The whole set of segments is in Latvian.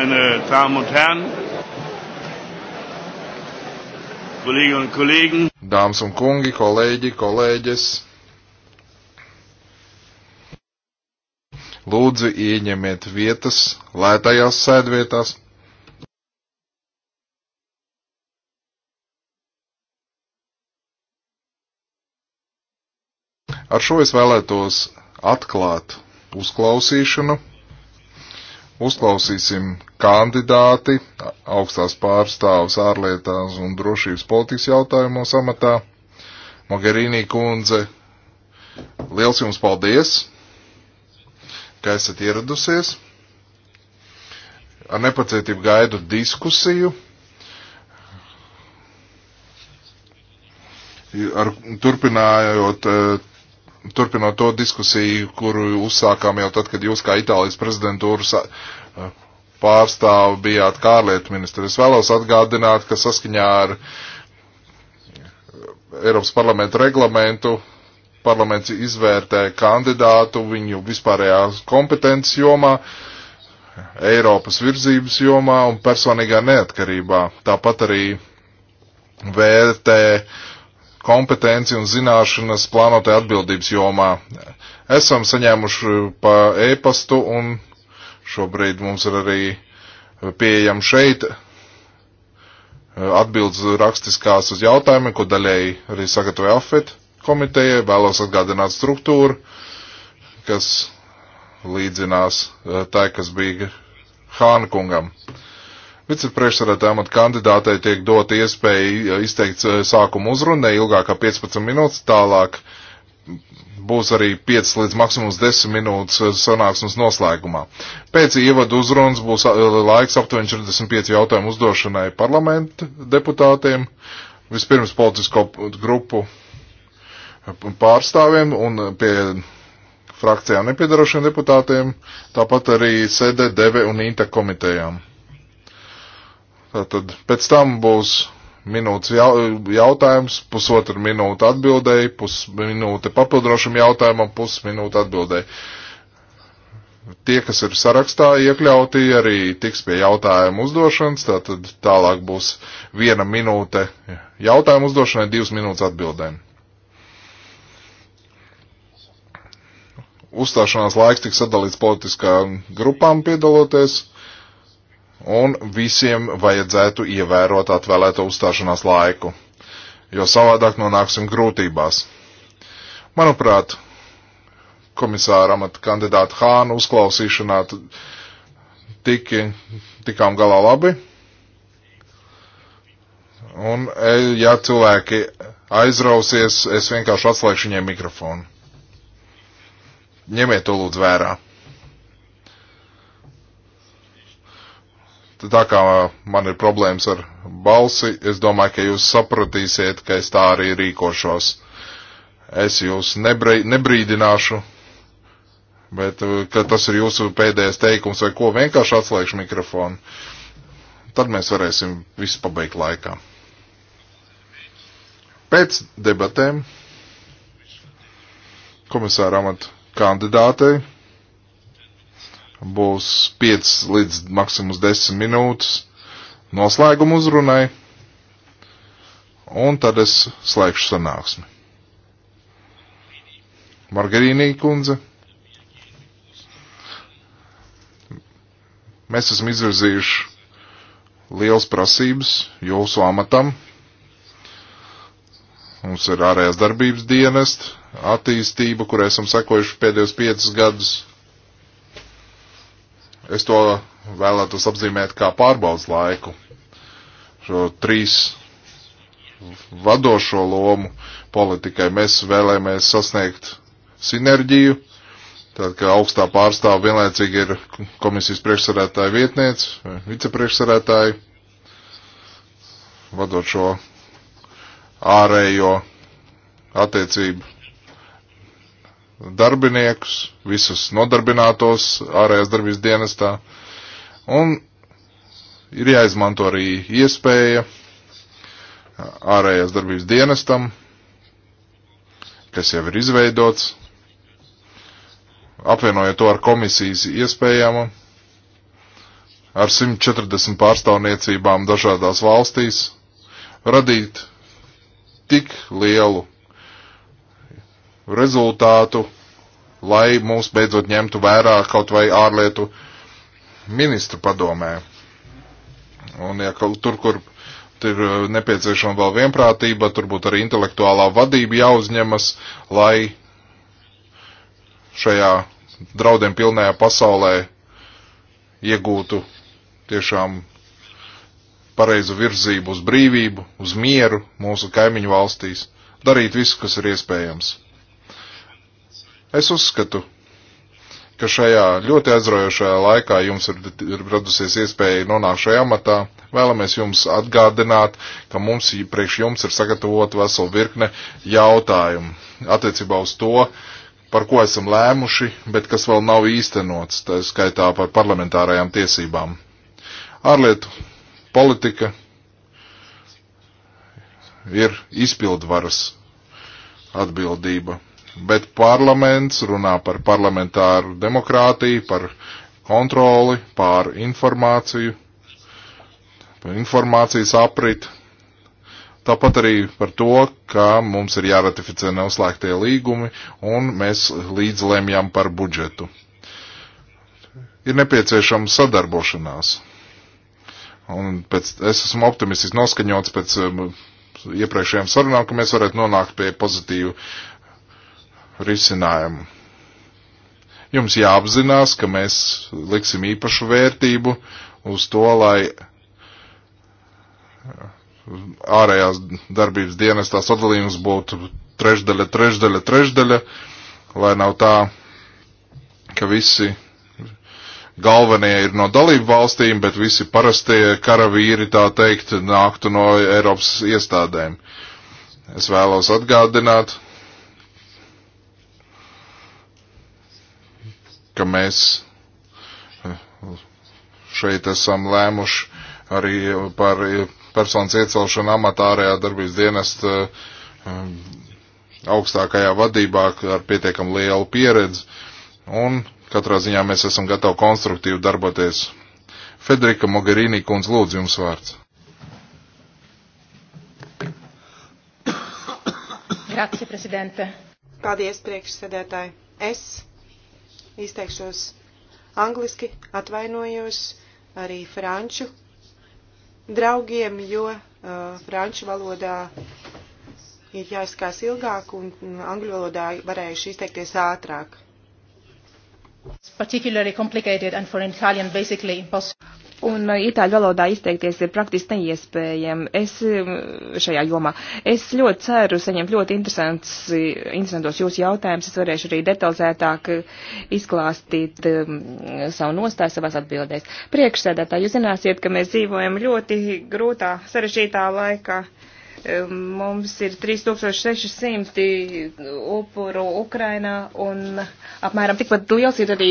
meine Damen und Herren, Kolleginnen und Kollegen. Dāmas un kungi, kolēģi, kolēģis. Lūdzu, ieņemiet vietas lētajās sēdvietās. Ar šo es vēlētos atklāt uzklausīšanu uzklausīsim kandidāti augstās pārstāvs ārlietās un drošības politikas jautājumos amatā. Mogherīnī kundze, liels jums paldies, ka esat ieradusies. Ar nepacietību gaidu diskusiju. Ar, turpinājot eh, turpinot to diskusiju, kuru uzsākām jau tad, kad jūs kā Itālijas prezidentūras pārstāvi bijāt kā ārlietu ministri. Es vēlos atgādināt, ka saskaņā ar Eiropas parlamentu reglamentu parlaments izvērtē kandidātu viņu vispārējās kompetences jomā, Eiropas virzības jomā un personīgā neatkarībā. Tāpat arī vērtē uh, kompetenci un zināšanas plānotai atbildības jomā. Esam saņēmuši pa e-pastu un šobrīd mums ir arī pieejam šeit eh, atbildes rakstiskās uz jautājumiem, ko daļēji arī sagatavoja AFET komiteja. Vēlos atgādināt struktūru, kas līdzinās eh, tai, kas bija Hāna kungam. Uh, Vicepriekšsēdētāja amata kandidātei tiek dota iespēja izteikt eh, sākumu uzrunu ne ilgāk kā 15 minūtes, tālāk būs arī 5 līdz maksimums 10 minūtes eh, sanāksmes noslēgumā. Pēc ievadu uzrunas būs eh, laiks aptuveni 45 jautājumu uzdošanai parlamentu deputātiem, vispirms politisko grupu pārstāvjiem un pie frakcijām nepiedarošiem deputātiem, tāpat arī SEDE, DEVE un INTA komitejām. Tātad pēc tam būs minūtes jautājums, pusotra minūte atbildēji, pusminūte papildinošam jautājumam, pusminūte atbildēji. Tie, kas ir sarakstā iekļauti, arī tiks pie jautājumu uzdošanas, tātad tālāk būs viena minūte jautājumu uzdošanai, divas minūtes atbildēm. Uzstāšanās laiks tiks sadalīts politiskā grupām piedaloties un visiem vajadzētu ievērot atvēlēto uzstāšanās laiku, jo savādāk nonāksim grūtībās. Manuprāt, komisāra amata kandidāta Hāna uzklausīšanā tiki, tikām galā labi. Un, e, ja cilvēki aizrausies, es vienkārši atslēgšu viņiem mikrofonu. Ņemiet to lūdzu vērā. tā kā man ir problēmas ar balsi, es domāju, ka jūs sapratīsiet, ka es tā arī rīkošos. Es jūs nebrei, nebrīdināšu, bet uh, ka tas ir jūsu pēdējais teikums vai ko, vienkārši atslēgšu mikrofonu. Tad mēs varēsim visu pabeigt laikā. Pēc debatēm komisāra amata kandidātei būs 5 līdz maksimums 10 minūtes noslēguma uzrunai, un tad es slēgšu sanāksmi. Margarīnī kundze. Mēs esam izvirzījuši liels prasības jūsu amatam. Mums ir ārējās darbības dienest, attīstība, kurai esam sekojuši pēdējos piecus gadus Es to vēlētos apzīmēt kā pārbaudas laiku, šo trīs vadošo lomu politikai. Mēs vēlēmies sasniegt sinerģiju, tad, ka augstā pārstāva vienlaicīgi ir komisijas priekšsarētāja vietniece, vicepriekšsarētāja, vadošo ārējo attiecību darbiniekus, visus nodarbinātos ārējās darbības dienestā. Un ir jāizmanto arī iespēja ārējās darbības dienestam, kas jau ir izveidots, apvienojot to ar komisijas iespējām, ar 140 pārstāvniecībām dažādās valstīs, radīt tik lielu rezultātu, lai mūs beidzot ņemtu vērā kaut vai ārlietu ministru padomē. Un ja kaut tur, kur ir uh, nepieciešama vēl vienprātība, turbūt arī intelektuālā vadība jāuzņemas, lai šajā draudiem pilnajā pasaulē iegūtu tiešām pareizu virzību uz brīvību, uz mieru mūsu kaimiņu valstīs, darīt visu, kas ir iespējams. Es uzskatu, ka šajā ļoti aizraujošajā laikā jums ir, ir radusies iespēja nonākt šajā amatā. Vēlamies jums atgādināt, ka mums priekš jums ir sagatavota vesela virkne jautājumu attiecībā uz to, par ko esam lēmuši, bet kas vēl nav īstenots, tā skaitā par parlamentārajām tiesībām. Ārlietu politika ir izpildvaras atbildība Bet parlaments runā par parlamentāru demokrātiju, par kontroli, pār informāciju, par informācijas aprit. Tāpat arī par to, ka mums ir jāratificē neuzslēgtie līgumi un mēs līdzlēmjam par budžetu. Ir nepieciešama sadarbošanās. Un pēc, es esmu optimistiski noskaņots pēc um, iepriekšējām sarunām, ka mēs varētu nonākt pie pozitīvu risinājumu. Jums jāapzinās, ka mēs liksim īpašu vērtību uz to, lai ārējās darbības dienestās atdalījums būtu trešdaļa, trešdaļa, trešdaļa, lai nav tā, ka visi galvenie ir no dalību valstīm, bet visi parastie karavīri, tā teikt, nāktu no Eiropas iestādēm. Es vēlos atgādināt, ka mēs eh, šeit esam lēmuši arī par personas iecelšanu amatā ārējā darbības dienesta eh, augstākajā vadībā ar pietiekam lielu pieredzi. Un katrā ziņā mēs esam gatavi konstruktīvi darboties. Federika Mogherini kundz lūdzu jums vārds. Grazie, prezidente. Paldies, priekšsēdētāji. Es izteikšos angliski, atvainojos arī franču draugiem, jo uh, franču valodā ir jāizskās ilgāk un mm, angļu valodā varējuši izteikties ātrāk. It's particularly complicated and for an Italian basically impossible. Un eh, itāļu valodā izteikties ir praktiski neiespējami. Es eh, šajā jomā. Es ļoti ceru saņemt ļoti eh, interesantos jūsu jautājumus. Es varēšu arī detalizētāk izklāstīt um, savu nostāju savās atbildēs. Priekšsēdētā, jūs zināsiet, ka mēs dzīvojam ļoti grūtā, sarežģītā laikā. Uh, Mums ir 3600 upuru Ukrainā un apmēram tikpat liels ir arī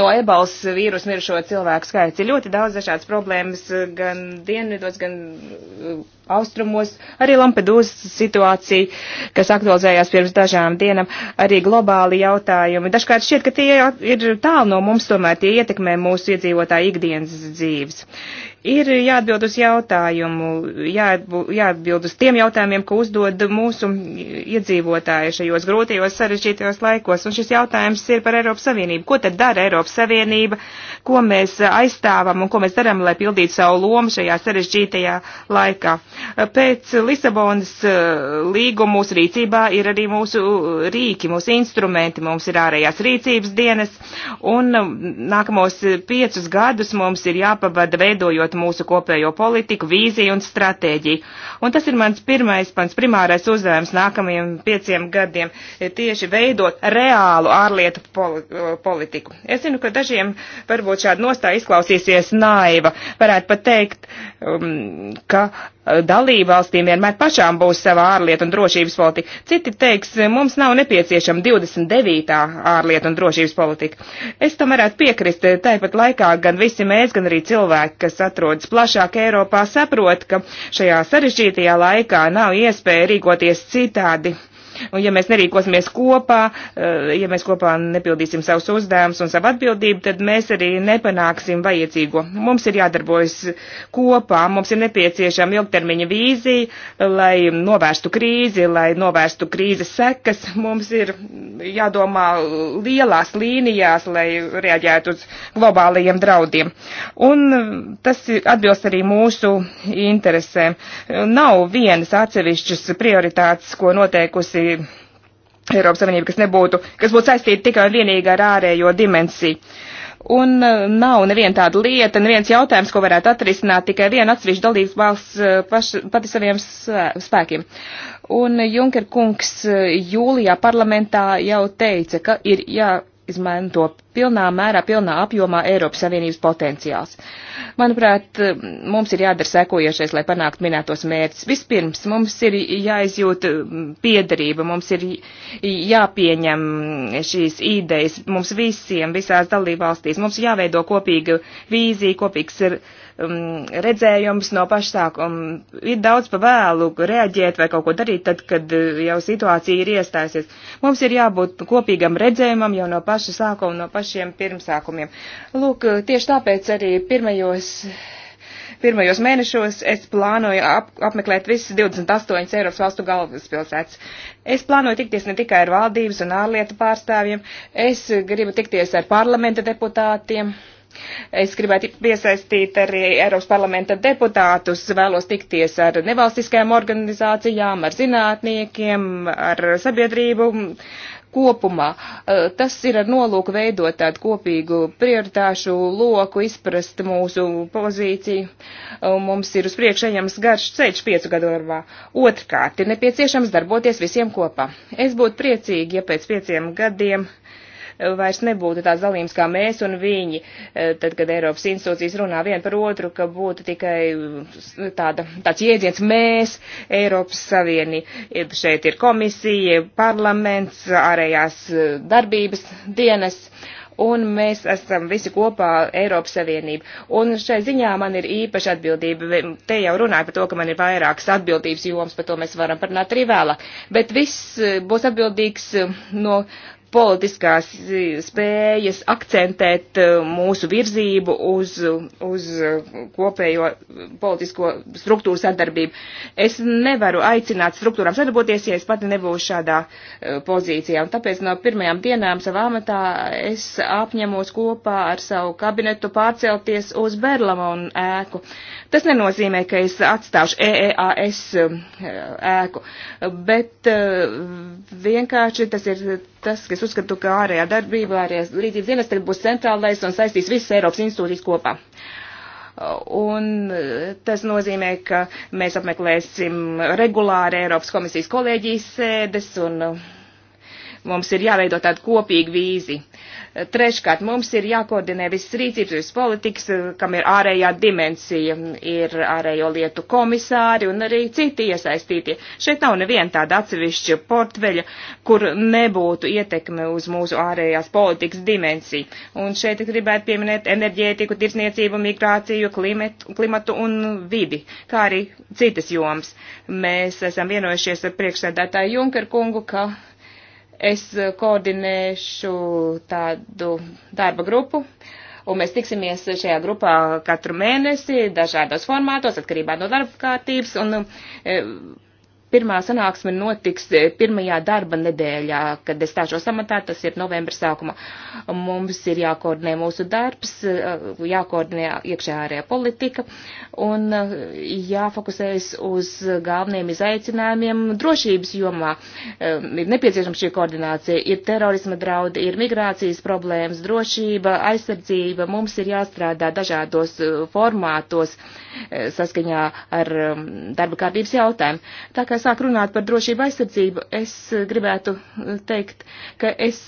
no ebals vīrusu mirušo cilvēku skaits. Ir ļoti daudz dažādas problēmas gan dienvidos, gan austrumos, arī Lampedūzas situācija, kas aktualizējās pirms dažām dienām, arī globāli jautājumi. Dažkārt šķiet, ka tie ir tālu no mums, tomēr tie ietekmē mūsu iedzīvotāju ikdienas dzīves. Ir jāatbild uz jautājumu, jāatbild uz tiem jautājumiem, ko uzdod mūsu iedzīvotāji šajos grūtajos sarežģītajos laikos. Un šis jautājums ir par Eiropas Savienību. Ko tad dara Eiropas Savienība? Ko mēs aizstāvam un ko mēs darām, lai pildītu savu lomu šajā sarežģītajā laikā? Pēc Lisabonas eh, līguma mūsu rīcībā ir arī mūsu eh, rīki, mūsu instrumenti, mums ir ārējās rīcības dienas, un um, nākamos eh, piecus gadus mums ir jāpavada veidojot mūsu kopējo politiku, vīziju un stratēģiju. Un tas ir mans pirmais, mans primārais uzdevums nākamajiem pieciem gadiem - tieši veidot reālu ārlietu politiku. Es zinu, ka dažiem varbūt šāda nostāja izklausīsies naiva. Varētu pat teikt, um, ka Eh, dalībvalstīm vienmēr pašām būs sava ārlietu un drošības politika. Citi teiks, eh, mums nav nepieciešama 29. ārlietu un drošības politika. Es tam varētu piekrist, eh, tāpat laikā gan visi mēs, gan arī cilvēki, kas atrodas plašāk Eiropā, saprot, ka šajā sarežģītajā laikā nav iespēja rīkoties citādi Un ja mēs nerīkosimies kopā, eh, ja mēs kopā nepildīsim savus uzdevumus un savu atbildību, tad mēs arī nepanāksim vajadzīgo. Mums ir jādarbojas kopā, mums ir nepieciešama ilgtermiņa vīzija, lai novērstu krīzi, lai novērstu krīzes sekas. Mums ir jādomā lielās līnijās, lai reaģētu uz globālajiem draudiem. Un tas atbilst arī mūsu interesēm. Nav vienas atsevišķas prioritātes, ko noteikusi tādi Eiropas Savienība, kas nebūtu, kas būtu saistīta tikai un vienīgi ar ārējo dimensiju. Un uh, nav neviena tāda lieta, neviens jautājums, ko varētu atrisināt tikai viena atsevišķa dalības valsts uh, paš, pati saviem spēkiem. Un Junker kungs uh, jūlijā parlamentā jau teica, ka ir jā. Ja, jāizmanto pilnā mērā, pilnā apjomā Eiropas Savienības potenciāls. Manuprāt, mums ir jādara sekojošais, lai panāktu minētos mērķus. Vispirms mums ir jāizjūt mm, piederība, mums ir jāpieņem šīs idejas mums visiem, visās dalībvalstīs, mums jāveido kopīga vīzija, kopīgs ir. Ar um, redzējums no pašsākuma. Um, ir daudz pa vēlu reaģēt vai kaut ko darīt, tad, kad uh, jau situācija ir iestājusies. Mums ir jābūt kopīgam redzējumam jau no paša sākuma, no pašiem pirmsākumiem. Lūk, uh, tieši tāpēc arī pirmajos pirmajos mēnešos es plānoju ap, apmeklēt visas 28 Eiropas valstu galvaspilsētas. Es plānoju tikties ne tikai ar valdības un ārlietu pārstāvjiem, es gribu tikties ar parlamenta deputātiem Es gribētu piesaistīt arī Eiropas parlamenta deputātus, vēlos tikties ar nevalstiskajām organizācijām, ar zinātniekiem, ar sabiedrību kopumā. Eh, tas ir ar nolūku veidot tādu kopīgu prioritāšu loku, izprast mūsu pozīciju. Mums ir uz priekšējams garš ceļš piecu gadu darbā. Otrkārt, ir nepieciešams darboties visiem kopā. Es būtu priecīgi, ja pēc pieciem gadiem uh, vairs nebūtu tāds dalījums kā mēs un viņi, e, tad, kad Eiropas institūcijas runā vien par otru, ka būtu tikai tāda, tāds jēdziens mēs, Eiropas Savienī. E, šeit ir komisija, parlaments, ārējās e, darbības dienas un mēs esam visi kopā Eiropas Savienība. Un šai ziņā man ir īpaša atbildība. Te jau runāju par to, ka man ir vairākas atbildības jomas, par to mēs varam parunāt arī vēlāk. Bet viss būs atbildīgs no politiskās e, spējas akcentēt e, mūsu virzību uz, uz e, kopējo politisko struktūru sadarbību. Es nevaru aicināt struktūrām sadarboties, ja es pati nebūšu šādā pozīcijā. Un tāpēc no pirmajām dienām savā amatā es apņemos kopā ar savu kabinetu pārcelties uz Berlamonu ēku. Tas nenozīmē, ka es atstāšu EEAS ēku, bet vienkārši tas ir tas, kas uzskatu, ka ārējā darbība, ārējās rīcības dienas tagad būs centrālais un saistīs visas Eiropas institūcijas kopā. Un eh, tas nozīmē, ka mēs apmeklēsim regulāri Eiropas komisijas kolēģijas sēdes un Mums ir jāveido tāda kopīga vīzi. Treškārt, mums ir jākoordinē visas rīcības, visas politikas, kam ir ārējā dimensija, ir ārējo lietu komisāri un arī citi iesaistītie. Šeit nav neviena tāda atsevišķa portveļa, kur nebūtu ietekme uz mūsu ārējās politikas dimensiju. Un šeit gribētu pieminēt enerģētiku, tirsniecību, migrāciju, klimatu, klimatu un vidi, kā arī citas jomas. Mēs esam vienojušies ar priekšsēdētāju Junker kungu, ka Es koordinēšu tādu darba grupu, un mēs tiksimies šajā grupā katru mēnesi dažādos formātos, atkarībā no darba kārtības, un eh, Pirmā sanāksme notiks eh, pirmajā darba nedēļā, kad es stāšos amatā, tas ir novembra sākuma. Mums ir jākoordinē mūsu darbs, eh, jākoordinē iekšējā ārējā politika un eh, jāfokusējas uz galveniem izaicinājumiem drošības jomā. Ir nepieciešama šī koordinācija, ir terorisma draudi, ir migrācijas problēmas, drošība, aizsardzība. Mums ir jāstrādā dažādos formātos saskaņā ar darba kārtības jautājumu. Tā kā sāk runāt par drošību aizsardzību, es gribētu teikt, ka es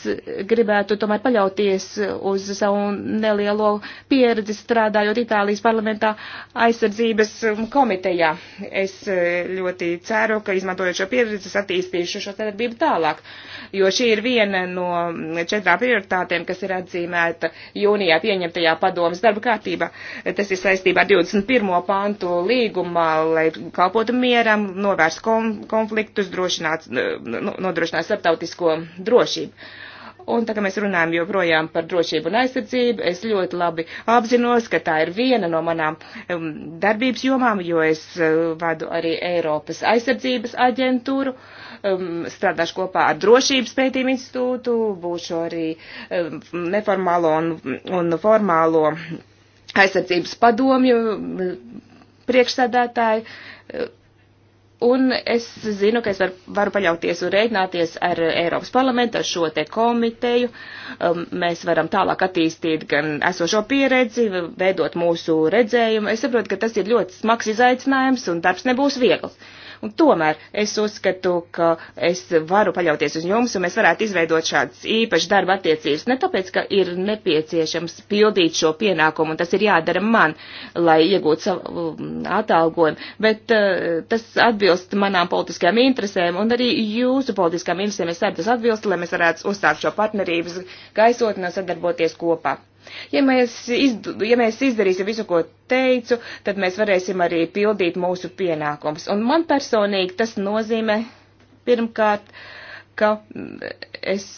gribētu tomēr paļauties uz savu nelielo pieredzi strādājot Itālijas parlamentā aizsardzības komitejā. Es ļoti ceru, ka izmantojot šo pieredzi, es attīstīšu šo sadarbību tālāk, jo šī ir viena no četrām prioritātēm, kas ir atzīmēta jūnijā pieņemtajā padomas darba kārtībā. Tas ir saistībā ar 21. pantu līgumā, lai kalpotu mieram, novērst konfliktu konfliktus, nu, nodrošināt starptautisko drošību. Un tā kā mēs runājam joprojām par drošību un aizsardzību, es ļoti labi apzinos, ka tā ir viena no manām um, darbības jomām, jo es uh, vadu arī Eiropas aizsardzības aģentūru, um, strādāšu kopā ar drošības pētījumu institūtu, būšu arī um, neformālo un, un formālo aizsardzības padomju mm, priekšsādātāju uh, Un es zinu, ka es var, varu paļauties un rēķināties ar Eiropas parlamentu, ar šo te komiteju. Um, mēs varam tālāk attīstīt gan esošo pieredzi, veidot mūsu redzējumu. Es saprotu, ka tas ir ļoti smags izaicinājums un darbs nebūs viegls. Uh, Un tomēr es uzskatu, ka es varu paļauties uz jums, un mēs varētu izveidot šādas īpašas darba attiecības. Ne tāpēc, ka ir nepieciešams pildīt šo pienākumu, un tas ir jādara man, lai iegūtu savu um, atalgojumu, bet uh, tas atbilst manām politiskajām interesēm, un arī jūsu politiskajām interesēm es ceru, tas atbilst, lai mēs varētu uzsākt šo partnerības gaisotni un sadarboties kopā. Ja mēs, izd, ja mēs izdarīsim visu, ko teicu, tad mēs varēsim arī pildīt mūsu pienākums. Un man personīgi tas nozīmē pirmkārt, ka es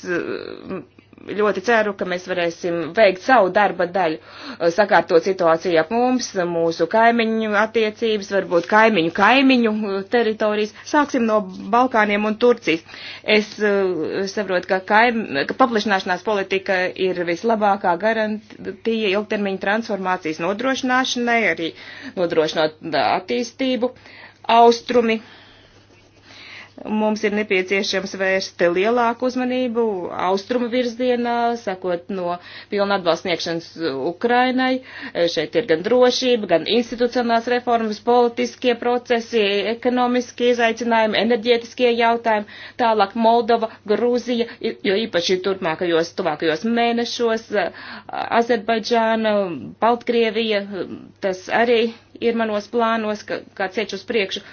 ļoti ceru, ka mēs varēsim veikt savu darba daļu, uh, sakārtot situāciju ap mums, mūsu kaimiņu attiecības, varbūt kaimiņu kaimiņu uh, teritorijas. Sāksim no Balkāniem un Turcijas. Es uh, saprotu, ka, kaim, ka paplašināšanās politika ir vislabākā garantija ilgtermiņa transformācijas nodrošināšanai, arī nodrošinot attīstību. Austrumi Mums ir nepieciešams vērst lielāku uzmanību austrumu virzienā, sakot no pilna atbalsta sniegšanas Ukrainai. Šeit ir gan drošība, gan institucionālās reformas, politiskie procesi, ekonomiskie izaicinājumi, enerģētiskie jautājumi, tālāk Moldova, Grūzija, jo īpaši turpmākajos, tuvākajos mēnešos, Azerbaidžāna, Baltkrievija, tas arī ir manos plānos, kā, kā ceļš uz priekšu.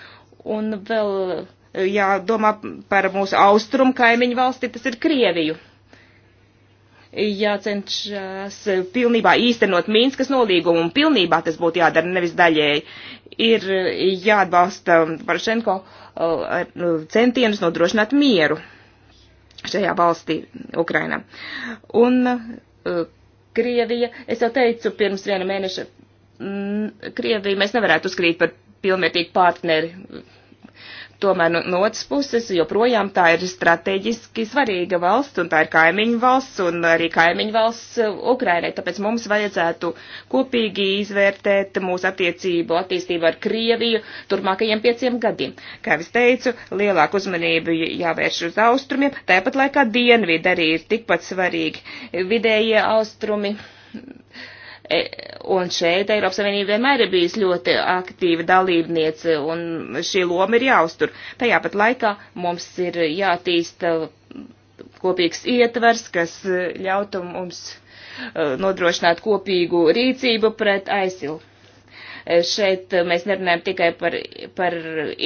Un vēl jādomā par mūsu austrumu kaimiņu valsti, tas ir Krieviju. Jācenšas pilnībā īstenot Mīnskas nolīgumu, un pilnībā tas būtu jādara nevis daļēji. Ir jāatbalsta Parašenko uh, centienus nodrošināt mieru šajā valstī, Ukrainā. Un uh, Krievija, es jau teicu pirms viena mēneša, mm, Krievija mēs nevarētu uzskrīt par pilnvērtīgu partneri Tomēr no, nu, no otras puses joprojām tā ir strateģiski svarīga valsts un tā ir kaimiņu valsts un arī kaimiņu valsts eh, Ukrainai. Tāpēc mums vajadzētu kopīgi izvērtēt mūsu attiecību attīstību ar Krieviju turpmākajiem pieciem gadiem. Kā es teicu, lielāku uzmanību jāvērš uz austrumiem, tāpat laikā dienvidi arī ir tikpat svarīgi. Vidējie austrumi e, Un šeit Eiropas Savienība vienmēr ir bijusi ļoti aktīva dalībniece, un šī loma ir jāuztur. Tajā pat laikā mums ir jātīsta uh, kopīgs ietvers, kas uh, ļautu mums uh, nodrošināt kopīgu rīcību pret aizsilu. Šeit mēs nerunājam tikai par, par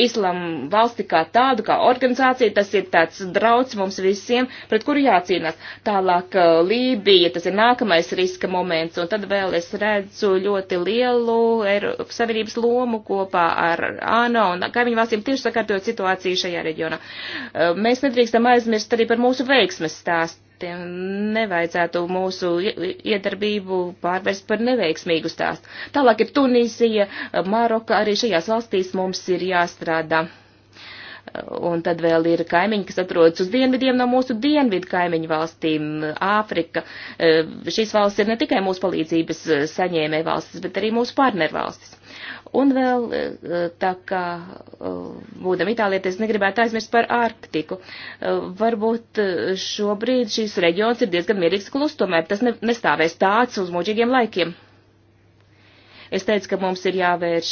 islamu valsti kā tādu, kā organizāciju. Tas ir tāds drauds mums visiem, pret kuru jācīnās. Tālāk eh, Lībija, tas ir nākamais riska moments. Un tad vēl es redzu ļoti lielu Eiropas Savienības lomu kopā ar ANO un kaimiņu valstīm tieši sakārtot situāciju šajā reģionā. Eh, mēs nedrīkstam aizmirst arī par mūsu veiksmes stāstu ekspertiem nevajadzētu mūsu iedarbību pārvērst par neveiksmīgu stāstu. Tālāk ir Tunīzija, Maroka, arī šajās valstīs mums ir jāstrādā. Un tad vēl ir kaimiņi, kas atrodas uz dienvidiem no mūsu dienvidu kaimiņu valstīm, Āfrika. Šīs valsts ir ne tikai mūsu palīdzības saņēmē valstis, bet arī mūsu partnervalstis. Un vēl eh, tā kā eh, būdam Itālijā, es negribētu aizmirst par Arktiku. Eh, varbūt šobrīd šīs reģions ir diezgan mierīgs klustumē, tas ne, nestāvēs tāds uz muģīgiem laikiem. Es teicu, ka mums ir jāvērš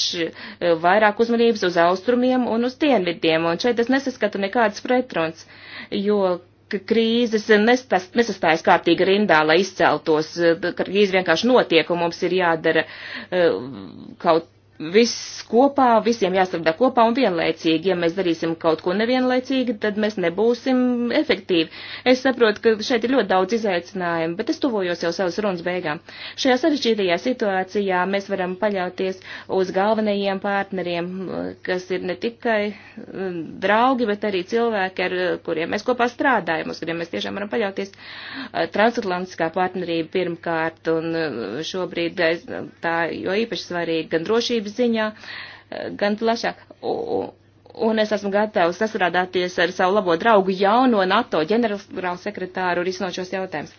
vairāk uzmanības uz austrumiem un uz dienvidiem, un šeit es nesaskatu nekādas pretruns, jo krīzes nestas, nesastājas kārtīgi rindā, lai izceltos, ka krīze vienkārši notiek, un mums ir jādara kaut viss kopā, visiem jāstrādā kopā un vienlaicīgi. Ja mēs darīsim kaut ko nevienlaicīgi, tad mēs nebūsim efektīvi. Es saprotu, ka šeit ir ļoti daudz izaicinājumu, bet es tuvojos jau savas runas beigām. Šajā sarežģītajā situācijā mēs varam paļauties uz galvenajiem partneriem, kas ir ne tikai mm, draugi, bet arī cilvēki, ar kuriem mēs kopā strādājam, uz kuriem mēs tiešām varam paļauties. Transatlantiskā partnerība pirmkārt, un mm, šobrīd tā jo īpaši svarīga gan drošības sadarbības ziņā eh, gan plašāk. Un es esmu gatavs sastrādāties ar savu labo draugu jauno NATO ģenerālsekretāru risinot šos jautājumus.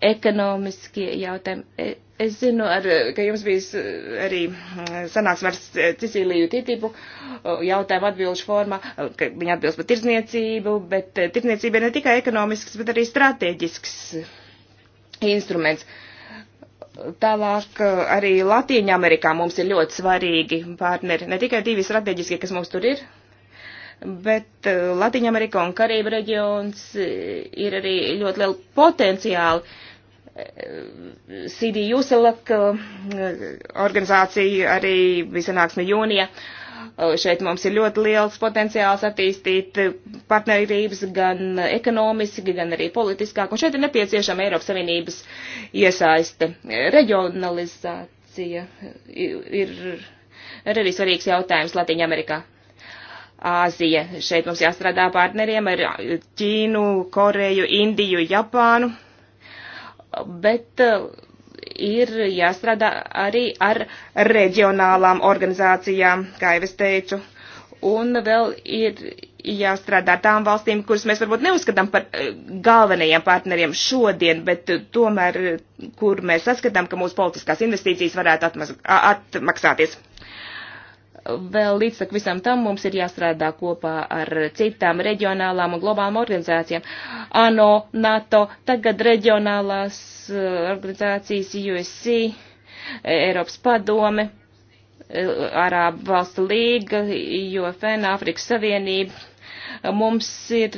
Ekonomiskie jautājumi. E, es zinu, ar, ka jums bija eh, arī mm, sanāksme eh, ar Cecīliju Titipu jautājumu atbilžu formā, ka viņa atbilst par tirdzniecību, bet tirdzniecība ir ne tikai ekonomisks, bet arī strateģisks instruments. Uh, Tālāk eh, arī Latīņa Amerikā mums ir ļoti svarīgi partneri. Ne tikai divi strateģiski, kas mums tur ir, bet eh, Latīņa Amerika un Karība reģions eh, ir arī ļoti liela potenciāla. CD Juselak organizācija arī visanāksme jūnija. Uh, Šeit mums ir ļoti liels potenciāls attīstīt partnerības gan ekonomiski, gan arī politiskāk. Un šeit ir nepieciešama Eiropas Savienības iesaiste. Reģionalizācija ir, ir arī svarīgs jautājums Latīņa Amerikā. Āzija. Šeit mums jāstrādā partneriem ar Ķīnu, Koreju, Indiju, Japānu. Bet ir jāstrādā arī ar reģionālām organizācijām, kā jau es teicu. Un vēl ir jāstrādā ar tām valstīm, kuras mēs varbūt neuzskatām par eh, galvenajiem partneriem šodien, bet eh, tomēr, eh, kur mēs saskatām, ka mūsu politiskās investīcijas varētu atmaksāties vēl līdzsak visam tam mums ir jāstrādā kopā ar citām reģionālām un globālām organizācijām. ANO, NATO, tagad reģionālās uh, organizācijas, USC, Eiropas padome, uh, Arābu valstu līga, UFN, Āfrikas Savienība Mums ir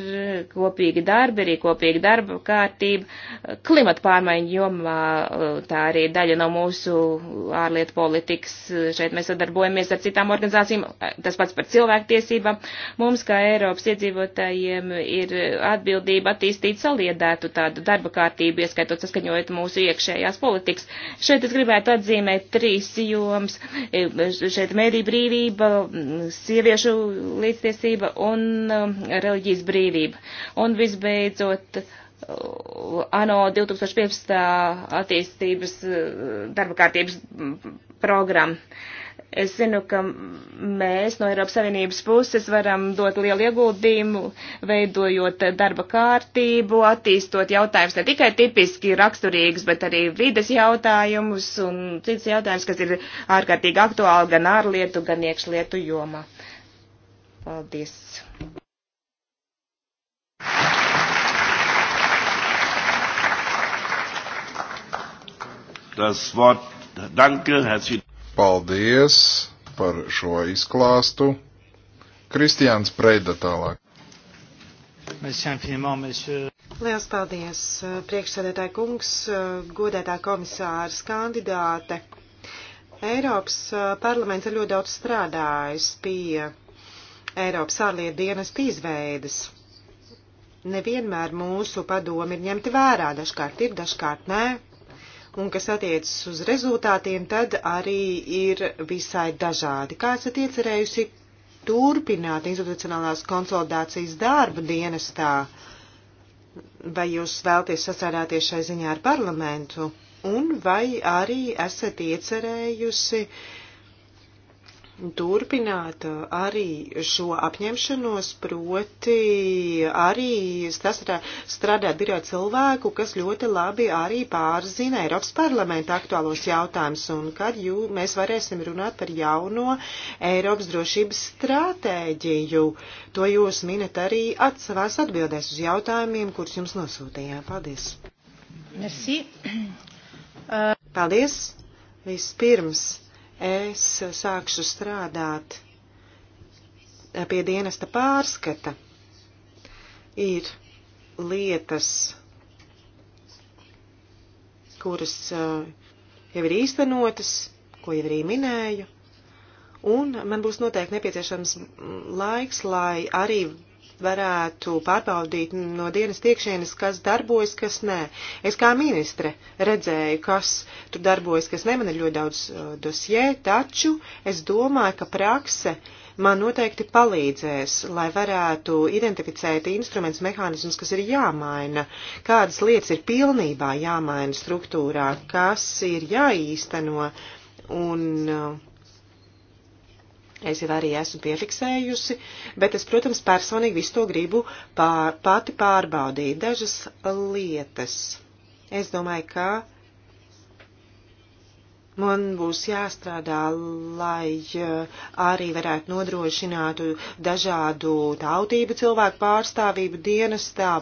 kopīgi darbi, arī kopīga darba kārtība klimata pārmaiņu jomā. Tā arī ir daļa no mūsu ārlietu politikas. Šeit mēs sadarbojamies ar citām organizācijām. Tas pats par cilvēktiesībām. Mums, kā Eiropas iedzīvotājiem, ir atbildība attīstīt saliedētu tādu darba kārtību, ieskaitot saskaņojot mūsu iekšējās politikas. Šeit es gribētu atzīmēt trīs jomas. Šeit mēdī brīvība, sieviešu līdztiesība un ierobežo reliģijas brīvību. Un visbeidzot, ANO 2015. attīstības eh, darba kārtības programma. Es zinu, ka mēs no Eiropas Savienības puses varam dot lielu ieguldījumu, veidojot darba kārtību, attīstot jautājumus ne tikai tipiski raksturīgus, bet arī vides jautājumus un cits jautājums, kas ir ārkārtīgi aktuāli gan ārlietu, gan iekšlietu jomā. Paldies! das Wort. Danke, herzlichen Paldies par šo izklāstu. Kristiāns Preida tālāk. Liels paldies, eh, priekšsēdētāji kungs, eh, godētā komisārs, kandidāte. Eiropas eh, parlaments ir ļoti daudz strādājis pie Eiropas ārlietu dienesta izveidas. Nevienmēr mūsu padomi ir ņemti vērā, dažkārt ir, dažkārt nē un kas attiecas uz rezultātiem, tad arī ir visai dažādi. Kā esat iecerējusi turpināt institucionālās konsolidācijas darba dienestā? Vai jūs vēlties sasādāties šai ziņā ar parlamentu? Un vai arī esat iecerējusi uh, turpināt uh, arī šo apņemšanos, proti arī strādāt birā cilvēku, kas ļoti labi arī pārzina Eiropas parlamenta aktuālos jautājumus, un kad jū, mēs varēsim runāt par jauno Eiropas drošības stratēģiju. To jūs minat arī atsavās atbildēs uz jautājumiem, kurus jums nosūtījām. Paldies! Merci. Paldies! Vispirms es sākšu strādāt pie dienesta pārskata. Ir lietas, kuras uh, jau ir īstenotas, ko jau arī minēju, un man būs noteikti nepieciešams laiks, lai arī varētu pārbaudīt no dienas tiekšienes, kas darbojas, kas nē. Es kā ministre redzēju, kas tur darbojas, kas nē, man ir ļoti daudz uh, dosjē, taču es domāju, ka prakse man noteikti palīdzēs, lai varētu identificēt instruments, mehānismus, kas ir jāmaina, kādas lietas ir pilnībā jāmaina struktūrā, kas ir jāīsteno un uh, es jau arī esmu piefiksējusi, bet es, protams, personīgi visu to gribu pār, pati pārbaudīt. Dažas lietas. Es domāju, ka man būs jāstrādā, lai uh, arī varētu nodrošināt dažādu tautību cilvēku pārstāvību dienestā,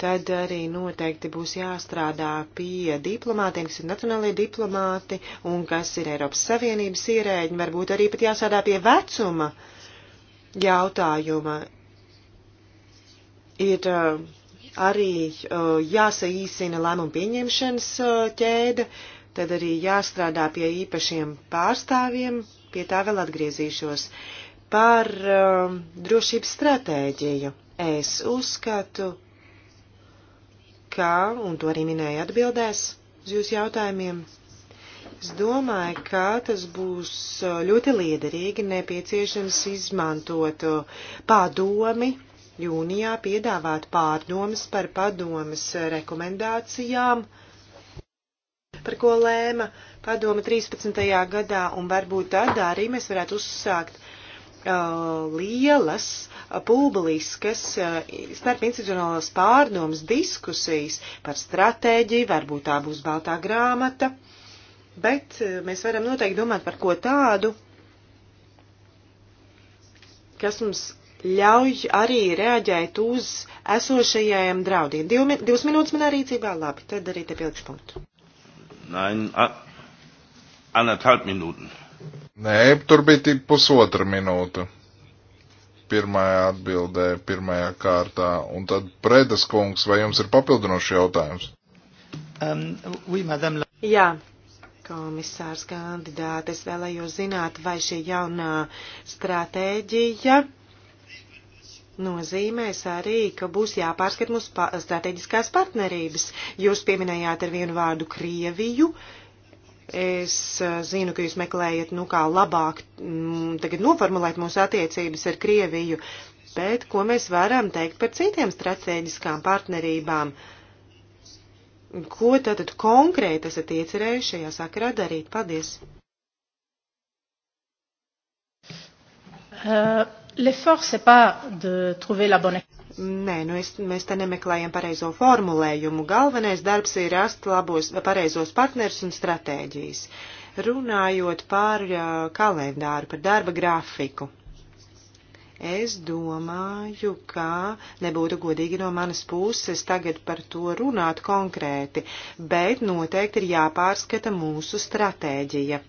tad arī noteikti būs jāstrādā pie diplomātiem, kas ir nacionālie diplomāti un kas ir Eiropas Savienības ierēģi, varbūt arī pat jāstrādā pie vecuma jautājuma. Ir uh, arī uh, jāsaīsina lēmumu pieņemšanas uh, ķēde, tad arī jāstrādā pie īpašiem pārstāvjiem, pie tā vēl atgriezīšos. Par um, drošības stratēģiju es uzskatu, ka, un to arī minēja atbildēs uz jūsu jautājumiem, es domāju, ka tas būs uh, ļoti liederīgi nepieciešams izmantot uh, padomi jūnijā, piedāvāt pārdomas par padomas rekomendācijām, par ko lēma padoma 13. gadā, un varbūt tad arī mēs varētu uzsākt Uh, lielas uh, publiskas uh, starp institucionālās pārdomas diskusijas par stratēģiju, varbūt tā būs baltā grāmata, bet mēs varam noteikti domāt par ko tādu, kas mums ļauj arī reaģēt uz esošajiem draudiem. Div, divas minūtes man arī rīcībā, labi, tad arī te pilkšpunktu. Nein, anderthalb Minūten. Nē, tur bija pusotra minūte. Pirmajā atbildē, pirmajā kārtā. Un tad Predes kungs, vai jums ir papildinošs jautājums? Um, oui, madame... Jā, komisārs kandidāte, es vēlējos zināt, vai šī jaunā stratēģija nozīmēs arī, ka būs jāpārskat mūsu pa strateģiskās partnerības. Jūs pieminējāt ar vienu vārdu Krieviju. Uh, Es eh, zinu, ka jūs meklējat, nu kā labāk m, mm, tagad noformulēt mūsu attiecības ar Krieviju, bet ko mēs varam teikt par citiem strateģiskām partnerībām? Ko tātad konkrēti esat iecerējuši šajā sakarā darīt? Paldies! Uh, L'effort, c'est pas de trouver la bonne. Nē, nu es, mēs te nemeklējam pareizo formulējumu. Galvenais darbs ir rast labos, pareizos partners un stratēģijas. Runājot par uh, kalendāru, par darba grafiku. Es domāju, ka nebūtu godīgi no manas puses tagad par to runāt konkrēti, bet noteikti ir jāpārskata mūsu stratēģija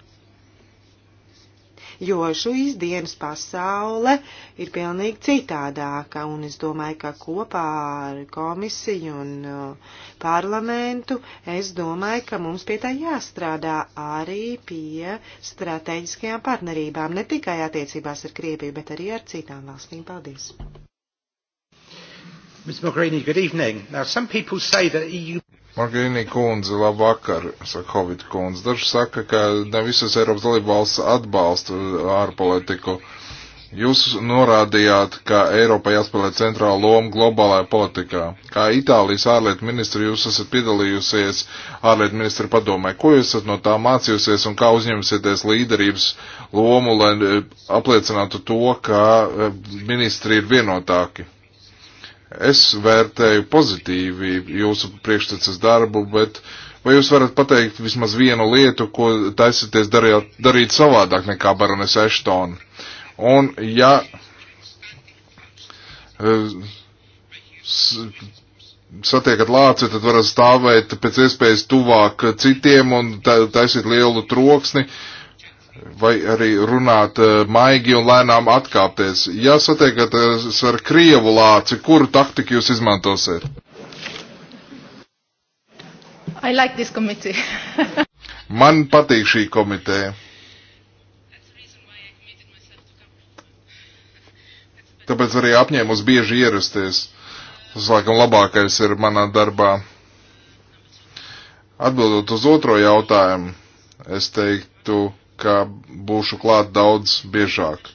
jo šīs dienas pasaule ir pilnīgi citādāka, un es domāju, ka kopā ar komisiju un uh, parlamentu, es domāju, ka mums pie tā jāstrādā arī pie strateģiskajām partnerībām, ne tikai attiecībās ar Krieviju, bet arī ar citām valstīm. Paldies! Ms. Mogherini, good evening. Now, some people say that EU... Margarīnī kundze, labvakar, saka Hovid kundze. Daži saka, ka ne visas Eiropas dalībvalsts atbalsta ārpolitiku. Jūs norādījāt, ka Eiropai jāspēlē centrāla loma globālajā politikā. Kā Itālijas ārlietu ministri jūs esat piedalījusies ārlietu ministra padomē. Ko jūs esat no tā mācījusies un kā uzņemsieties līderības lomu, lai eh, apliecinātu to, ka eh, ministri ir vienotāki? Es vērtēju pozitīvi jūsu priekšstats darbu, bet vai jūs varat pateikt vismaz vienu lietu, ko taisaties darīt, darīt savādāk nekā Baronis Eštona? Un ja e, satiekat lāci, tad varat stāvēt pēc iespējas tuvāk citiem un taisīt lielu troksni. Uh, vai arī runāt eh, maigi un lēnām atkāpties. Ja satiekat ar Krievu lāci, kuru taktiku jūs izmantosiet? I like this committee. Man patīk šī komiteja. Tāpēc arī apņēmos bieži ierasties. Tas, laikam, labākais ir manā darbā. Atbildot uz otro jautājumu, es teiktu, ka būšu klāt daudz biežāk.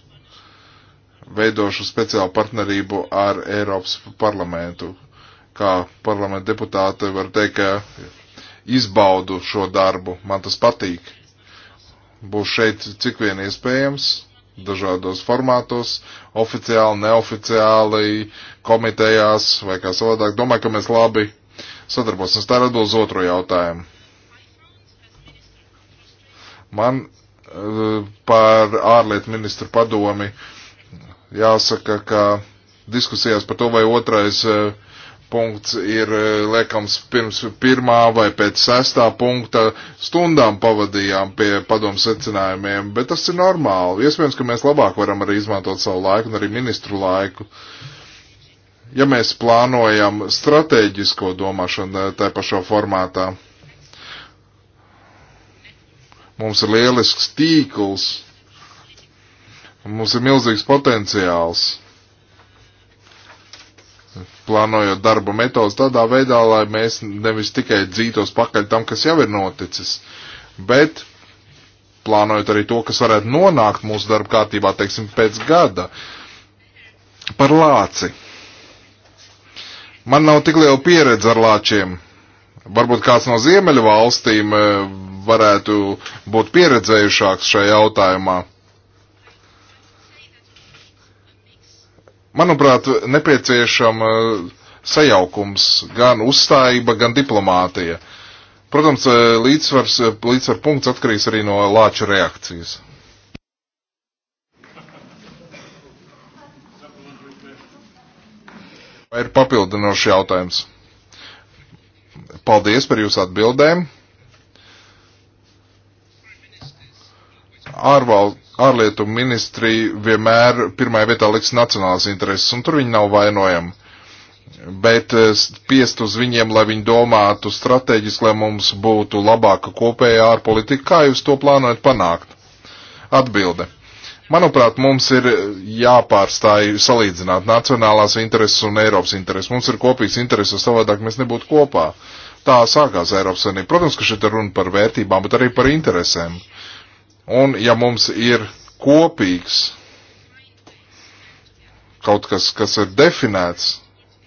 Veidošu speciālu partnerību ar Eiropas parlamentu. Kā parlamenta deputāte var teikt, ka izbaudu šo darbu, man tas patīk. Būšu šeit cik vien iespējams, dažādos formātos, oficiāli, neoficiāli, komitejās vai kā savādāk. Domāju, ka mēs labi sadarbosimies. Tā ir atbildes otro jautājumu. Man par ārlietu ministru padomi. Jāsaka, ka diskusijās par to, vai otrais e, punkts ir e, liekams pirms pirmā vai pēc sestā punkta stundām pavadījām pie padomu secinājumiem, bet tas ir normāli. Iespējams, ka mēs labāk varam arī izmantot savu laiku un arī ministru laiku. Ja mēs plānojam stratēģisko domāšanu e, tā pašā formātā Mums ir lielisks tīkls, mums ir milzīgs potenciāls. Plānojot darba metodus tādā veidā, lai mēs nevis tikai dzītos pakaļ tam, kas jau ir noticis, bet plānojot arī to, kas varētu nonākt mūsu darba kārtībā, teiksim, pēc gada. Par lāci. Man nav tik liela pieredze ar lāčiem. Varbūt kāds no ziemeļu valstīm e, varētu būt pieredzējušāks šajā jautājumā. Manuprāt, nepieciešama e, sajaukums, gan uzstājība, gan diplomātija. Protams, e, līdzsvars, līdzsvar punkts atkarīgs arī no lāča reakcijas. Vai ir papildinošs jautājums? Paldies par jūsu atbildēm. Ārval, ārlietu ministri vienmēr pirmajā vietā liks nacionālas intereses, un tur viņi nav vainojami. Bet eh, piest uz viņiem, lai viņi domātu strateģiski, lai mums būtu labāka kopējā ārpolitika, kā jūs to plānojat panākt? Atbilde. Manuprāt, mums ir jāpārstāj salīdzināt nacionālās intereses un Eiropas intereses. Mums ir kopīgs intereses, savādāk mēs nebūtu kopā. Uh, tā sākās Eiropas Savienība. Protams, ka šeit ir runa par vērtībām, bet arī par interesēm. Un ja mums ir kopīgs kaut kas, kas ir definēts,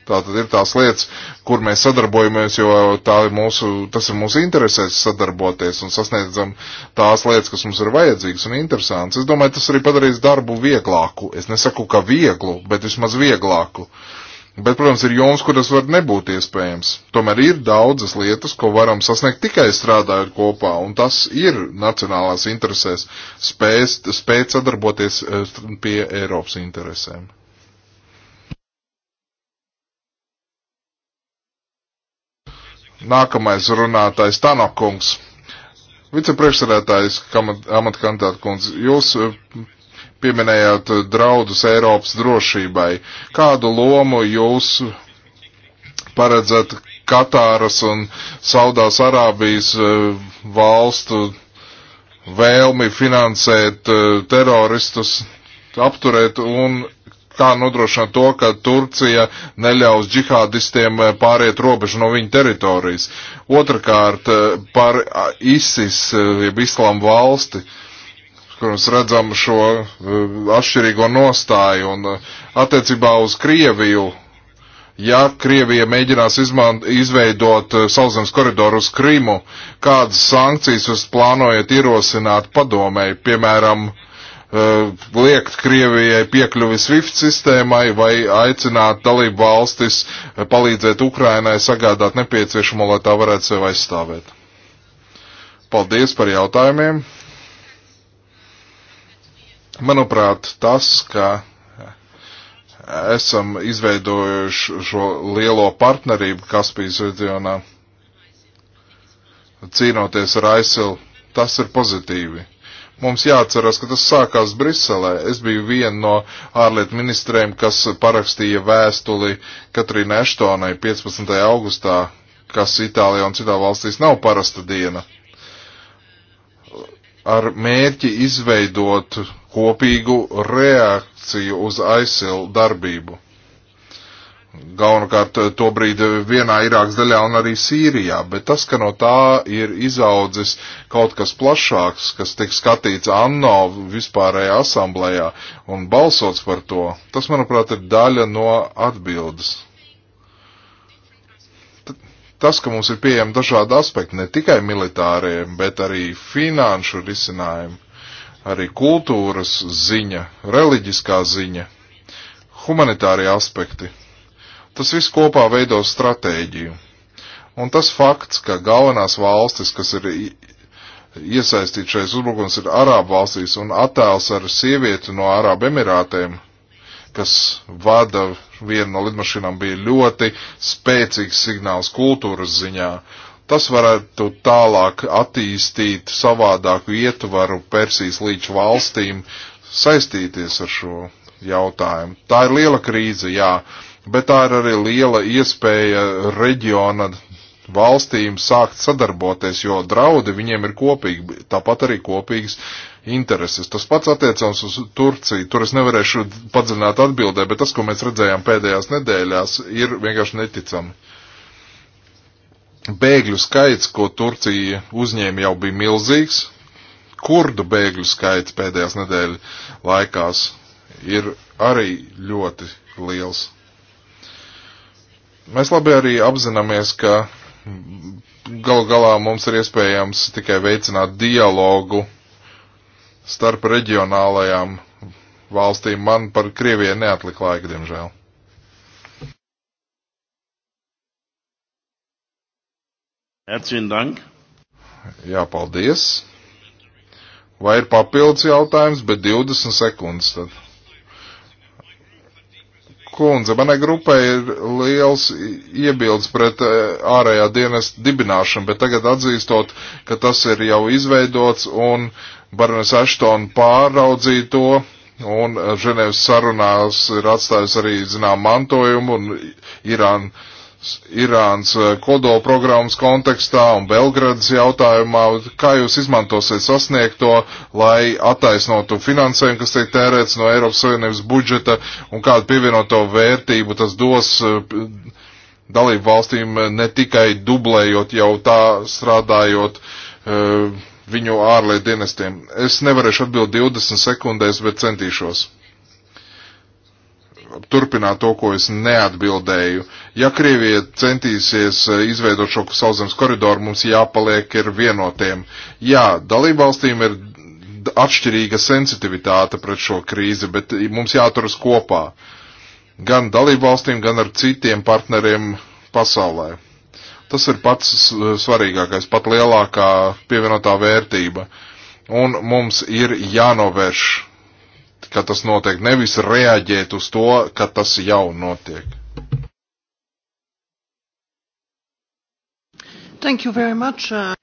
tā tad ir tās lietas, kur mēs sadarbojamies, jo tā ir mūsu, tas ir mūsu interesēs sadarboties un sasniedzam tās lietas, kas mums ir vajadzīgas un interesants. Es domāju, tas arī padarīs darbu vieglāku. Es nesaku, ka vieglu, bet vismaz vieglāku. Uh, Bet, protams, ir joms, kur tas var nebūt iespējams. Tomēr ir daudzas lietas, ko varam sasniegt tikai strādājot kopā, un tas ir nacionālās interesēs spēst, spēt sadarboties eh, pie Eiropas interesēm. Nākamais runātājs Tanokungs. Vicepriekšsēdētājs, amatkandidāta kundze, jūs eh, pieminējāt draudus Eiropas drošībai. Kādu lomu jūs paredzat Katāras un Saudās Arābijas e, valstu vēlmi finansēt e, teroristus, apturēt un kā nodrošināt to, ka Turcija neļaus džihādistiem e, pāriet robežu no viņa teritorijas. Otrakārt, par ISIS, jeb Islām valsti. Uh, kuros redzam šo eh, atšķirīgo nostāju un eh, attiecībā uz Krieviju. Ja Krievija mēģinās izmant, izveidot eh, sauszemes koridoru uz Krimu, kādas sankcijas jūs plānojat ierosināt padomēji, piemēram, liekt Krievijai piekļuvi SWIFT sistēmai vai aicināt dalību valstis palīdzēt Ukrainai sagādāt nepieciešamo, lai tā varētu sev aizstāvēt? Paldies par jautājumiem! Manuprāt, tas, ka esam izveidojuši šo lielo partnerību Kaspijas reģionā, cīnoties ar ASIL, tas ir pozitīvi mums jāatcerās, ka tas sākās Briselē. Es biju viena no ārlietu ministriem, kas parakstīja vēstuli Katrīna Eštonai 15. augustā, kas Itālijā un citā valstīs nav parasta diena, ar mērķi izveidot kopīgu reakciju uz ISIL darbību. Galvenokārt eh, to brīdi eh, vienā Irākas daļā un arī Sīrijā, bet tas, ka no tā ir izaudzis kaut kas plašāks, kas tiek skatīts ANO vispārējā asamblējā un balsots par to, tas, manuprāt, ir daļa no atbildes tas, ka mums ir pieejami dažādi aspekti, ne tikai militārie, bet arī finanšu risinājumi, arī kultūras ziņa, reliģiskā ziņa, humanitārie aspekti. Tas viss kopā veido stratēģiju. Un tas fakts, ka galvenās valstis, kas ir iesaistīts šais uzbrukums, ir Arābu valstīs un attēls ar sievieti no Arābu Emirātēm, kas vada vienu no lidmašīnām, bija ļoti spēcīgs signāls kultūras ziņā. Uh, Tas varētu tālāk attīstīt savādāku ietvaru Persijas līča valstīm saistīties ar šo jautājumu. Tā ir liela krīze, jā, bet tā ir arī liela iespēja reģiona valstīm sākt sadarboties, jo draudi viņiem ir kopīgi, tāpat arī kopīgas intereses. Tas pats attiecams uz Turciju. Tur es nevarēšu padziļināt atbildē, bet tas, ko mēs redzējām pēdējās nedēļās, ir vienkārši neticami bēgļu skaits, ko Turcija uzņēma, jau bija milzīgs. Kurdu bēgļu skaits pēdējās nedēļu laikās ir arī ļoti liels. Mēs labi arī apzināmies, ka galu galā mums ir iespējams tikai veicināt dialogu starp reģionālajām valstīm. Man par Krieviju neatlika laika, diemžēl. Herzlichen Dank. Jā, paldies. Vai ir papildus jautājums, bet 20 sekundes tad. Kundze, manai grupai ir liels iebildes pret e, ārējā dienas dibināšanu, bet tagad atzīstot, ka tas ir jau izveidots un Barnes Ashton pāraudzīja to un Ženevas sarunās ir atstājusi arī, zinām, mantojumu un Irāna Irānas eh, kodolprogrammas kontekstā un Belgradas jautājumā, kā jūs izmantosiet sasniegto, lai attaisnotu finansējumu, kas tiek tērēts no Eiropas Savienības budžeta un kādu pievienoto vērtību tas dos eh, dalību valstīm eh, ne tikai dublējot jau tā strādājot viņu ārlietu dienestiem. Es nevarēšu atbildēt 20 sekundēs, bet centīšos turpināt to, ko es neatbildēju. Ja Krievija centīsies eh, izveidot šo sauszemes koridoru, mums jāpaliek ir vienotiem. Jā, dalībvalstīm ir atšķirīga sensitivitāte pret šo krīzi, bet mums jāturas kopā. Gan dalībvalstīm, gan ar citiem partneriem pasaulē. Tas ir pats svarīgākais, pat lielākā pievienotā vērtība. Un mums ir jānovērš ka tas notiek, nevis reaģēt uz to, ka tas jau notiek. Thank you very much. Uh,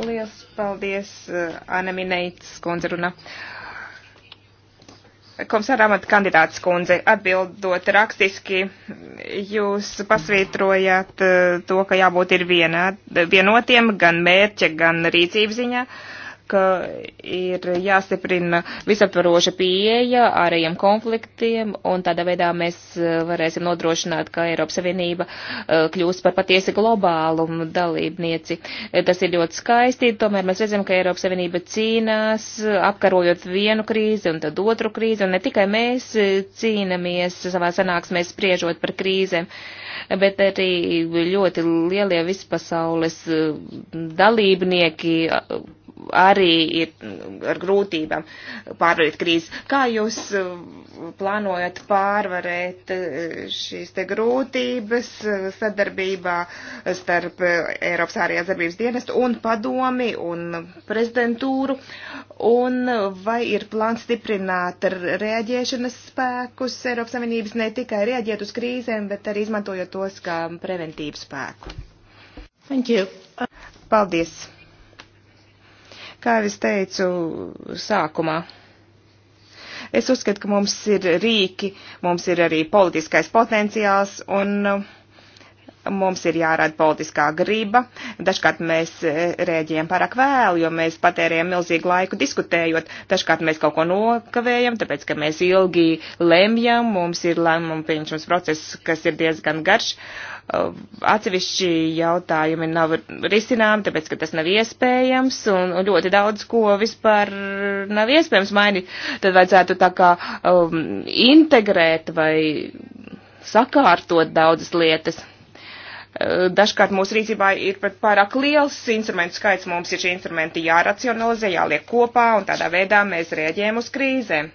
Lielas paldies, uh, Anna Minētas kundze runā. Komisāra amata kandidāts kundze, atbildot rakstiski, jūs pasvītrojāt uh, to, ka jābūt ir vienā, vienotiem gan mērķa, gan rīcības ziņā. Uh, ka ir jāstiprina visaptvaroša pieeja ārējiem konfliktiem, un tādā veidā mēs eh, varēsim nodrošināt, ka Eiropas Savienība eh, kļūst par patiesi globālu dalībnieci. Eh, tas ir ļoti skaisti, tomēr mēs redzam, ka Eiropas Savienība cīnās, apkarojot vienu krīzi un tad otru krīzi, un ne tikai mēs cīnamies savā sanāksmēs spriežot par krīzēm, bet arī ļoti lielie vispasaules dalībnieki arī ir mm, ar grūtībām pārvarēt krīzes. Kā jūs mm, plānojat pārvarēt mm, šīs te grūtības sadarbībā starp Eiropas ārējās darbības dienestu un padomi un prezidentūru? Un vai ir plāns stiprināt reaģēšanas spēkus Eiropas Savienības ne tikai reaģēt uz krīzēm, bet arī izmantojot tos kā preventīvu spēku? Thank you. Paldies. Kā jau es teicu sākumā, es uzskatu, ka mums ir rīki, mums ir arī politiskais potenciāls un uh, Mums ir jārada politiskā griba. Dažkārt mēs e, rēģējam pārāk vēlu, jo mēs patērējam milzīgu laiku diskutējot. Dažkārt mēs kaut ko nokavējam, tāpēc, ka mēs ilgi lemjam. Mums ir lēmumu pieņemšanas process, kas ir diezgan garš. E, Atsevišķi jautājumi nav risinām, tāpēc, ka tas nav iespējams un ļoti daudz ko vispār nav iespējams mainīt. Tad vajadzētu tā kā um, integrēt vai sakārtot daudzas lietas. Eh, dažkārt mūsu rīcībā ir pat pārāk liels instrumentu skaits, mums ir šie instrumenti jāracionalizē, jāliek kopā, un tādā veidā mēs rēģējam uz krīzēm.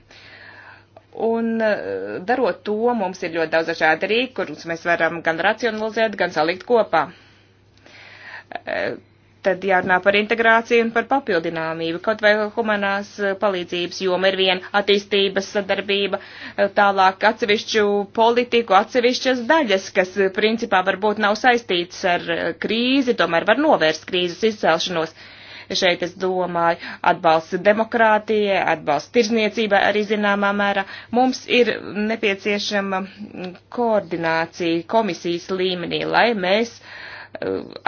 Un eh, darot to, mums ir ļoti daudz dažādi rīki, kurus mēs varam gan racionalizēt, gan salikt kopā eh, Tad jārunā par integrāciju un par papildināmību. Kaut vai humanās eh, palīdzības joma ir viena attīstības sadarbība, eh, tālāk atsevišķu politiku, atsevišķas daļas, kas eh, principā varbūt nav saistītas ar krīzi, tomēr var novērst krīzes izcelšanos. Šeit es domāju atbalsts demokrātijai, atbalsts tirzniecībai arī zināmā mērā. Mums ir nepieciešama koordinācija komisijas līmenī, lai mēs uh,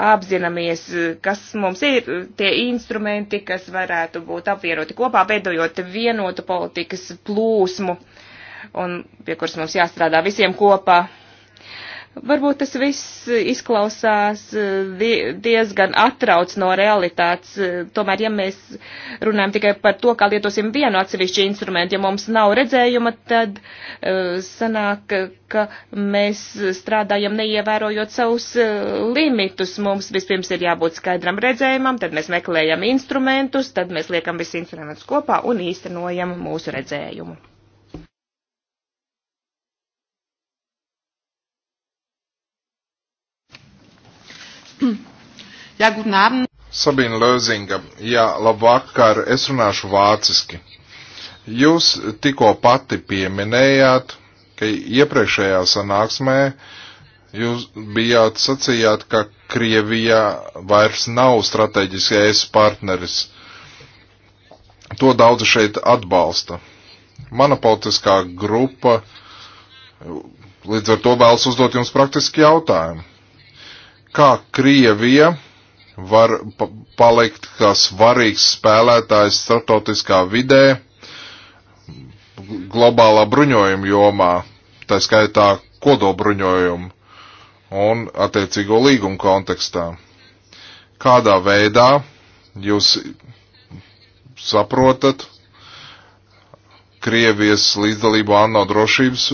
apzināmies, kas mums ir tie instrumenti, kas varētu būt apvienoti kopā, veidojot vienotu politikas plūsmu, un pie kuras mums jāstrādā visiem kopā. Varbūt tas viss izklausās eh, diezgan atrauc no realitātes. Eh, tomēr, ja mēs runājam tikai par to, kā lietosim vienu atsevišķu instrumentu, ja mums nav redzējuma, tad eh, sanāk, ka mēs strādājam neievērojot savus limitus. Mums vispirms ir jābūt skaidram redzējumam, tad mēs meklējam instrumentus, tad mēs liekam visus instrumentus kopā un īstenojam mūsu redzējumu. Jā, guten Abend. Sabīna Lēzinga, jā, labvakar, es runāšu vāciski. Jūs tikko pati pieminējāt, ka iepriekšējā sanāksmē jūs bijāt sacījāt, ka Krievija vairs nav strateģiskais e partneris. To daudzi šeit atbalsta. Mana politiskā grupa līdz ar to vēlas uzdot jums praktiski jautājumu kā Krievija var pa palikt kā svarīgs spēlētājs starptautiskā vidē, globālā bruņojuma jomā, tā skaitā kodobruņojumu un attiecīgo līgumu kontekstā. Kādā veidā jūs saprotat Krievijas līdzdalību ANO drošības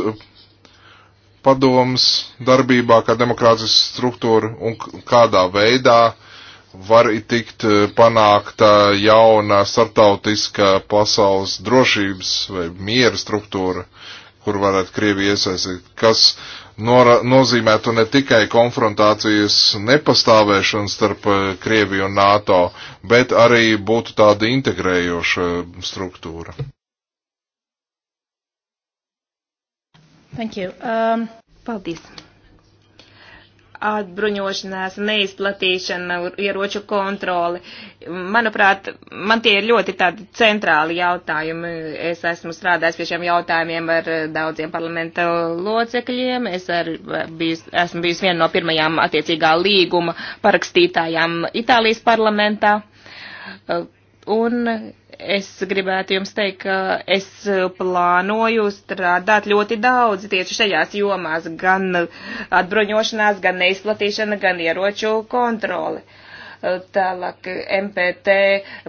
padomas darbībā, kā demokrātiskas struktūra un kādā veidā var tikt eh, panākta jauna startautiska pasaules drošības vai miera struktūra, kur varētu Krievi iesaistīt, kas nora, nozīmētu ne tikai konfrontācijas nepastāvēšanu starp eh, Krieviju un NATO, bet arī būtu tāda integrējoša struktūra. Thank you. Um... Paldies. Atbruņošanās, neizplatīšana, ieroču kontroli. Manuprāt, man tie ir ļoti tādi centrāli jautājumi. Es esmu strādājis pie šiem jautājumiem ar daudziem parlamenta locekļiem. Es ar, bijis, esmu bijusi viena no pirmajām attiecīgā līguma parakstītājām Itālijas parlamentā. Un Es gribētu jums teikt, ka es plānoju strādāt ļoti daudz tieši šajās jomās, gan atbruņošanās, gan neizplatīšana, gan ieroču kontrole. Tālāk MPT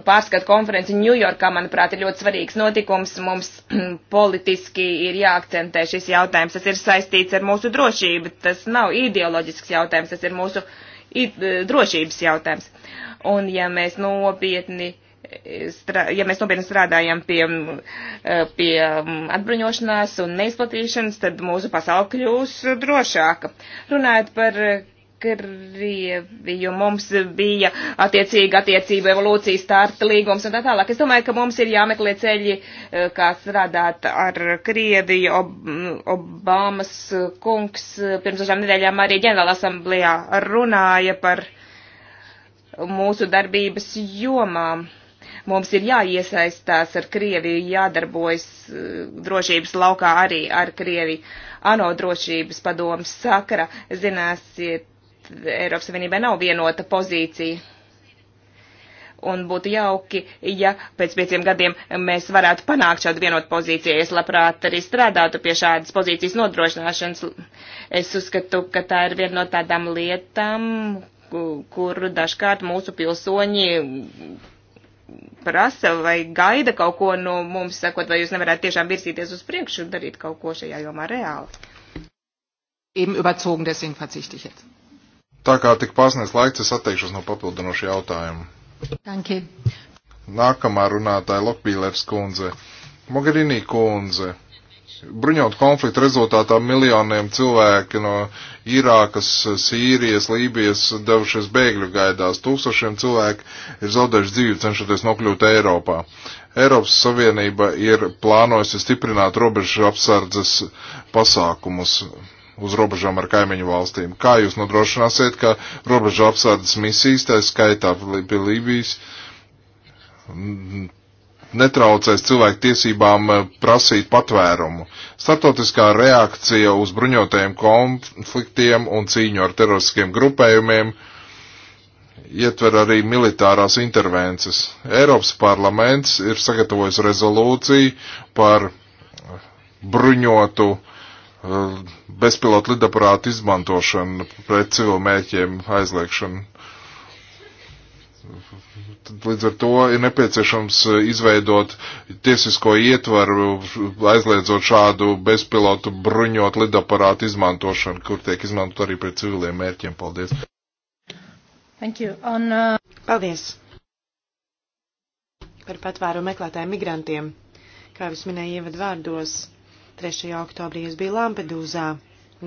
pārskatu konferenci Ņujorkā, manuprāt, ir ļoti svarīgs notikums. Mums politiski ir jāakcentē šis jautājums. Tas ir saistīts ar mūsu drošību. Tas nav ideoloģisks jautājums, tas ir mūsu drošības jautājums. Un ja mēs nopietni. Nu, ja mēs nopietni strādājam pie, eh, pie atbruņošanās un neizplatīšanas, tad mūsu pasauli kļūs drošāka. Runājot par Krieviju, mums bija attiecīga attiecība evolūcijas starta līgums un tā tālāk. Es domāju, ka mums ir jāmeklē ceļi, eh, kā strādāt ar Krieviju. Ob Obamas eh, kungs pirms dažām nedēļām arī ģenerāla asamblējā runāja par mūsu darbības jomām Mums ir jāiesaistās ar Krieviju, jādarbojas eh, drošības laukā arī ar Krieviju. ANO drošības padomas sakara, zināsiet, Eiropas Savienībai nav vienota pozīcija un būtu jauki, ja pēc pieciem gadiem mēs varētu panākt šādu vienotu pozīciju. Es labprāt arī strādātu pie šādas pozīcijas nodrošināšanas. Es uzskatu, ka tā ir viena no tādām lietām, kur dažkārt mūsu pilsoņi prasa vai gaida kaut ko no mums, sakot, vai jūs nevarētu tiešām virzīties uz priekšu un darīt kaut ko šajā jomā reāli. Eben überzogen, deswegen verzichte ich jetzt. Tā kā tik pasniedz laiks, es atteikšos no papildinošu jautājumu. Danke. Nākamā runātāja Lokbīlers kundze. Mogherini kundze, bruņot konfliktu rezultātā miljoniem cilvēku no Irākas, Sīrijas, Lībijas devušies bēgļu gaidās. Tūkstošiem cilvēku ir zaudējuši dzīvi cenšoties nokļūt Eiropā. Eiropas Savienība ir plānojusi stiprināt robežu apsardzes pasākumus uz robežām ar kaimiņu valstīm. Kā jūs nodrošināsiet, ka robežu apsardzes misijas, tā skaitā pie Lībijas, netraucēs cilvēku tiesībām eh, prasīt patvērumu. Startautiskā reakcija uz bruņotajiem konfliktiem un cīņu ar teroristiskiem grupējumiem ietver arī militārās intervences. Eiropas parlaments ir sagatavojis rezolūciju par bruņotu eh, bezpilotu lidaparātu izmantošanu pret civilu mērķiem aizliekšanu. Līdz ar to ir nepieciešams e, izveidot tiesisko ietvaru, aizliedzot šādu bezpilotu bruņot lidaparātu izmantošanu, kur tiek izmantot arī pret civiliem mērķiem. Paldies! Thank you. On, uh... Paldies! Par patvēru meklētājiem migrantiem. Kā jau es minēju ievadvārdos, 3. oktobrī es biju Lampedūzā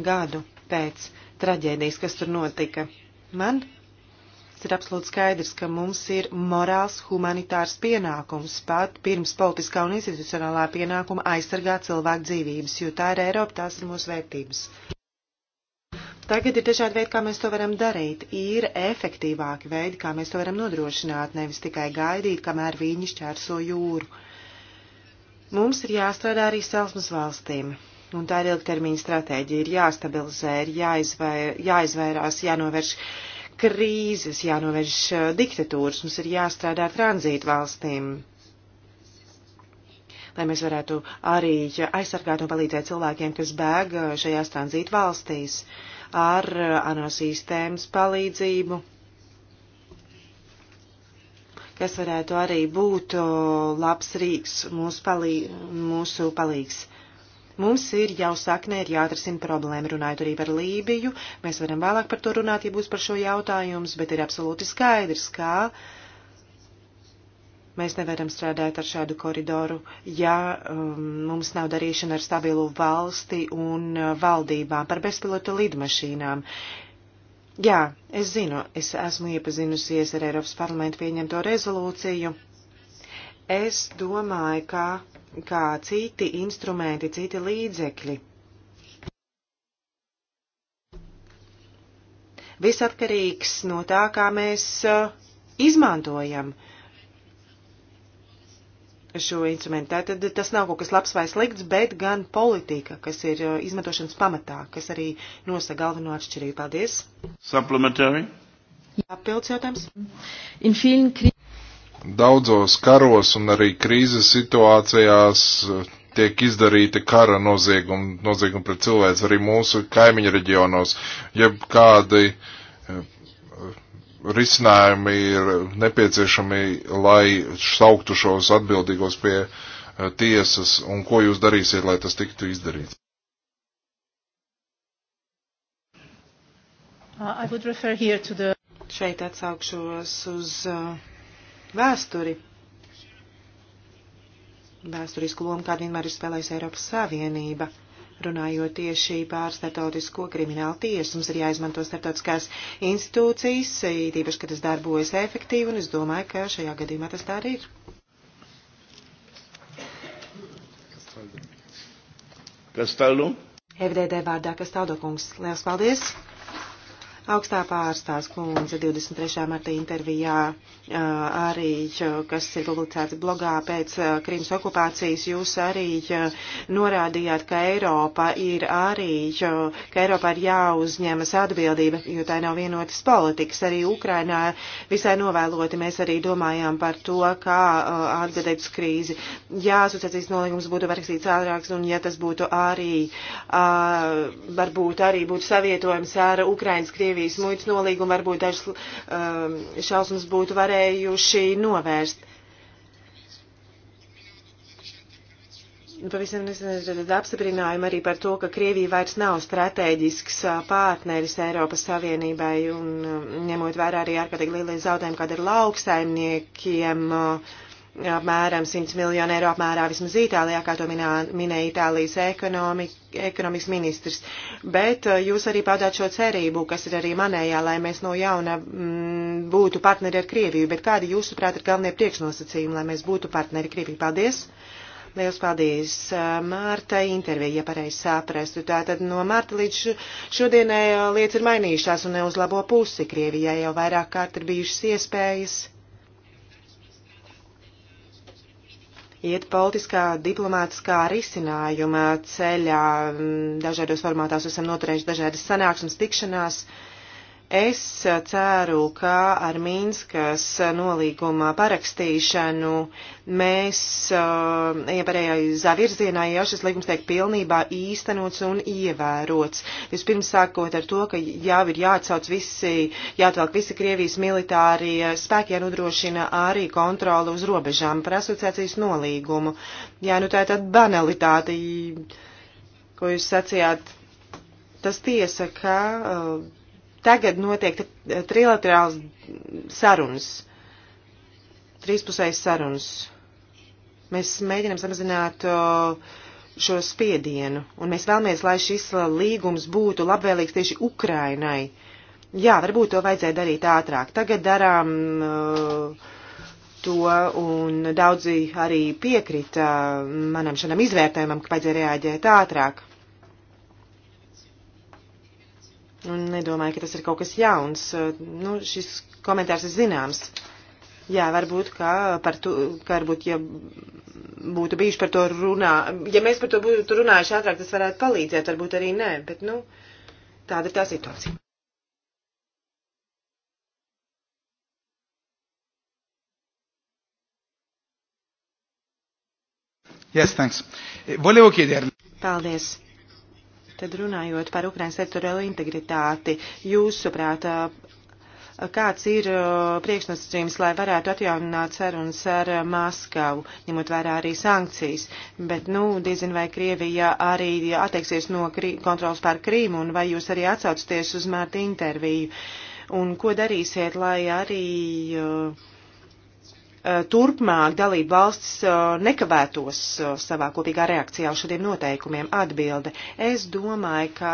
gadu pēc traģēdijas, kas tur notika. Man ir absolūti skaidrs, ka mums ir morāls humanitārs pienākums pat pirms politiskā un institucionālā pienākuma aizsargāt cilvēku dzīvības, jo tā ir Eiropa, tās ir mūsu vērtības. Tagad ir dažādi veidi, kā mēs to varam darīt. Ir efektīvāki veidi, kā mēs to varam nodrošināt, nevis tikai gaidīt, kamēr viņi šķērso jūru. Mums ir jāstrādā arī celsmas valstīm un tā ir ilgtermiņa stratēģija. Ir jāstabilizē, ir jāizvair, jāizvairās, jānovērš krīzes, jānovērš eh, diktatūras, mums ir jāstrādā tranzītu valstīm, lai mēs varētu arī aizsargāt un palīdzēt cilvēkiem, kas bēg eh, šajās tranzītu valstīs ar eh, ANO sistēmas palīdzību kas varētu arī būt labs rīks mūsu, palī, mūsu palīgs. Mums ir jau saknē ir jāatrisina problēma, runājot arī par Lībiju. Mēs varam vēlāk par to runāt, ja būs par šo jautājums, bet ir absolūti skaidrs, kā mēs nevaram strādāt ar šādu koridoru, ja um, mums nav darīšana ar stabilu valsti un uh, valdībām par bezpilota lidmašīnām. Jā, es zinu, es esmu iepazinusies ar Eiropas parlamentu pieņemto rezolūciju. Es domāju, ka kā citi instrumenti, citi līdzekļi. Viss atkarīgs no tā, kā mēs uh, izmantojam šo instrumentu. Tātad tas nav kaut kas labs vai slikts, bet gan politika, kas ir uh, izmantošanas pamatā, kas arī nosaka galveno atšķirību. Paldies! Supplementary. Papildus jautājums. Daudzos karos un arī krīzes situācijās eh, tiek izdarīti kara noziegumi, noziegumi pret cilvēks arī mūsu kaimiņu reģionos, ja kādi eh, risinājumi ir nepieciešami, lai sauktu šos atbildīgos pie eh, tiesas, un ko jūs darīsiet, lai tas tiktu izdarīts? Uh, the... Šeit atsaukšos uz uh, vēsturi. Vēsturisku lomu, kādu vienmēr ir spēlējusi Eiropas Savienība. Runājot tieši pār starptautisko kriminālu tiesu, mums ir jāizmanto starptautiskās institūcijas, īpaši, ka tas darbojas efektīvi, un es domāju, ka šajā gadījumā tas tā arī ir. Kastaldu. FDD vārdā Kastaldo kungs. Liels paldies! Augstā pārstāvs kundze 23. marta intervijā arī, kas ir publicēts blogā pēc Krīmas okupācijas, jūs arī norādījāt, ka Eiropa ir arī, ka Eiropa ir jāuzņemas atbildība, jo tā nav vienotas politikas. Arī Ukrainā visai novēloti mēs arī domājām par to, kā atgadēt uz krīzi. Jā, asociācijas nolīgums būtu rakstīts ātrāks, un ja tas būtu arī, varbūt arī būtu savietojums ar Ukrainas Krievijas Krievijas muitas nolīgumu, varbūt dažas um, šausmas būtu varējuši novērst. Pavisam nesen apstiprinājumu arī par to, ka Krievija vairs nav strateģisks uh, partneris Eiropas Savienībai un um, ņemot vērā arī ārkārtīgi lielie zaudējumi, kāda ir lauksaimniekiem. Uh, apmēram 100 miljonu eiro apmērā vismaz Itālijā, kā to minā, minēja Itālijas ekonomi, ekonomikas ministrs. Bet eh, jūs arī paudāt šo cerību, kas ir arī manējā, lai mēs no jauna m, mm, būtu partneri ar Krieviju. Bet kādi jūsuprāt ir galvenie priekšnosacījumi, lai mēs būtu partneri Krieviju? Paldies! Liels paldies eh, Mārta intervija, ja pareizi saprastu. Tātad no Mārta līdz šodienai eh, lietas ir mainījušās un ne uz labo pusi. Krievijai jau vairāk kārt ir bijušas iespējas iet politiskā, diplomātiskā risinājuma ceļā. Mm, dažādos formātās esam noturējuši dažādas sanāksmes, tikšanās. Uh, Es ceru, ka ar Mīnskas nolīguma parakstīšanu mēs uh, eh, iepareizā virzienā jau šis līgums tiek pilnībā īstenots un ievērots. Vispirms sākot ar to, ka jau ir jāatsauc visi, jāatvelk visi Krievijas militārie spēki, jānodrošina arī kontroli uz robežām par asociācijas nolīgumu. Jā, nu tā ir tāda banalitāte, ko jūs sacījāt. Tas tiesa, ka. Uh, tagad notiek trilaterāls sarunas, trīspusējas sarunas. Mēs mēģinām samazināt šo spiedienu, un mēs vēlamies, lai šis līgums būtu labvēlīgs tieši Ukrainai. Jā, varbūt to vajadzēja darīt ātrāk. Tagad darām uh, to, un daudzi arī piekrita manam šādam izvērtējumam, ka vajadzēja reaģēt ātrāk. Un nu, nedomāju, ka tas ir kaut kas jauns. Eh, nu, šis komentārs ir zināms. Jā, varbūt, ka par to, ka varbūt, ja būtu bijuši par to runā, ja mēs par to būtu runājuši ātrāk, tas varētu palīdzēt, varbūt arī nē, bet, nu, tāda ir tā situācija. Yes, thanks. Eh, Volevo chiederle. Paldies. Tad runājot par Ukrainas teritoriālo integritāti, jūsuprāt, kāds ir priekšnosacījums, lai varētu atjaunināt sarunas ar Maskavu, ņemot vērā arī sankcijas, bet, nu, diezin vai Krievija arī atteiksies no kontrols pār Krīmu, un vai jūs arī atsaucaties uz Mārta interviju, un ko darīsiet, lai arī uh, Eh, turpmāk dalību valstis eh, nekavētos eh, savā kopīgā reakcijā uz šādiem noteikumiem. Atbilde. Es domāju, ka.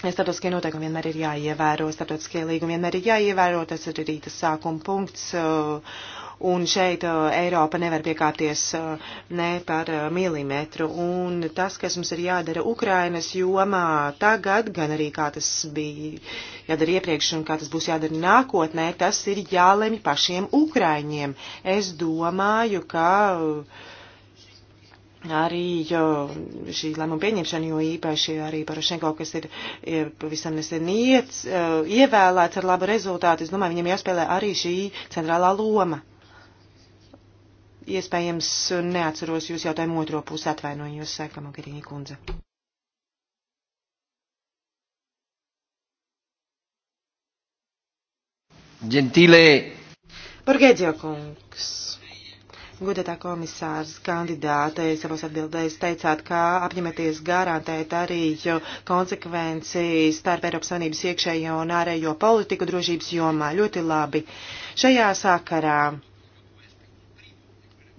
Startautiskie noteikumi vienmēr ir jāievēro, startautiskie līgumi vienmēr ir jāievēro, tas ir arī tas sākuma punkts, uh, un šeit uh, Eiropa nevar piekāpties uh, ne par uh, milimetru. Un tas, kas mums ir jādara Ukrainas jomā tagad, gan arī kā tas bija jādara iepriekš un kā tas būs jādara nākotnē, tas ir jālemj pašiem Ukraiņiem. Es domāju, ka. Uh, arī uh, šī lēmuma pieņemšana, jo īpaši arī Parašenko, kas ir pavisam nesen uh, ievēlēts ar labu rezultātu, es domāju, viņam jāspēlē arī šī centrālā loma. Iespējams, neatceros jūs jautājumu otro pusi atvainojos, saka Magarīni kundze. Gentilē. Borgēdzio kungs. Godētā komisārs kandidāte savos atbildēs teicāt, ka apņematies garantēt arī konsekvenci starp Eiropas Savienības iekšējo un ārējo politiku drošības jomā. Ļoti labi. Šajā sakarā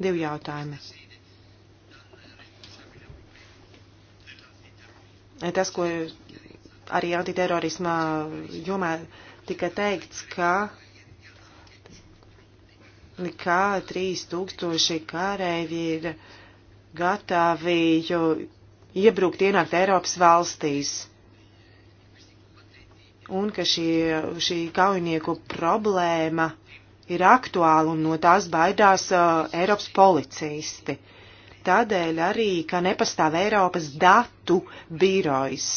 Divi jautājumi. Tas, ko arī antiterorismā jomā tika teikts, ka kā 3000 kārēji ir gatavi iebrukt ienākt Eiropas valstīs un ka šī, šī kaujinieku problēma ir aktuāla un no tās baidās uh, Eiropas policisti. Tādēļ arī, ka nepastāv Eiropas datu birojs.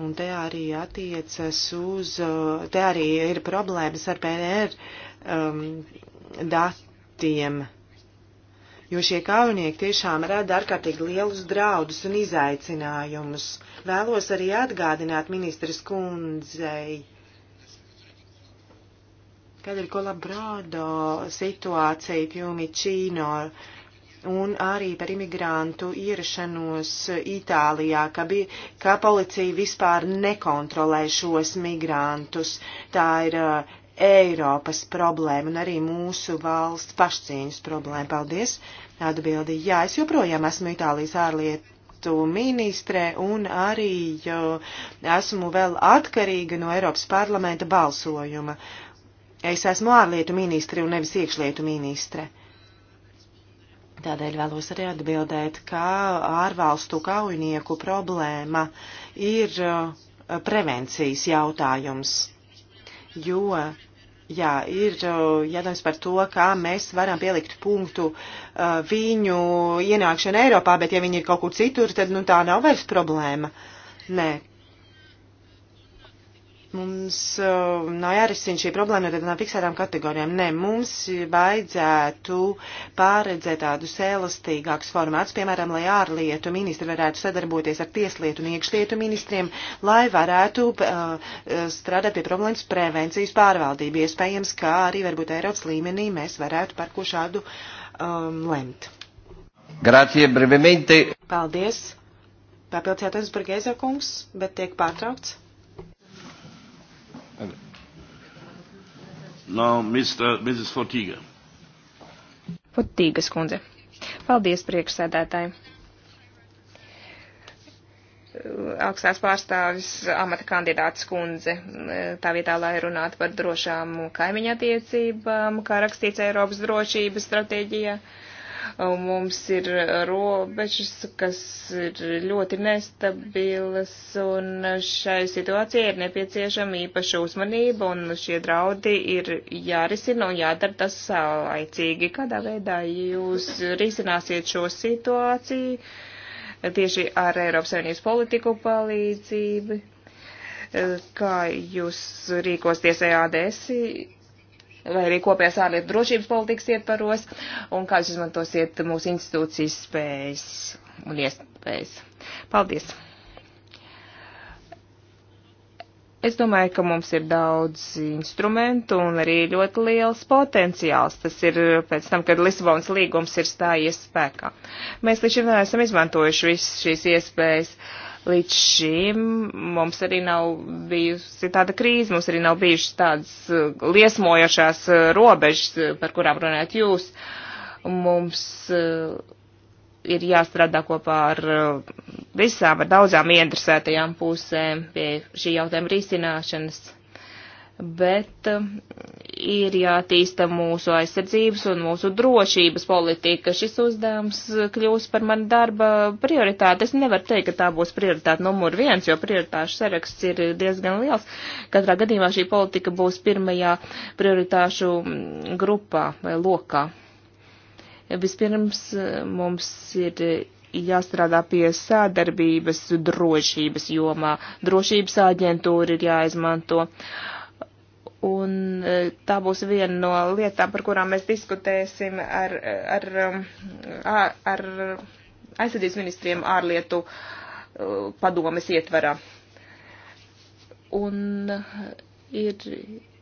Un te arī attiecas uz, uh, te arī ir problēmas ar PNR um, datiem jo šie kaujinieki tiešām rada ārkārtīgi lielus draudus un izaicinājumus. Vēlos arī atgādināt ministras kundzei Tādēļ kolabrādo situācija Fiumicino un arī par imigrantu ierašanos Itālijā, ka, bija, ka policija vispār nekontrolē šos migrantus. Tā ir uh, Eiropas problēma un arī mūsu valsts pašcīņas problēma. Paldies! Atbildi, jā, es joprojām esmu Itālijas ārlietu valstu ministrē un arī jo, esmu vēl atkarīga no Eiropas parlamenta balsojuma. Es esmu ārlietu ministri un nevis iekšlietu ministre. Tādēļ vēlos arī atbildēt, ka ārvalstu kaujinieku problēma ir uh, prevencijas jautājums, jo, jā, ir uh, jādams par to, kā mēs varam pielikt punktu uh, viņu ienākšanu Eiropā, bet ja viņi ir kaut kur citur, tad, nu, tā nav vairs problēma. Nē, Mums uh, nav jārisina šī problēma ar tādām fiksētām kategorijām. Nē, mums vajadzētu pārredzēt tādus elastīgākus formātus, piemēram, lai ārlietu ministri varētu sadarboties ar tieslietu un iekšlietu ministriem, lai varētu uh, uh strādāt pie problēmas prevencijas pārvaldību. Iespējams, kā arī varbūt Eiropas līmenī mēs varētu par ko šādu um, lemt. Grācie brevemente. Paldies. Papildus jautājums par Geizer kungs, bet tiek pārtraukts. Now, Mr. Mrs. Fortīga. Fortīgas kundze. Paldies, priekšsēdētāji. Augstās pārstāvis amata kandidāts kundze, tā vietā, lai runātu par drošām kaimiņa attiecībām, kā rakstīts Eiropas drošības stratēģijā. Uh, Uh, mums ir uh, robežas, kas ir ļoti nestabilas, un šai situācijai ir nepieciešama īpaša uzmanība, un šie draudi ir jārisina un jādara tas saulaicīgi. Kādā veidā jūs risināsiet šo situāciju tieši ar Eiropas Savienības politiku palīdzību? Uh, kā jūs rīkosties EADS vai arī kopējās ārlietu drošības politikas ietvaros, un kā jūs izmantosiet mūsu institūcijas spējas un iespējas. Paldies! Es domāju, ka mums ir daudz instrumentu un arī ļoti liels potenciāls. Tas ir pēc tam, kad Lisabonas līgums ir stājies spēkā. Mēs līdz šim neesam izmantojuši visas šīs iespējas. Uh, Līdz šim mums arī nav bijusi tāda krīze, mums arī nav bijušas tādas uh, liesmojošās uh, robežas, uh, par kurām runājat jūs. Mums ir jāstrādā kopā ar visām, ar daudzām interesētajām pusēm pie šī jautājuma risināšanas bet um, ir jātīsta mūsu aizsardzības un mūsu drošības politika. Šis uzdevums uh, kļūs par manu darba prioritāti. Es nevaru teikt, ka tā būs prioritāte numur viens, jo prioritāšu saraksts ir diezgan liels. Katrā gadījumā šī politika būs pirmajā prioritāšu mm, grupā vai lokā. Vispirms uh, mums ir jāstrādā pie sadarbības drošības jomā. Drošības aģentūra ir jāizmanto. Uh, Un e, tā būs viena no lietām, par kurām mēs diskutēsim ar, ar, um, ar, ar aizsardzības ministriem ārlietu e, padomes ietvarā. Un e, ir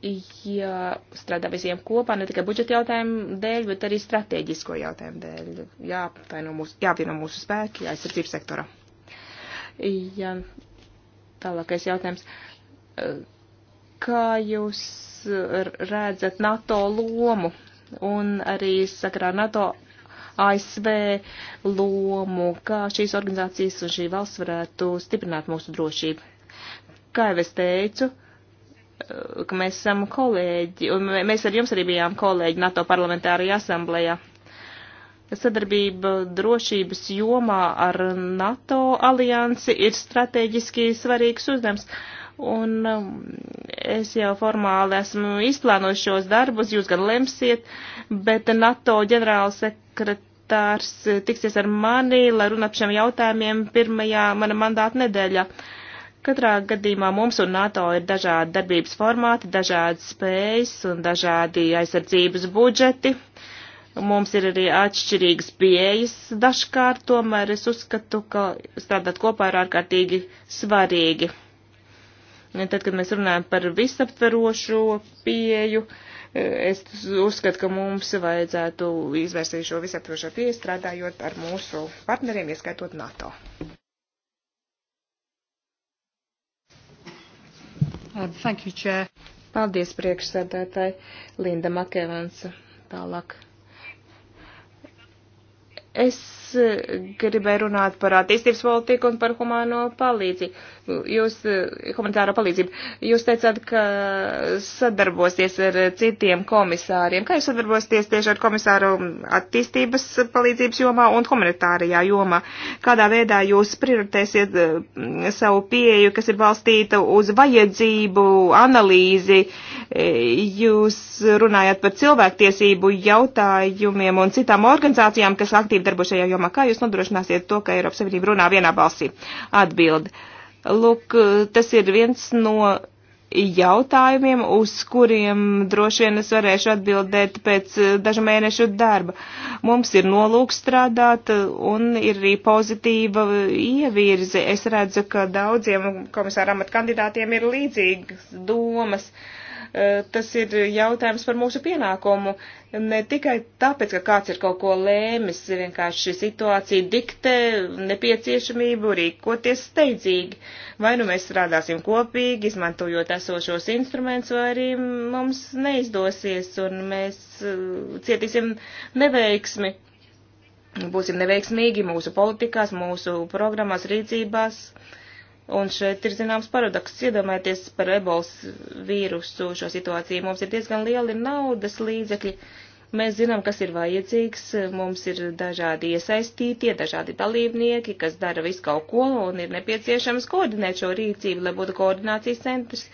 jāstrādā visiem kopā, ne tikai budžeta jautājumu dēļ, bet arī strateģisko jautājumu dēļ. Jāapvieno mūsu, jāapvieno mūsu spēki aizsardzības sektorā. Jā, tālākais jautājums Kā jūs uh, redzat NATO lomu un arī sakarā NATO ASV lomu, kā šīs organizācijas un šī valsts varētu stiprināt mūsu drošību? Kā jau es teicu, uh, ka mēs esam kolēģi, un mēs ar jums arī bijām kolēģi NATO parlamentārajā asamblējā sadarbība drošības jomā ar NATO aliansi ir strateģiski svarīgs uzdevums un um, es jau formāli esmu izplānojis šos darbus, jūs gan lemsiet, bet NATO ģenerālsekretārs tiksies ar mani, lai runā par šiem jautājumiem pirmajā mana mandāta nedēļa. Katrā gadījumā mums un NATO ir dažādi darbības formāti, dažādas spējas un dažādi aizsardzības budžeti. Mums ir arī atšķirīgas pieejas dažkārt, tomēr es uzskatu, ka strādāt kopā ir ārkārtīgi svarīgi. Tad, kad mēs runājam par visaptverošo pieju, e, es uzskatu, ka mums vajadzētu izvērsīt šo visaptverošo pieju strādājot ar mūsu partneriem, ieskaitot NATO. Uh, thank you, Chair. Paldies priekšsēdētāji Linda Makevans. Tālāk. Es gribēju runāt par attīstības politiku un par humāno palīdzību. Jūs, humanitāro palīdzību, jūs teicāt, ka sadarbosties ar citiem komisāriem. Kā jūs sadarbosties tieši ar komisāru attīstības palīdzības jomā un humanitārajā jomā? Kādā veidā jūs prioritēsiet mm, savu pieeju, kas ir balstīta uz vajadzību, analīzi? Jūs runājat par cilvēktiesību jautājumiem un citām organizācijām, kas aktīvi darbo šajā jomā jautājumā, kā jūs nodrošināsiet to, ka Eiropas Savienība runā vienā balsī? Atbildi. Lūk, tas ir viens no jautājumiem, uz kuriem droši vien es varēšu atbildēt pēc eh, dažu mēnešu darba. Mums ir nolūks strādāt eh, un ir arī pozitīva ievirze. Es redzu, ka daudziem komisāra amata kandidātiem ir līdzīgas domas. Uh, Eh, tas ir jautājums par mūsu pienākumu. Ne tikai tāpēc, ka kāds ir kaut ko lēmis, vienkārši situācija diktē nepieciešamību rīkoties steidzīgi. Vai nu mēs strādāsim kopīgi, izmantojot esošos instrumentus, vai arī mums neizdosies un mēs eh, cietīsim neveiksmi. Būsim neveiksmīgi mūsu politikās, mūsu programmās, rīcībās. Uh, Un šeit ir zināms paradoks. Iedomājieties par ebols vīrusu šo situāciju. Mums ir diezgan lieli naudas līdzekļi. Mēs zinām, kas ir vajadzīgs. Mums ir dažādi iesaistītie, dažādi dalībnieki, kas dara visu kaut ko un ir nepieciešams koordinēt šo rīcību, lai būtu koordinācijas centrs.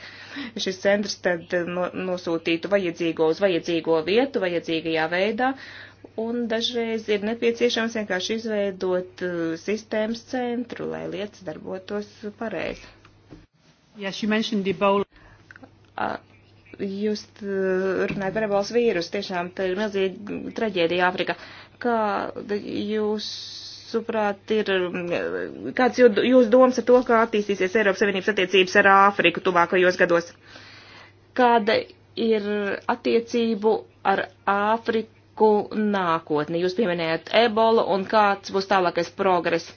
Šis centrs tad no, nosūtītu vajadzīgo uz vajadzīgo vietu, vajadzīgajā veidā. Uh, un dažreiz ir nepieciešams vienkārši izveidot uh, sistēmas centru, lai lietas darbotos pareizi. Yes, Jūs uh, runājat par ebolas vīrusu, tiešām tā ir milzīga traģēdija Āfrikā. Kā jūs jūsuprāt, ir um, kāds jūs domas ar to, kā attīstīsies Eiropas Savienības attiecības ar Āfriku tuvākajos gados? Kāda ir attiecību ar Āfriku? cilvēku nākotni. Jūs pieminējat ebolu un kāds būs tālākais progress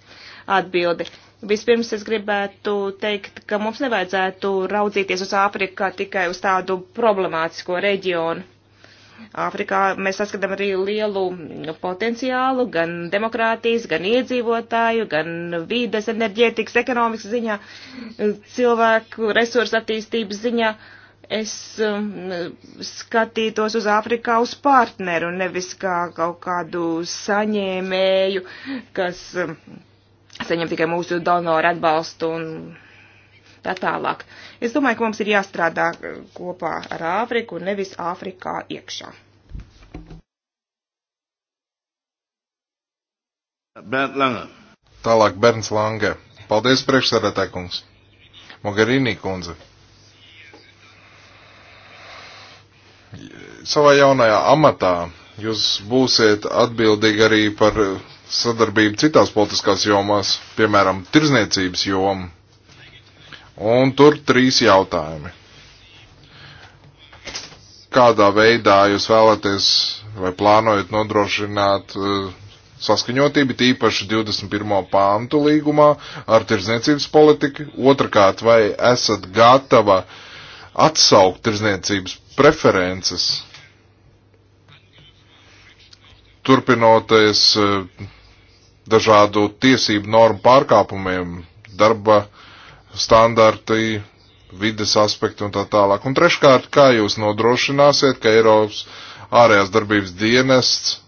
atbildi. Vispirms es gribētu teikt, ka mums nevajadzētu raudzīties uz Āfriku kā tikai uz tādu problemātisko reģionu. Āfrikā mēs saskatām arī lielu potenciālu gan demokrātijas, gan iedzīvotāju, gan vīdes, enerģētikas, ekonomikas ziņā, cilvēku resursu attīstības ziņā. Uh, es um, skatītos uz Āfrikā uz partneru, nevis kā kaut kādu saņēmēju, kas um, saņem tikai mūsu donoru atbalstu un tā tālāk. Es domāju, ka mums ir jāstrādā kopā ar Āfriku, nevis Āfrikā iekšā. Bernd Lange. Tālāk Bernds Lange. Paldies priekšsēdētāj kungs. Mogherini kundze. savā jaunajā amatā jūs būsiet atbildīgi arī par sadarbību citās politiskās jomās, piemēram, tirzniecības jomu. Un tur trīs jautājumi. Kādā veidā jūs vēlaties vai plānojat nodrošināt eh, saskaņotību, tīpaši 21. pāntu līgumā ar tirzniecības politiku? Otrakārt, vai esat gatava atsaukt tirzniecības preferences. Turpinoties e, dažādu tiesību normu pārkāpumiem, darba standarti, vides aspekti un tā tālāk. Un treškārt, kā jūs nodrošināsiet, ka Eiropas ārējās darbības dienests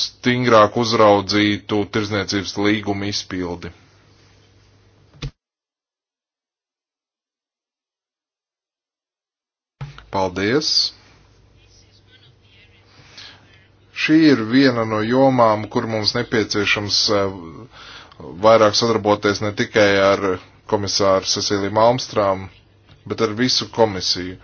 stingrāk uzraudzītu tirzniecības līgumu izpildi? Paldies! Šī ir viena no jomām, kur mums nepieciešams eh, vairāk sadarboties ne tikai ar komisāru Cecīliju Malmstrām, bet ar visu komisiju.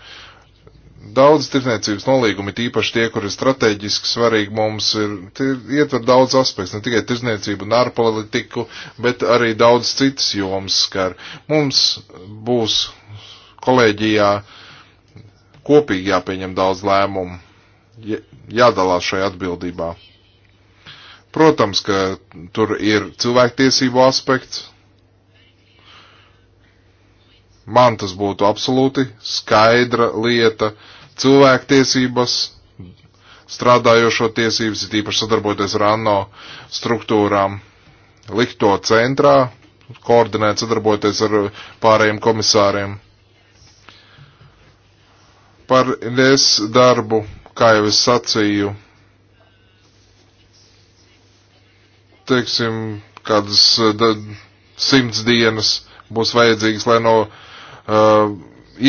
Daudz tirniecības nolīgumi, tīpaši tie, kur ir strateģiski svarīgi mums, ir, ir ietver daudz aspektu, ne tikai tirniecību un ārpolitiku, bet arī daudz citas jomas skar. Mums būs kolēģijā uh, kopīgi jāpieņem daudz lēmumu, jādalās šajā atbildībā. Protams, ka tur ir cilvēktiesību aspekts. Man tas būtu absolūti skaidra lieta. Cilvēktiesības, strādājošo tiesības, ir īpaši sadarbojoties ar ANO struktūrām, likt to centrā, koordinēt, sadarbojoties ar pārējiem komisāriem Par NS darbu, kā jau es sacīju, teiksim, kādas da, simts dienas būs vajadzīgas, lai no uh,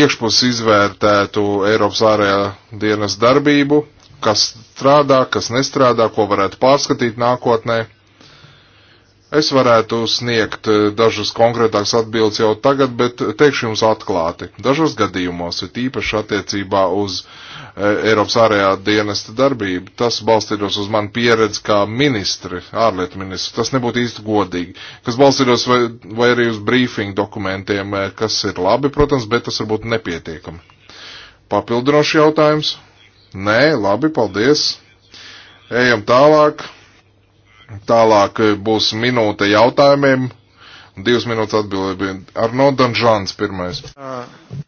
iekšpus izvērtētu Eiropas ārējā dienas darbību, kas strādā, kas nestrādā, ko varētu pārskatīt nākotnē. Es varētu sniegt eh, dažas konkrētākas atbildes jau tagad, bet teikšu jums atklāti. Dažos gadījumos, ir īpaši attiecībā uz eh, Eiropas ārējā dienesta darbību, tas balstītos uz manu pieredzi kā ministri, ārlietu ministri. Tas nebūtu īsti godīgi. Kas balstītos vai, vai arī uz brīfingu dokumentiem, eh, kas ir labi, protams, bet tas varbūt nepietiekami. Papildinošs jautājums? Nē, labi, paldies. Ejam tālāk. Tālāk eh, būs minūte jautājumiem, divas minūtes atbildēm. Arno Danžāns pirmais. Uh,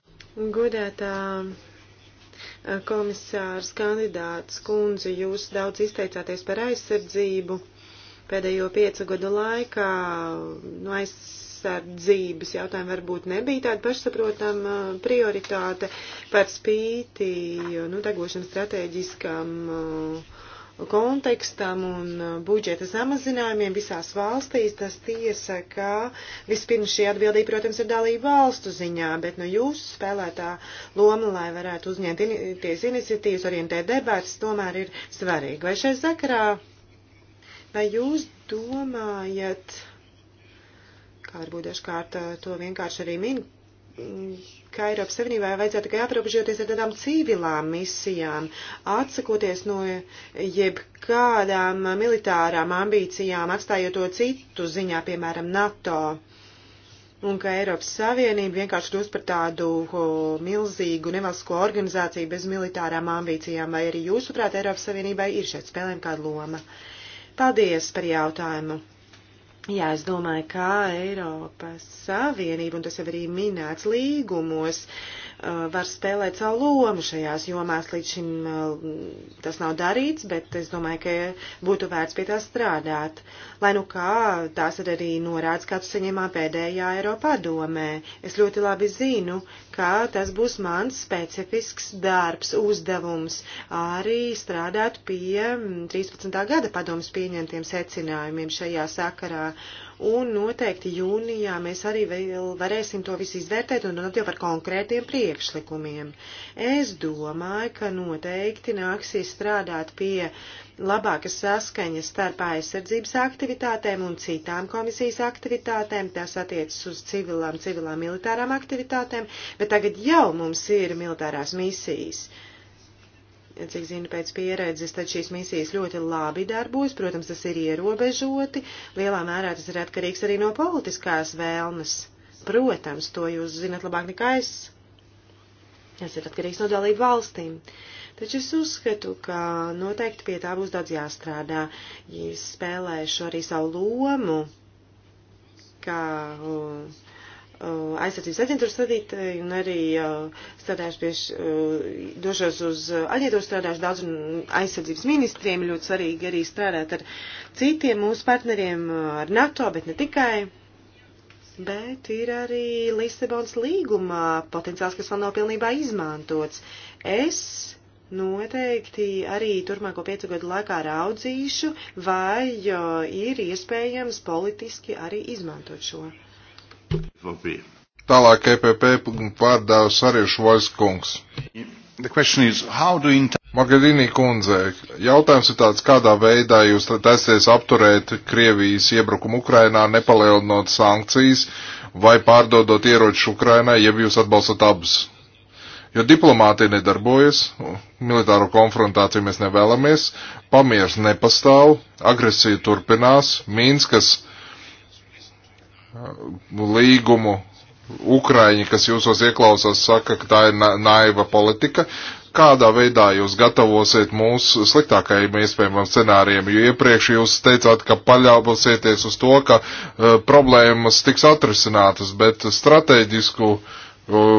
godētā uh, komisārs kandidāts kundze, jūs daudz izteicāties par aizsardzību pēdējo piecu gadu laikā. No nu, aiz, aizsardzības jautājumi varbūt nebija tāda pašsaprotama uh, prioritāte par spīti nu, degošanas stratēģiskam uh, kontekstam un uh, budžeta samazinājumiem visās valstīs, tas tiesa, ka vispirms šī atbildība, protams, ir dalība valstu ziņā, bet no nu, jūsu spēlētā loma, lai varētu uzņemties iniciatīvas, orientēt debats, tomēr ir svarīga. Vai šai zakarā, vai jūs domājat, kā varbūt dažkārt uh, to vienkārši arī min, ka Eiropas Savienībai vajadzētu tikai aprobežoties ar tādām civilām misijām, atsakoties no jebkādām militārām ambīcijām, atstājot to citu ziņā, piemēram, NATO, un ka Eiropas Savienība vienkārši kļūst par tādu o, milzīgu nevalstisko organizāciju bez militārām ambīcijām, vai arī jūsuprāt Eiropas Savienībai ir šeit spēlēm kāda loma? Paldies par jautājumu! Jā, es domāju, kā Eiropas Savienība, un tas jau arī minēts līgumos, uh, Eh, var spēlēt savu lomu šajās jomās. Līdz šim eh, tas nav darīts, bet es domāju, ka būtu vērts pie tā strādāt. Lai nu kā, tās ir arī norādes, kāds saņemā pēdējā Eiropā domē. Es ļoti labi zinu, ka tas būs mans specifisks darbs, uzdevums arī strādāt pie 13. Mm, gada padomus pieņemtiem secinājumiem šajā sakarā. Uh, un noteikti jūnijā mēs arī vēl varēsim to visu izvērtēt un runāt jau par konkrētiem priekšlikumiem. Es domāju, ka noteikti nāksies strādāt pie labākas saskaņas starp aizsardzības aktivitātēm un citām komisijas aktivitātēm, tas attiecas uz civilām, civilām militārām aktivitātēm, bet tagad jau mums ir militārās misijas. Uh, ja cik zinu pēc pieredzes, tad šīs misijas ļoti labi darbojas. Protams, tas ir ierobežoti. Lielā mērā tas ir atkarīgs arī no politiskās vēlmes. Protams, to jūs zinat labāk nekā es. Tas ir atkarīgs no dalību valstīm. Taču es uzskatu, ka noteikti pie tā būs daudz jāstrādā. Ja spēlēšu arī savu lomu, kā. Uh, Uh, aizsardzības aģentūras vadītāji un arī uh, strādājuši pie, uh, došos uz aģentūru strādājuši daudz un aizsardzības ministriem. Ļoti svarīgi arī strādāt ar citiem mūsu partneriem, ar NATO, bet ne tikai. Bet ir arī Lisabons līgumā potenciāls, kas vēl nav pilnībā izmantots. Es noteikti arī turpmāko piecu gadu laikā raudzīšu, vai ir iespējams politiski arī izmantot šo. Tālāk EPP pārdāv Sariešu Vaiskungs. Magadīnī kundze, jautājums ir tāds, kādā veidā jūs taisties apturēt Krievijas iebrukumu Ukrainā, nepalielinot sankcijas vai pārdodot ieroču Ukrainai, ja jūs atbalstat abas? Jo diplomātija nedarbojas, militāro konfrontāciju mēs nevēlamies, pamiers nepastāv, agresija turpinās, Mīnskas līgumu Ukraiņi, kas jūsos ieklausās, saka, ka tā ir na naiva politika. Kādā veidā jūs gatavosiet mūs sliktākajiem iespējamam scenārijiem? Jo iepriekš jūs teicāt, ka paļāvosieties uz to, ka uh, problēmas tiks atrisinātas, bet strateģisku uh,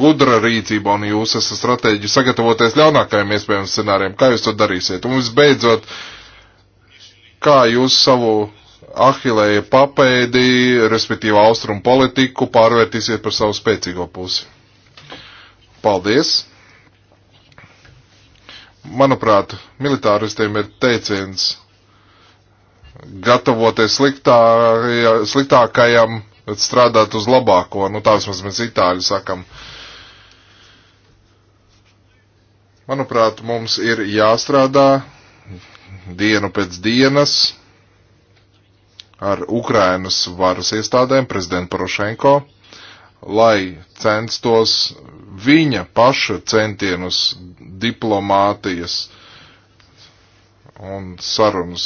gudra rīcība un jūs esat strateģi sagatavoties ļaunākajiem iespējamam scenārijiem. Kā jūs to darīsiet? Un visbeidzot, kā jūs savu Ahilēja papēdi, respektīvi austrumu politiku, pārvērtīsiet par savu spēcīgo pusi. Paldies! Manuprāt, militāristiem ir teiciens gatavoties sliktā, sliktākajam, bet strādāt uz labāko. Nu, tā vismaz mēs itāļi sakam. Manuprāt, mums ir jāstrādā dienu pēc dienas ar Ukrainas varas iestādēm, prezidentu Porošenko, lai censtos viņa paša centienus diplomātijas un sarunas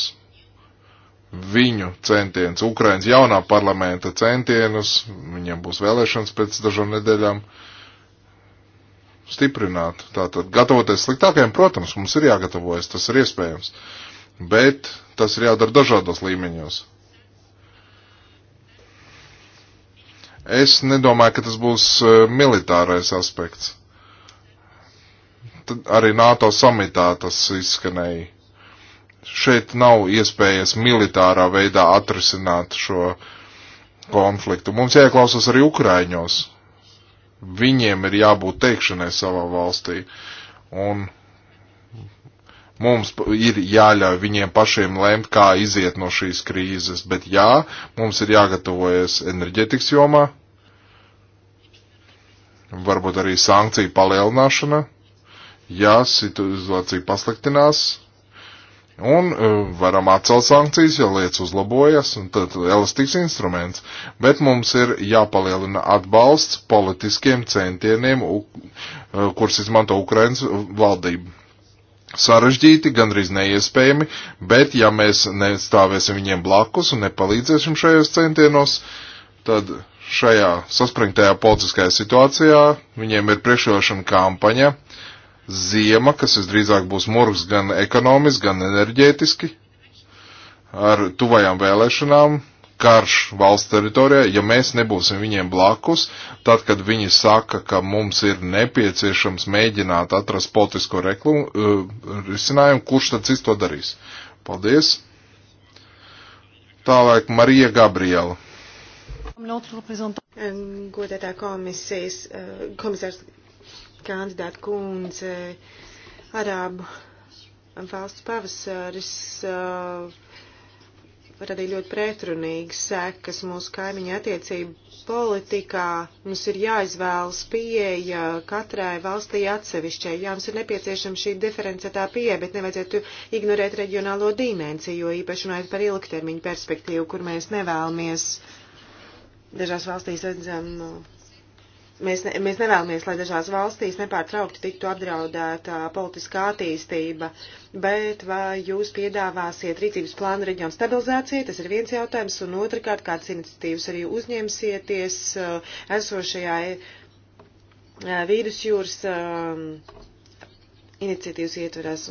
viņu centienus, Ukrainas jaunā parlamenta centienus, viņiem būs vēlēšanas pēc dažām nedēļām, stiprināt. Tātad gatavoties sliktākajam, protams, mums ir jāgatavojas, tas ir iespējams, bet tas ir jādara dažādos līmeņos Es nedomāju, ka tas būs eh, militārais aspekts. Tad arī NATO samitā tas izskanēja. Šeit nav iespējas militārā veidā atrisināt šo konfliktu. Mums jāieklausās arī Ukraiņos. Viņiem ir jābūt teikšanai savā valstī. Un Mums ir jāļauj viņiem pašiem lēmt, kā iziet no šīs krīzes, bet jā, mums ir jāgatavojas enerģetikas jomā, varbūt arī sankciju palielināšana, ja situācija pasliktinās, un e, varam atcelt sankcijas, ja lietas uzlabojas, un tad elastīgs instruments, bet mums ir jāpalielina atbalsts politiskiem centieniem, e, kurus izmanto Ukrainas valdība sarežģīti, gandrīz neiespējami, bet ja mēs nestāvēsim viņiem blakus un nepalīdzēsim šajos centienos, tad šajā saspringtajā politiskajā situācijā viņiem ir priekšrošana kampaņa, ziema, kas visdrīzāk būs murgs gan ekonomiski, gan enerģētiski, ar tuvajām vēlēšanām, karš valsts teritorijā, ja mēs nebūsim viņiem blakus, tad, kad viņi saka, ka mums ir nepieciešams mēģināt atrast politisko reklumu, uh, risinājumu, kurš tad cits to darīs. Paldies! Tālāk Marija Gabriela. Um, godētā komisijas, uh, komisārs kandidāta kundze, Arābu valsts pavasaris. Uh, radīja ļoti pretrunīgas sekas mūsu kaimiņa attiecību politikā. Mums ir jāizvēlas pieeja katrai valstī atsevišķai. Jā, mums ir nepieciešama šī diferencētā pieeja, bet nevajadzētu ignorēt reģionālo dimensiju, jo īpaši runājot par ilgtermiņu perspektīvu, kur mēs nevēlamies. Dažās valstīs redzam. Nu, Mēs, ne, mēs nevēlamies, lai dažās valstīs nepārtraukti tiktu apdraudēta politiskā attīstība, bet vai jūs piedāvāsiet rīcības plānu reģionu stabilizācijai, tas ir viens jautājums, un otrkārt, kādas iniciatīvas arī uzņemsieties eh, esošajā eh, vīrusjūras eh, iniciatīvas ietveras.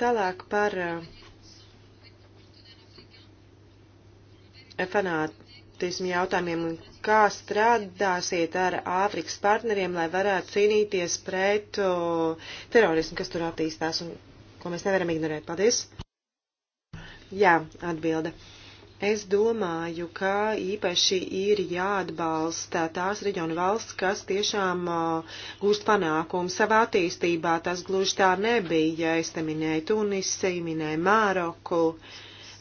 Tālāk par fanāt, autismu jautājumiem un kā strādāsiet ar Āfrikas partneriem, lai varētu cīnīties pret o, terorismu, kas tur attīstās un ko mēs nevaram ignorēt. Paldies! Jā, atbilde. Es domāju, ka īpaši ir jāatbalsta tās reģionu valsts, kas tiešām uh, gūst panākumu savā attīstībā. Tas gluži tā nebija, ja es te minēju Tunisi, minēju Māroku. Uh,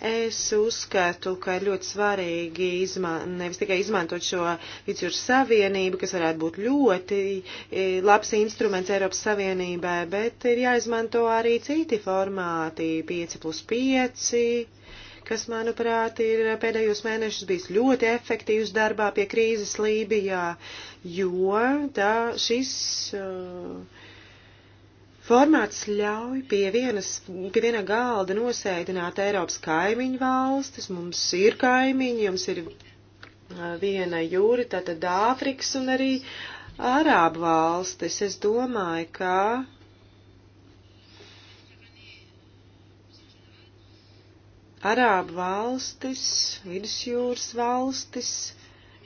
Es uzskatu, ka ir ļoti svarīgi izman, nevis tikai izmantot šo vidusjūras savienību, kas varētu būt ļoti e, labs instruments Eiropas Savienībai, bet ir jāizmanto arī citi formāti, 5 plus 5 kas, manuprāt, ir pēdējos mēnešus bijis ļoti efektīvs darbā pie krīzes Lībijā, jo tā šis uh, Formāts ļauj pie, vienas, pie viena galda nosēdināt Eiropas kaimiņu valstis. Mums ir kaimiņi, jums ir viena jūra, tātad Āfrikas un arī Arābu valstis. Es domāju, ka Arābu valstis, vidusjūras valstis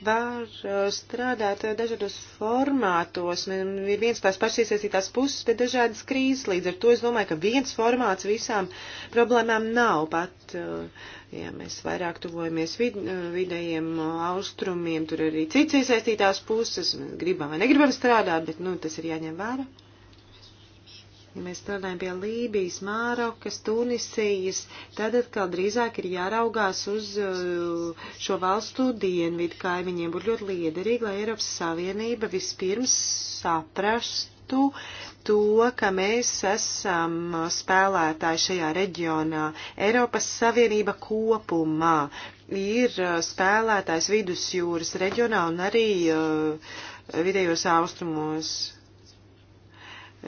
var uh, strādāt uh, dažādos formātos, ir viens tās pašas iesaistītās puses, bet dažādas krīzes, līdz ar to es domāju, ka viens formāts visām problēmām nav pat, uh, ja mēs vairāk tuvojamies vid vidējiem austrumiem, tur arī cits iesaistītās puses, gribam vai negribam strādāt, bet, nu, tas ir jāņem vērā ja mēs strādājam pie Lībijas, Mārokas, Tunisijas, tad atkal drīzāk ir jāraugās uz uh, šo valstu dienvidu kaimiņiem. Būtu ļoti liederīgi, lai Eiropas Savienība vispirms saprastu to, ka mēs esam spēlētāji šajā reģionā. Eiropas Savienība kopumā ir uh, spēlētājs vidusjūras reģionā un arī uh, vidējos austrumos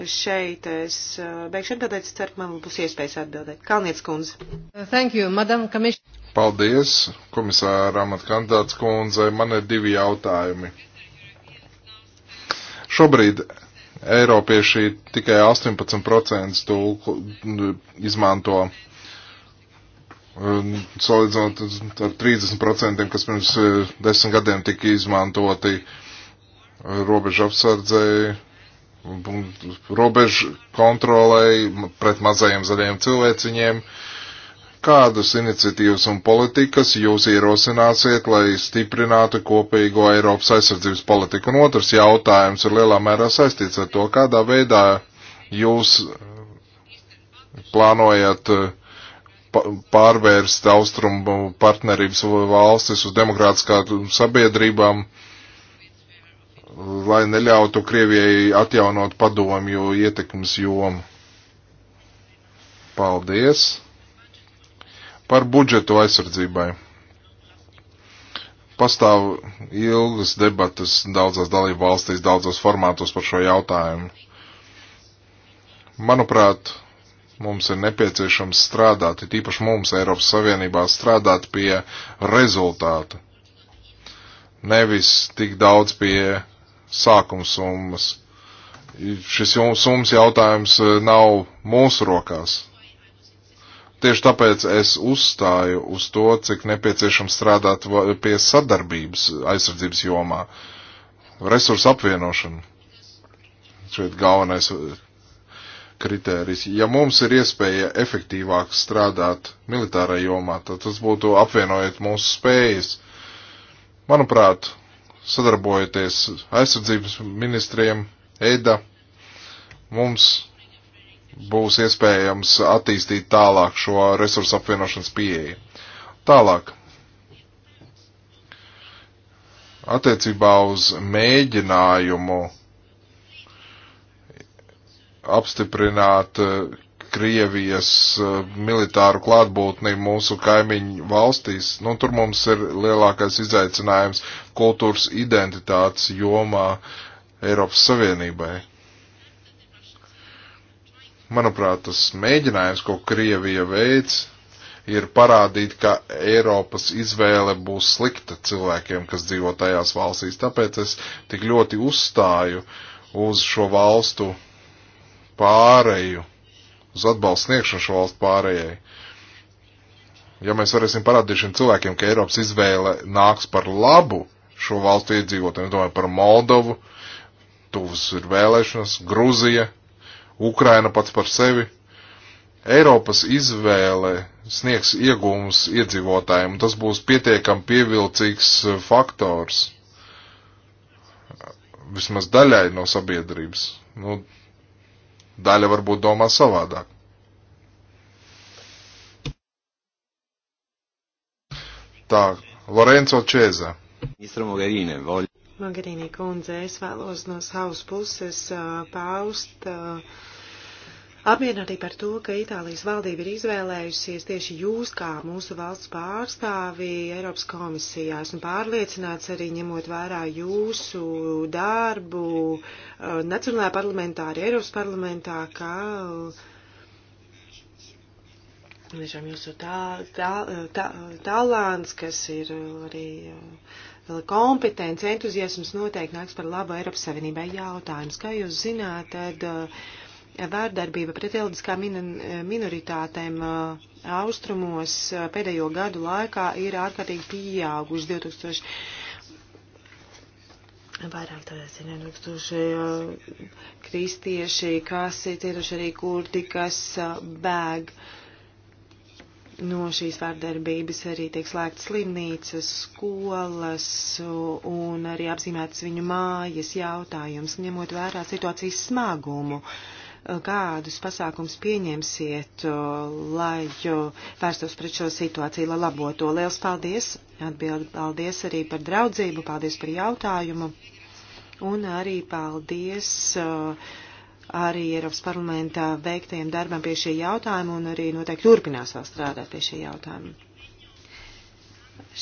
šeit. Es eh, beigšu atbildēt, es ceru, ka man būs iespējas atbildēt. Kalniec kundze. Thank you, madam komisār. Paldies, komisāra amatkandāts kundze. Man ir divi jautājumi. Šobrīd Eiropieši tikai 18% tulku izmanto salīdzinot ar 30%, kas pirms eh, desmit gadiem tika izmantoti robežu apsardzēji robežu kontrolei pret mazajiem zaļajiem cilvēciņiem. Kādas iniciatīvas un politikas jūs ierosināsiet, lai stiprinātu kopīgo Eiropas aizsardzības politiku? Un otrs jautājums ir lielā mērā saistīts ar to, kādā veidā jūs plānojat uh, pārvērst austrumu partnerības valstis uz demokrātiskām sabiedrībām, uh, lai neļautu Krievijai atjaunot padomju ietekmes jomu. Paldies! Par budžetu aizsardzībai. Pastāv ilgas debatas daudzās dalību valstīs, daudzos formātos par šo jautājumu. Manuprāt, mums ir nepieciešams strādāt, ir īpaši mums Eiropas Savienībā strādāt pie rezultāta. Nevis tik daudz pie sākumsummas. Šis summas jautājums eh, nav mūsu rokās. Tieši tāpēc es uzstāju uz to, cik nepieciešams strādāt pie sadarbības aizsardzības jomā, resursu apvienošanu. Šeit galvenais eh, kritērijs. Ja mums ir iespēja efektīvāk strādāt militārajā jomā, tad tas būtu apvienojot mūsu spējas. Manuprāt, sadarbojoties aizsardzības ministriem, EIDA, mums būs iespējams attīstīt tālāk šo resursu apvienošanas pieeju. Tālāk. Attiecībā uz mēģinājumu apstiprināt Krievijas uh, militāru klātbūtni mūsu kaimiņu valstīs. Nu, tur mums ir lielākais izaicinājums kultūras identitātes jomā Eiropas Savienībai. Manuprāt, tas mēģinājums, ko Krievija veids, ir parādīt, ka Eiropas izvēle būs slikta cilvēkiem, kas dzīvo tajās valstīs. Tāpēc es tik ļoti uzstāju uz šo valstu pāreju uz atbalstu sniegšanu šo valstu pārējai. Ja mēs varēsim parādīt šiem cilvēkiem, ka Eiropas izvēle nāks par labu šo valstu iedzīvotājiem, domāju par Moldovu, tuvas ir vēlēšanas, Gruzija, Ukraina pats par sevi. Eiropas izvēle sniegs iegūmus iedzīvotājiem, un tas būs pietiekami pievilcīgs eh, faktors vismaz daļai no sabiedrības. Nu, Daļa varbūt domā savādāk. Tā, Lorenzo Čēza. Ministra Mogherini, voļ. Mogherini kundze, es vēlos no savas puses uh, paust. Uh, apmierināti par to, ka Itālijas valdība ir izvēlējusies tieši jūs kā mūsu valsts pārstāvi Eiropas komisijā. Esmu pārliecināts arī ņemot vērā jūsu darbu eh, Nacionālajā parlamentā, arī Eiropas parlamentā, ka. Eh, tiešām jūsu tā, tā, tā, talants, kas ir arī eh, kompetence, entuziasms noteikti nāks par labu Eiropas Savienībai jautājums. Kā jūs zināt, tad Vārdarbība pret reliģiskām minoritātēm uh, austrumos uh, pēdējo gadu laikā ir ārkārtīgi pieauguši 2000. Vairāk tādās ir nenokstoši uh, kristieši, kas ir cietuši arī kurdi, kas bēg no šīs vārdarbības arī tiek slēgtas slimnīcas, skolas un arī apzīmētas viņu mājas jautājums, ņemot vērā situācijas smagumu. Uh, kādus pasākums pieņemsiet, lai vērstos pret šo situāciju, lai laboto. Liels paldies! Atbild, paldies arī par draudzību, paldies par jautājumu un arī paldies arī Eiropas parlamentā veiktajiem darbam pie šī jautājuma un arī noteikti turpinās vēl strādāt pie šī jautājuma.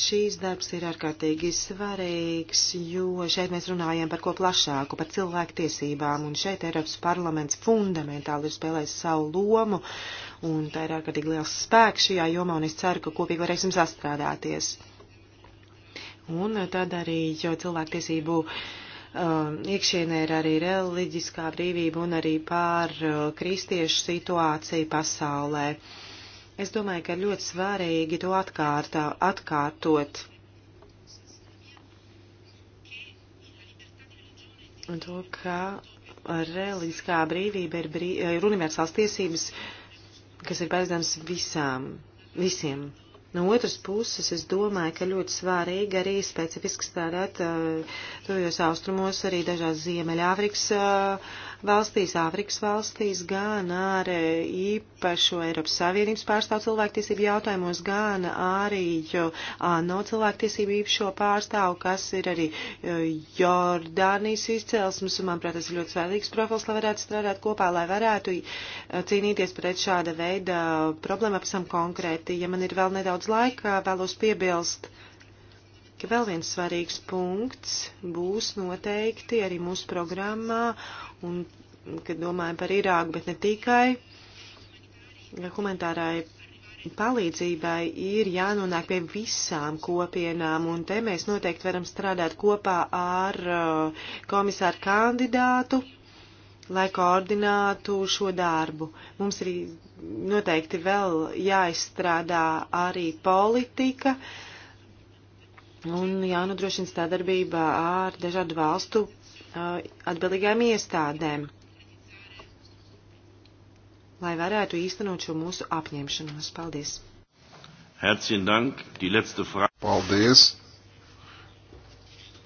Šīs darbs ir ārkārtīgi svarīgs, jo šeit mēs runājam par ko plašāku, par cilvēku tiesībām, un šeit Eiropas parlaments fundamentāli ir spēlējis savu lomu, un tā ir ārkārtīgi liels spēks šajā jomā, un es ceru, ka kopīgi varēsim sastrādāties. Un tad arī, jo cilvēktiesību um, iekšienē ir arī reliģiskā brīvība un arī pār uh, kristiešu situāciju pasaulē. Uh, Es domāju, ka ļoti svarīgi to atkārtā, atkārtot. Un to, ka reliģiskā brīvība ir, brī, ir universāls tiesības, kas ir paredzams visām, visiem. No otras puses, es domāju, ka ļoti svarīgi arī specifiski strādāt uh, tojos austrumos, arī dažās Ziemeļāfrikas uh, valstīs, Āfrikas valstīs, gan ar īpašo Eiropas Savienības pārstāvu cilvēktiesību jautājumos, gan arī ANO cilvēktiesību īpašo pārstāvu, kas ir arī e, Jordānijas izcelsmes, un, manuprāt, tas ir ļoti svarīgs profils, lai varētu strādāt kopā, lai varētu e, cīnīties pret šāda veida problēmu, apsam konkrēti. Ja man ir vēl nedaudz laika, vēlos piebilst ka vēl viens svarīgs punkts būs noteikti arī mūsu programmā, un, kad domājam par Irāku, bet ne tikai, humanitārai palīdzībai ir jānonāk pie visām kopienām, un te mēs noteikti varam strādāt kopā ar uh, komisāru kandidātu, lai koordinātu šo darbu. Mums ir noteikti vēl jāizstrādā arī politika, uh, un jānodrošina sadarbība ar dažādu valstu uh, atbildīgām iestādēm, lai varētu īstenot šo mūsu apņemšanos. Paldies! Herzlichen Dank. Die letzte Frage. Paldies.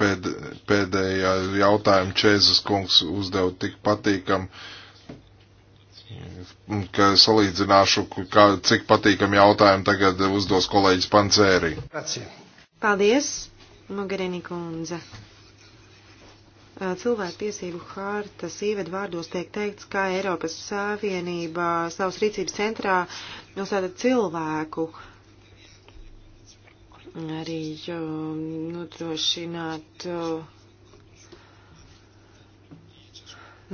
Pēd, pēdējā jautājuma Čēzes kungs uzdeva tik patīkam, ka salīdzināšu, kā, cik patīkam jautājumu tagad uzdos kolēģis Pancēri. Grazie. Paldies, Mogherini kundze. Cilvēktiesību hārtas ievadvārdos tiek teikts, kā Eiropas Savienība savas rīcības centrā nosēda cilvēku arī nodrošināt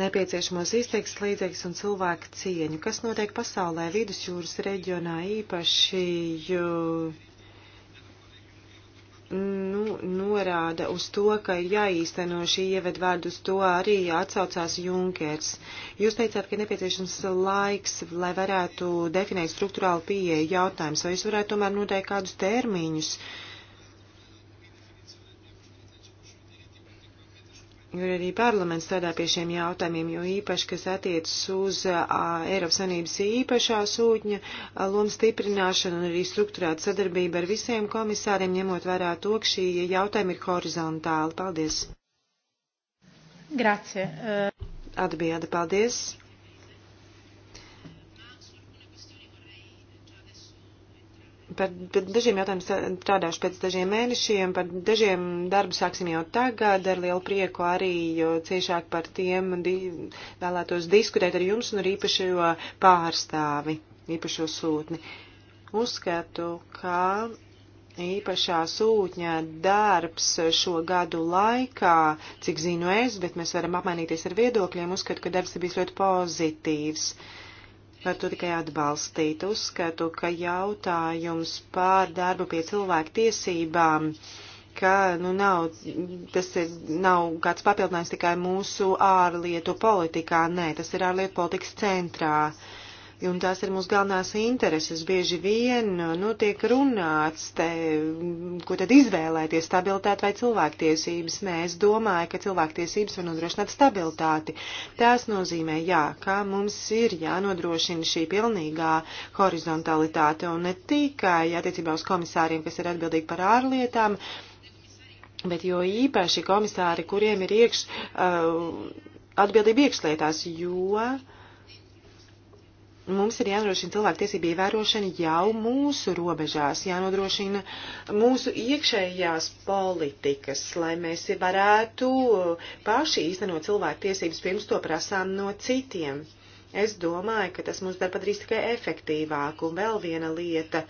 nepieciešamos izteiksmes līdzekļus un cilvēku cieņu, kas notiek pasaulē vidusjūras reģionā īpaši. Jo, nu, norāda uz to, ka ir jāīsteno šī ievedvārdu, uz to arī atsaucās Junkers. Jūs teicāt, ka nepieciešams laiks, lai varētu definēt struktūrālu pieeju jautājums, vai jūs varētu tomēr noteikt kādus termiņus, uh, jo arī parlaments strādā pie šiem jautājumiem, jo īpaši, kas attiecas uz Eiropas Sanības īpašā sūtņa lomu stiprināšanu un arī struktūrāta sadarbība ar visiem komisāriem, ņemot vērā to, ka šī jautājuma ir horizontāli. Paldies! Grazie! Atbilde, paldies! par dažiem jautājumiem strādāšu pēc dažiem mēnešiem, par dažiem darbu sāksim jau tagad, ar lielu prieku arī ciešāk par tiem di vēlētos diskutēt ar jums un ar īpašo pārstāvi, īpašo sūtni. Uzskatu, ka īpašā sūtņa darbs šo gadu laikā, cik zinu es, bet mēs varam apmainīties ar viedokļiem, uzskatu, ka darbs ir bijis ļoti pozitīvs. Uh, var to tikai atbalstīt. Uzskatu, ka jautājums pār darbu pie cilvēku tiesībām, ka nu, nav, tas ir, nav kāds papildinājums tikai mūsu ārlietu politikā, nē, tas ir ārlietu politikas centrā. Uh, un tās ir mūsu galvenās intereses. Bieži vien uh, nu, tiek runāts, te, mm, ko tad izvēlēties - stabilitāte vai cilvēktiesības. Nē, es domāju, ka cilvēktiesības var nodrošināt stabilitāti. Tās nozīmē, jā, ka mums ir jānodrošina šī pilnīgā horizontalitāte un ne tikai attiecībā uz komisāriem, kas ir atbildīgi par ārlietām, bet jo īpaši komisāri, kuriem ir iekš, uh, atbildība iekšlietās, jo. Uh, mums ir jānodrošina cilvēktiesība ievērošana jau mūsu robežās, jānodrošina mūsu iekšējās politikas, lai mēs varētu paši īstenot cilvēktiesības pirms to prasām no citiem. Es domāju, ka tas mums dar padarīs tikai efektīvāku. Un vēl viena lieta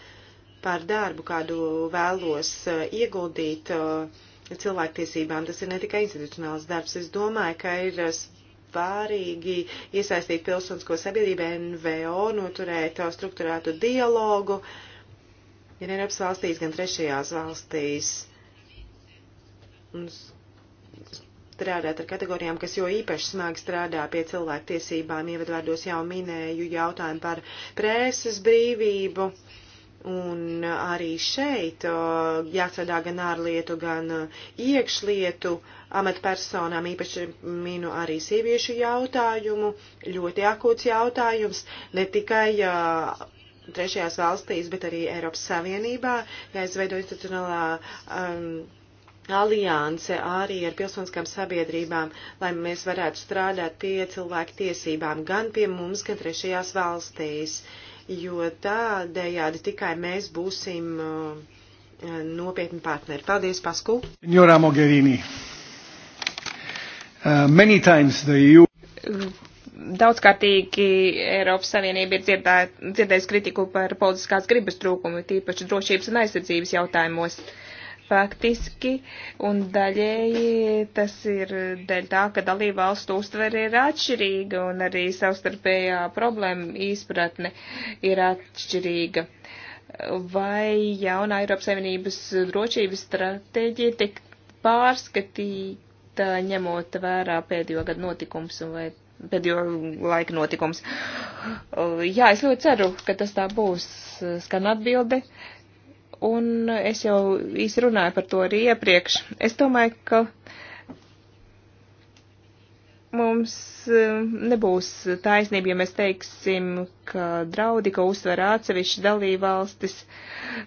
par darbu, kādu vēlos eh, ieguldīt eh, cilvēktiesībām, tas ir ne tikai institucionāls darbs. Es domāju, ka ir svarīgi iesaistīt pilsonisko sabiedrību NVO, noturēt struktūrētu dialogu, gan Eiropas valstīs, gan trešajās valstīs. Un strādāt ar kategorijām, kas jo īpaši smagi strādā pie cilvēku tiesībām. Ievadvārdos jau minēju jautājumu par prēses brīvību. Un arī šeit jāstrādā gan ārlietu, gan iekšlietu uh, amatpersonām, īpaši minu arī sieviešu jautājumu, ļoti akūts jautājums, ne tikai uh, trešajās valstīs, bet arī Eiropas Savienībā, jāizveido institucionālā um, alianse arī ar pilsoniskām sabiedrībām, lai mēs varētu strādāt pie cilvēku tiesībām gan pie mums, gan trešajās valstīs, jo tādējādi tikai mēs būsim uh, nopietni partneri. Paldies, Pasku! Signora Mogherini! Uh, EU... Daudzkārtīgi Eiropas Savienība ir dzirdējusi kritiku par politiskās gribas trūkumu, tīpaši drošības un aizsardzības jautājumos. Faktiski un daļēji tas ir dēļ tā, ka dalība valstu uztvere ir atšķirīga un arī savstarpējā problēma izpratne ir atšķirīga. Vai jaunā Eiropas Savienības drošības stratēģija tik pārskatīja? bet ņemot vērā pēdējo gadu notikums un vai pēdējo laika notikums. Jā, es ļoti ceru, ka tas tā būs, skan atbilde. Un es jau īsi runāju par to arī iepriekš. Es domāju, ka mums eh, nebūs taisnība, ja mēs teiksim, ka draudi, ko uzsver atsevišķi dalībvalstis,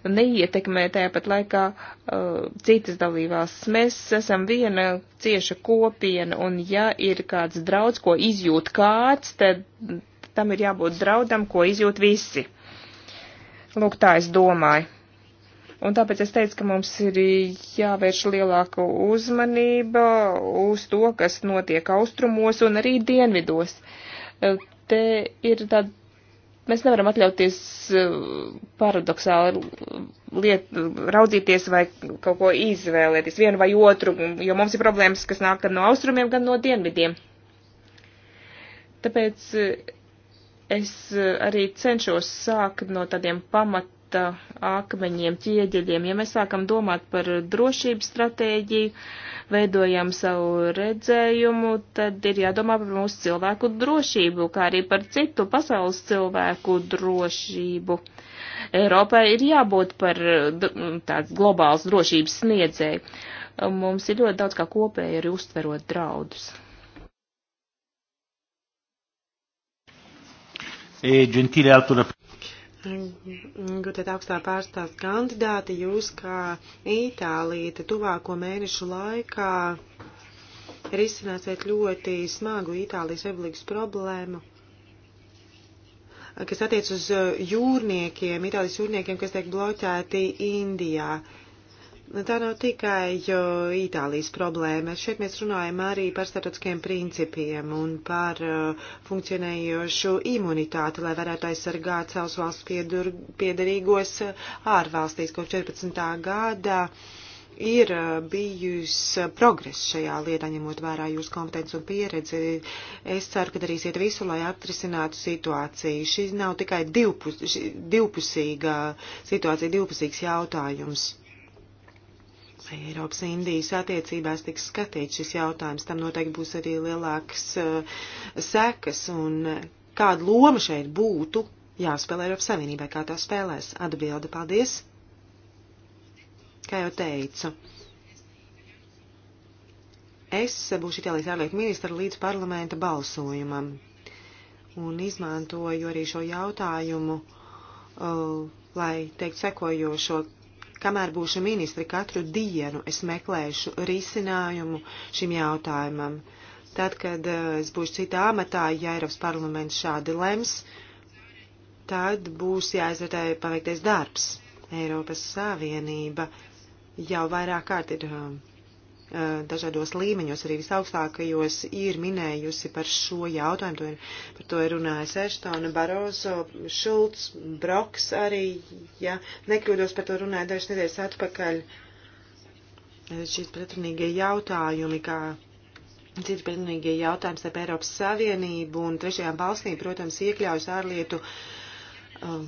neietekmē tāpat laikā uh, citas dalībvalstis. Mēs esam viena cieša kopiena, un ja ir kāds drauds, ko izjūt kāds, tad tam ir jābūt draudam, ko izjūt visi. Lūk, tā es domāju. Un tāpēc es teicu, ka mums ir jāvērš lielāka uzmanība uz to, kas notiek austrumos un arī dienvidos. Eh, te ir tāda, mēs nevaram atļauties eh, paradoxāli liet, raudzīties vai kaut ko izvēlēties vienu vai otru, jo mums ir problēmas, kas nāk gan no austrumiem, gan no dienvidiem. Tāpēc eh, es arī cenšos sākt no tādiem pamat zelta uh, akmeņiem, ķieģeļiem. Ja mēs sākam domāt par drošības stratēģiju, veidojam savu redzējumu, tad ir jādomā par mūsu cilvēku drošību, kā arī par citu pasaules cilvēku drošību. Eiropai ir jābūt par tāds globāls drošības sniedzēju. Mums ir ļoti daudz kā kopēji arī uztverot draudus. E, gentile alto Gutiet augstā pārstāvs kandidāti, jūs kā Itālīte tuvāko mēnešu laikā risināsiet ļoti smagu Itālijas republikas problēmu, kas attiec uz jūrniekiem, Itālijas jūrniekiem, kas tiek bloķēti Indijā. Uh, Tā nav tikai jo, Itālijas problēma. Šeit mēs runājam arī par starptautiskiem principiem un par uh, funkcionējošu imunitāti, lai varētu aizsargāt savus valsts piedur, piedarīgos uh, ārvalstīs. Kopš 14. gada ir uh, bijis uh, progress šajā lietā, ņemot vērā jūsu kompetenci un pieredzi. Es ceru, ka darīsiet visu, lai atrisinātu situāciju. Šis nav tikai divpus, divpusīga situācija, divpusīgs jautājums Eiropas Indijas attiecībās tiks skatīts šis jautājums, tam noteikti būs arī lielākas uh, sekas un eh, kāda loma šeit būtu jāspēlē Eiropas Savienībai, kā tā spēlēs. Atbilde, paldies! Kā jau teicu, es būšu Itālijas ārlietu ministra līdz parlamenta balsojumam un izmantoju arī šo jautājumu, uh, lai teikt sekojošo, Kamēr būšu ministri, katru dienu es meklēšu risinājumu šim jautājumam. Tad, kad eh, es būšu citā amatā, ja Eiropas parlaments šādi lems, tad būs jāizvērtē paveiktais darbs. Eiropas Savienība jau vairāk kārt ir eh, dažādos līmeņos, arī visaugstākajos, ir minējusi par šo jautājumu. To ir, par to ir runājis Eštona, Barozo, Šulcs, Broks arī, ja nekļūdos par to runāja dažas nedēļas atpakaļ. Šīs pretrunīgie jautājumi, kā citi pretrunīgie jautājumi starp Eiropas Savienību un trešajām valstīm, protams, iekļaujas ārlietu. Um,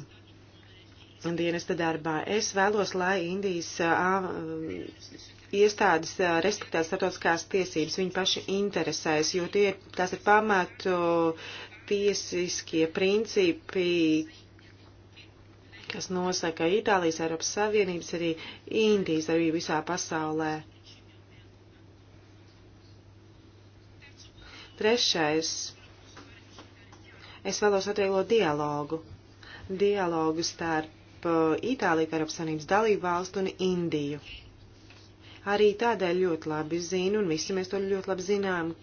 dienesta darbā. Es vēlos, lai Indijas iestādes respektē starptautiskās tiesības viņu paši interesēs, jo tie, tās ir pamatu tiesiskie principi, kas nosaka Itālijas, Eiropas Savienības, arī Indijas, arī visā pasaulē. Trešais. Es vēlos atvieglot dialogu. Dialogu starp Itāliju, Eiropas Savienības dalību valstu un Indiju arī tādēļ ļoti labi zinu, un visi mēs to ļoti labi zinām,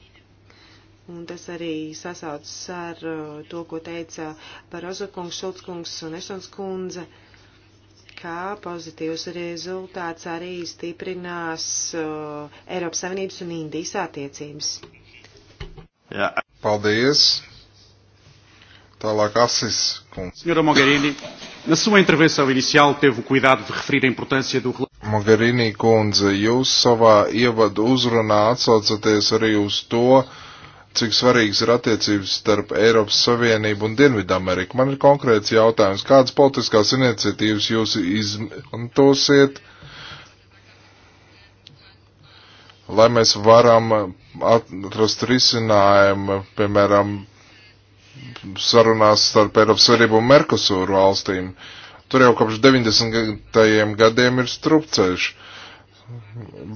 Un tas arī sasaucas ar uh, to, ko teica Barozo kungs, Šulc kungs un Ešons kundze, kā pozitīvs rezultāts arī stiprinās uh, Eiropas Savienības un Indijas attiecības. Jā. Paldies. Tālāk Assis kungs. Senhora Mogherini, na sua intervenção inicial teve o cuidado de referir a importância do Mogherini kundze, jūs savā ievadu uzrunā atsaucaties arī uz to, cik svarīgs ir attiecības starp Eiropas Savienību un Dienvidameriku. Man ir konkrēts jautājums, kādas politiskās iniciatīvas jūs izmantosiet, lai mēs varam atrast risinājumu, piemēram, sarunās starp Eiropas Savienību un Merkusūru valstīm? Uh, Tur jau kopš 90. gadiem ir strupceļš.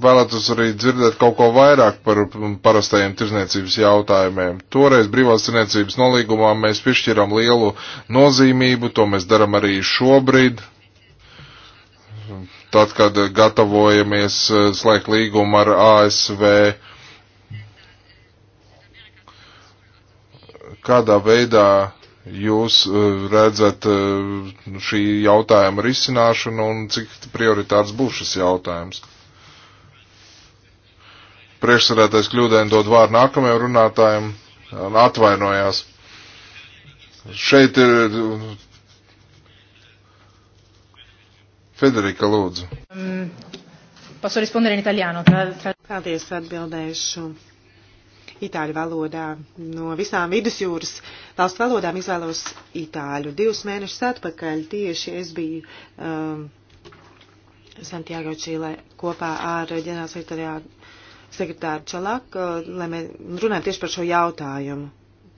Vēlētos arī dzirdēt kaut ko vairāk par parastajiem tirzniecības jautājumiem. Toreiz brīvās tirzniecības nolīgumā mēs piešķiram lielu nozīmību, to mēs daram arī šobrīd. Tad, kad gatavojamies e, slēgt līgumu ar ASV, kādā veidā jūs eh, redzat eh, šī jautājuma risināšanu un cik prioritārs būs šis jautājums? Priekšsarētais kļūdēni dod vārdu nākamajam runātājam, atvainojās. Šeit ir Federika Lūdzu. Um, posso rispondere in italiano? Tra, tra... Paldies, atbildēšu itāļu valodā. No visām vidusjūras valstu valodām izvēlos itāļu. Divus mēnešus atpakaļ tieši es biju um, Santiago Čīlē kopā ar ģenerālsekretāru sekretāru Čalaku, uh, lai mēs runājam tieši par šo jautājumu.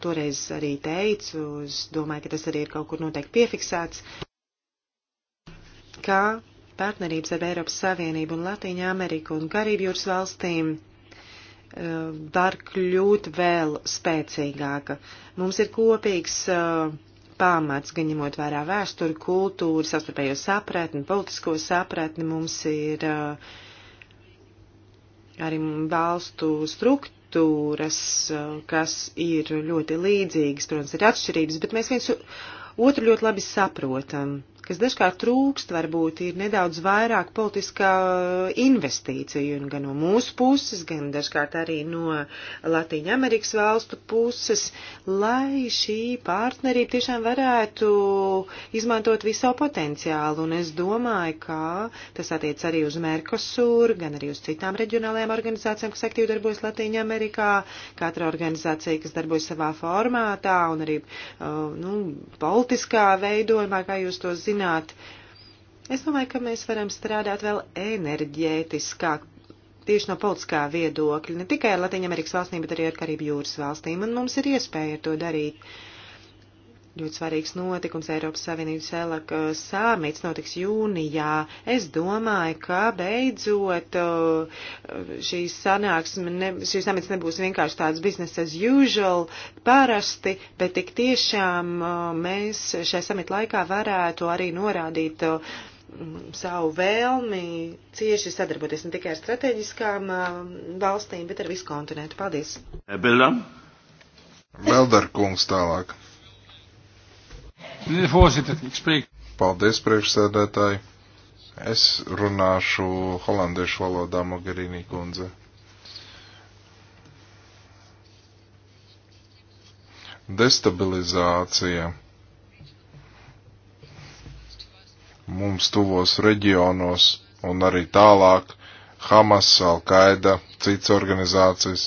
Toreiz arī teicu, es domāju, ka tas arī ir kaut kur noteikti piefiksēts, kā partnerības ar Eiropas Savienību un Latīņu Ameriku un Karību jūras valstīm Um, var kļūt vēl spēcīgāka. Mums ir kopīgs uh, pamats, gan ņemot vērā vēsturi, kultūru, sastarpējo sapratni, politisko sapratni. Mums ir uh, arī valstu struktūras, uh, kas ir ļoti līdzīgas, protams, ir atšķirības, bet mēs viens otru ļoti labi saprotam kas dažkārt trūkst, varbūt ir nedaudz vairāk politiskā investīcija, un gan no mūsu puses, gan dažkārt arī no Latīņa Amerikas valstu puses, lai šī partnerība tiešām varētu izmantot visu savu potenciālu, un es domāju, ka tas attiec arī uz Merkosur, gan arī uz citām reģionālajām organizācijām, kas aktīvi darbojas Latīņa Amerikā, katra organizācija, kas darbojas savā formātā, un arī, uh, nu, politiskā veidojumā, kā jūs to zināt, samazināt. Es domāju, ka mēs varam strādāt vēl enerģētiskāk, tieši no politiskā viedokļa, ne tikai ar Latviju-Amerikas valstīm, bet arī ar Karību jūras valstīm, un mums ir iespēja to darīt. Uh, ļoti svarīgs notikums Eiropas Savienības ELAK uh, sāmīts notiks jūnijā. Es domāju, ka beidzot uh, šī sanāksme, ne, šī samits nebūs vienkārši tāds business as usual parasti, bet tik tiešām uh, mēs šai samita laikā varētu arī norādīt savu vēlmi cieši sadarboties ne tikai ar strateģiskām valstīm, bet ar visu kontinentu. Paldies! Bildam! Velderkungs tālāk. Paldies, priekšsēdētāji. Es runāšu holandiešu valodā, Mogherini kundze. Destabilizācija mums tuvos reģionos un arī tālāk Hamas, Al-Qaida, citas organizācijas.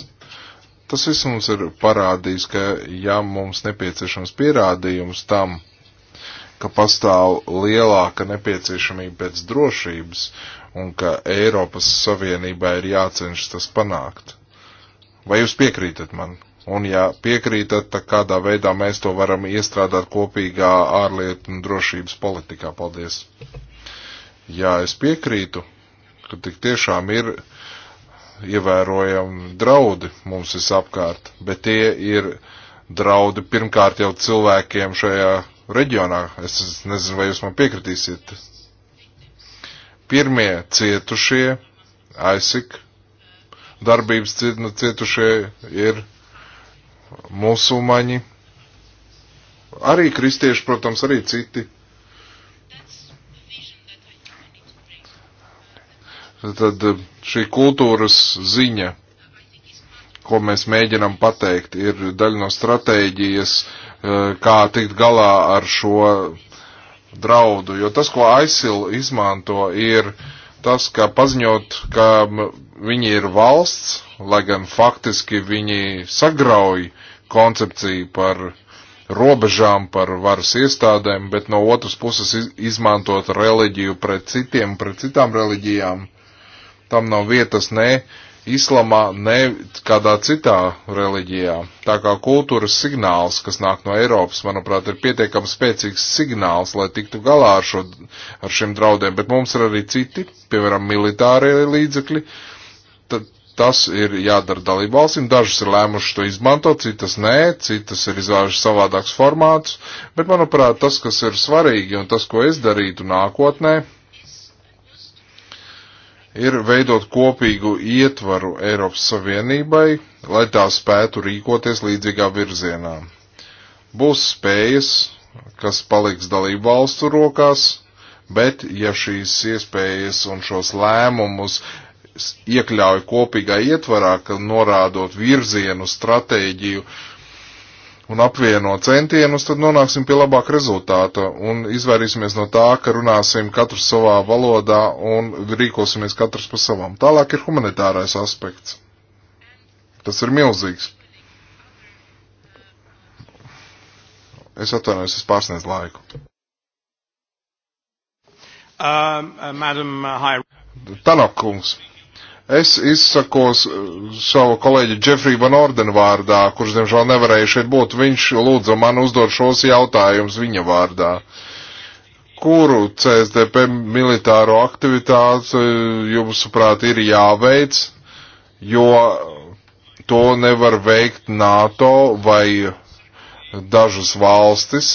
Tas viss mums ir parādījis, ka ja mums nepieciešams pierādījums tam, ka pastāv lielāka nepieciešamība pēc drošības un ka Eiropas Savienībā ir jācenšas tas panākt. Vai jūs piekrītat man? Un ja piekrītat, tad kādā veidā mēs to varam iestrādāt kopīgā ārlietu un drošības politikā? Paldies! Jā, es piekrītu, ka tik tiešām ir ievērojami draudi mums visapkārt, bet tie ir draudi pirmkārt jau cilvēkiem šajā reģionā. Es nezinu, vai jūs man piekritīsiet. Pirmie cietušie, ASIK darbības nu, cietušie ir musulmaņi. Arī kristieši, protams, arī citi. Tad šī kultūras ziņa, ko mēs mēģinam pateikt, ir daļa no stratēģijas uh, E, kā tikt galā ar šo draudu. Jo tas, ko ASIL izmanto, ir tas, ka paziņot, ka viņi ir valsts, lai gan faktiski viņi sagrauj koncepciju par robežām, par varas iestādēm, bet no otras puses izmantot reliģiju pret citiem, pret citām reliģijām. Tam nav vietas ne islamā, ne kādā citā reliģijā. Tā kā kultūras signāls, kas nāk no Eiropas, manuprāt, ir pietiekami spēcīgs signāls, lai tiktu galā ar, šo, ar šiem draudiem, bet mums ir arī citi, piemēram, militārie līdzekļi. Tad tas ir jādara dalībvalstīm. Dažas ir lēmušas to izmantot, citas nē, citas ir izvēlušas savādākus formātus, bet, manuprāt, tas, kas ir svarīgi un tas, ko es darītu nākotnē, ir veidot kopīgu ietvaru Eiropas Savienībai, lai tā spētu rīkoties līdzīgā virzienā. Būs spējas, kas paliks dalību valstu rokās, bet ja šīs iespējas un šos lēmumus iekļauj kopīgā ietvarā, ka norādot virzienu, stratēģiju, uh, un apvieno centienus, tad nonāksim pie labāka rezultāta un izvairīsimies no tā, ka runāsim katrs savā valodā un rīkosimies katrs pa savam. Tālāk ir humanitārais aspekts. Tas ir milzīgs. Es atvainojos, es pārsniedzu laiku. Uh, uh, madam, uh, Tanokungs. Es izsakos uh, savu kolēģi Džefriju Van Ordenu vārdā, kurš, diemžēl, nevarēja šeit būt. Viņš lūdza man uzdot šos jautājumus viņa vārdā. Kuru CSDP militāro aktivitāti uh, jums, prāt, ir jāveic, jo to nevar veikt NATO vai dažas valstis?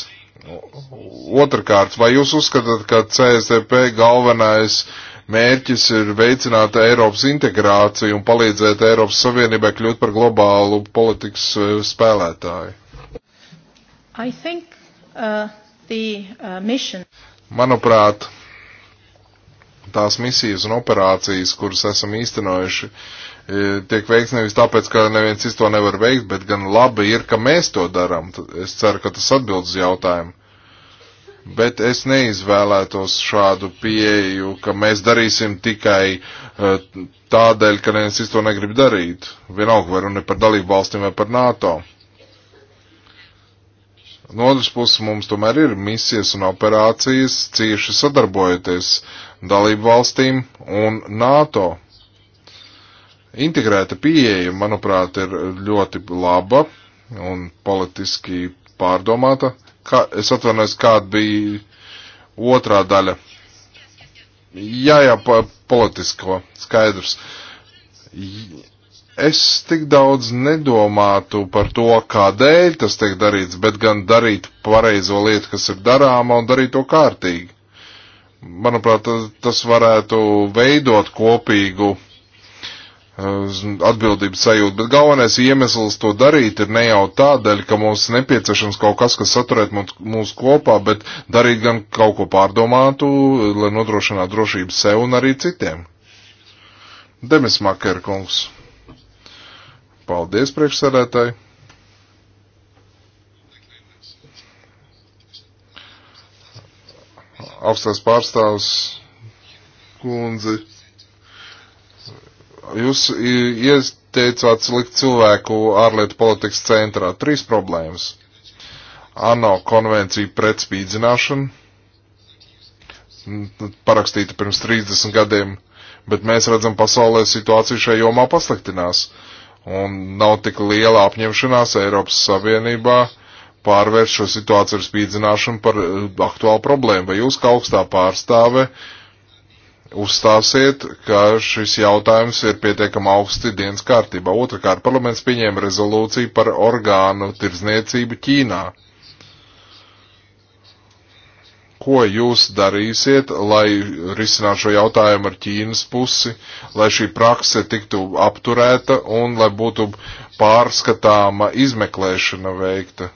Otrakārt, vai jūs uzskatāt, ka CSDP galvenais uh, Mērķis ir veicināt Eiropas integrāciju un palīdzēt Eiropas Savienībai kļūt par globālu politikas e, spēlētāju. Think, uh, the, uh, mission... Manuprāt, tās misijas un operācijas, kuras esam īstenojuši, e, tiek veikts nevis tāpēc, ka neviens cits to nevar veikt, bet gan labi ir, ka mēs to darām. Es ceru, ka tas atbildes jautājumu bet es neizvēlētos šādu pieeju, ka mēs darīsim tikai uh, tādēļ, ka neviens cits to negrib darīt. Vienalga vai runa par dalību valstīm vai par NATO. No otras puses mums tomēr ir misijas un operācijas cieši sadarbojoties dalību valstīm un NATO. Integrēta pieeja, manuprāt, ir ļoti laba un politiski pārdomāta. Kā, es atvainojos, kāda bija otrā daļa. Jā, jā, pa, politisko, skaidrs. Es tik daudz nedomātu par to, kādēļ tas tiek darīts, bet gan darīt pareizo lietu, kas ir darāma un darīt to kārtīgi. Manuprāt, tas varētu veidot kopīgu atbildības sajūta, bet galvenais iemesls to darīt ir ne jau tādēļ, ka mums nepieciešams kaut kas, kas saturēt mūs kopā, bet darīt gan kaut ko pārdomātu, lai nodrošinātu drošību sev un arī citiem. Demis Maker kungs. Paldies priekšsēdētāji. Augstās pārstāvs kundzi Jūs ieteicāt likt cilvēku ārlietu politikas centrā. Trīs problēmas. ANO konvencija pret spīdzināšanu, parakstīta pirms 30 gadiem, bet mēs redzam pasaulē situācija šajā jomā pasliktinās. Un nav tik liela apņemšanās Eiropas Savienībā pārvērst šo situāciju ar spīdzināšanu par e, aktuālu problēmu. Vai jūs kā augstā pārstāve uh, uzstāsiet, ka šis jautājums ir pietiekami augsti dienas kārtībā. Otrakārt, parlaments pieņēma rezolūciju par orgānu tirdzniecību Ķīnā. Ko jūs darīsiet, lai risinātu šo jautājumu ar Ķīnas pusi, lai šī prakse tiktu apturēta un lai būtu pārskatāma izmeklēšana veikta,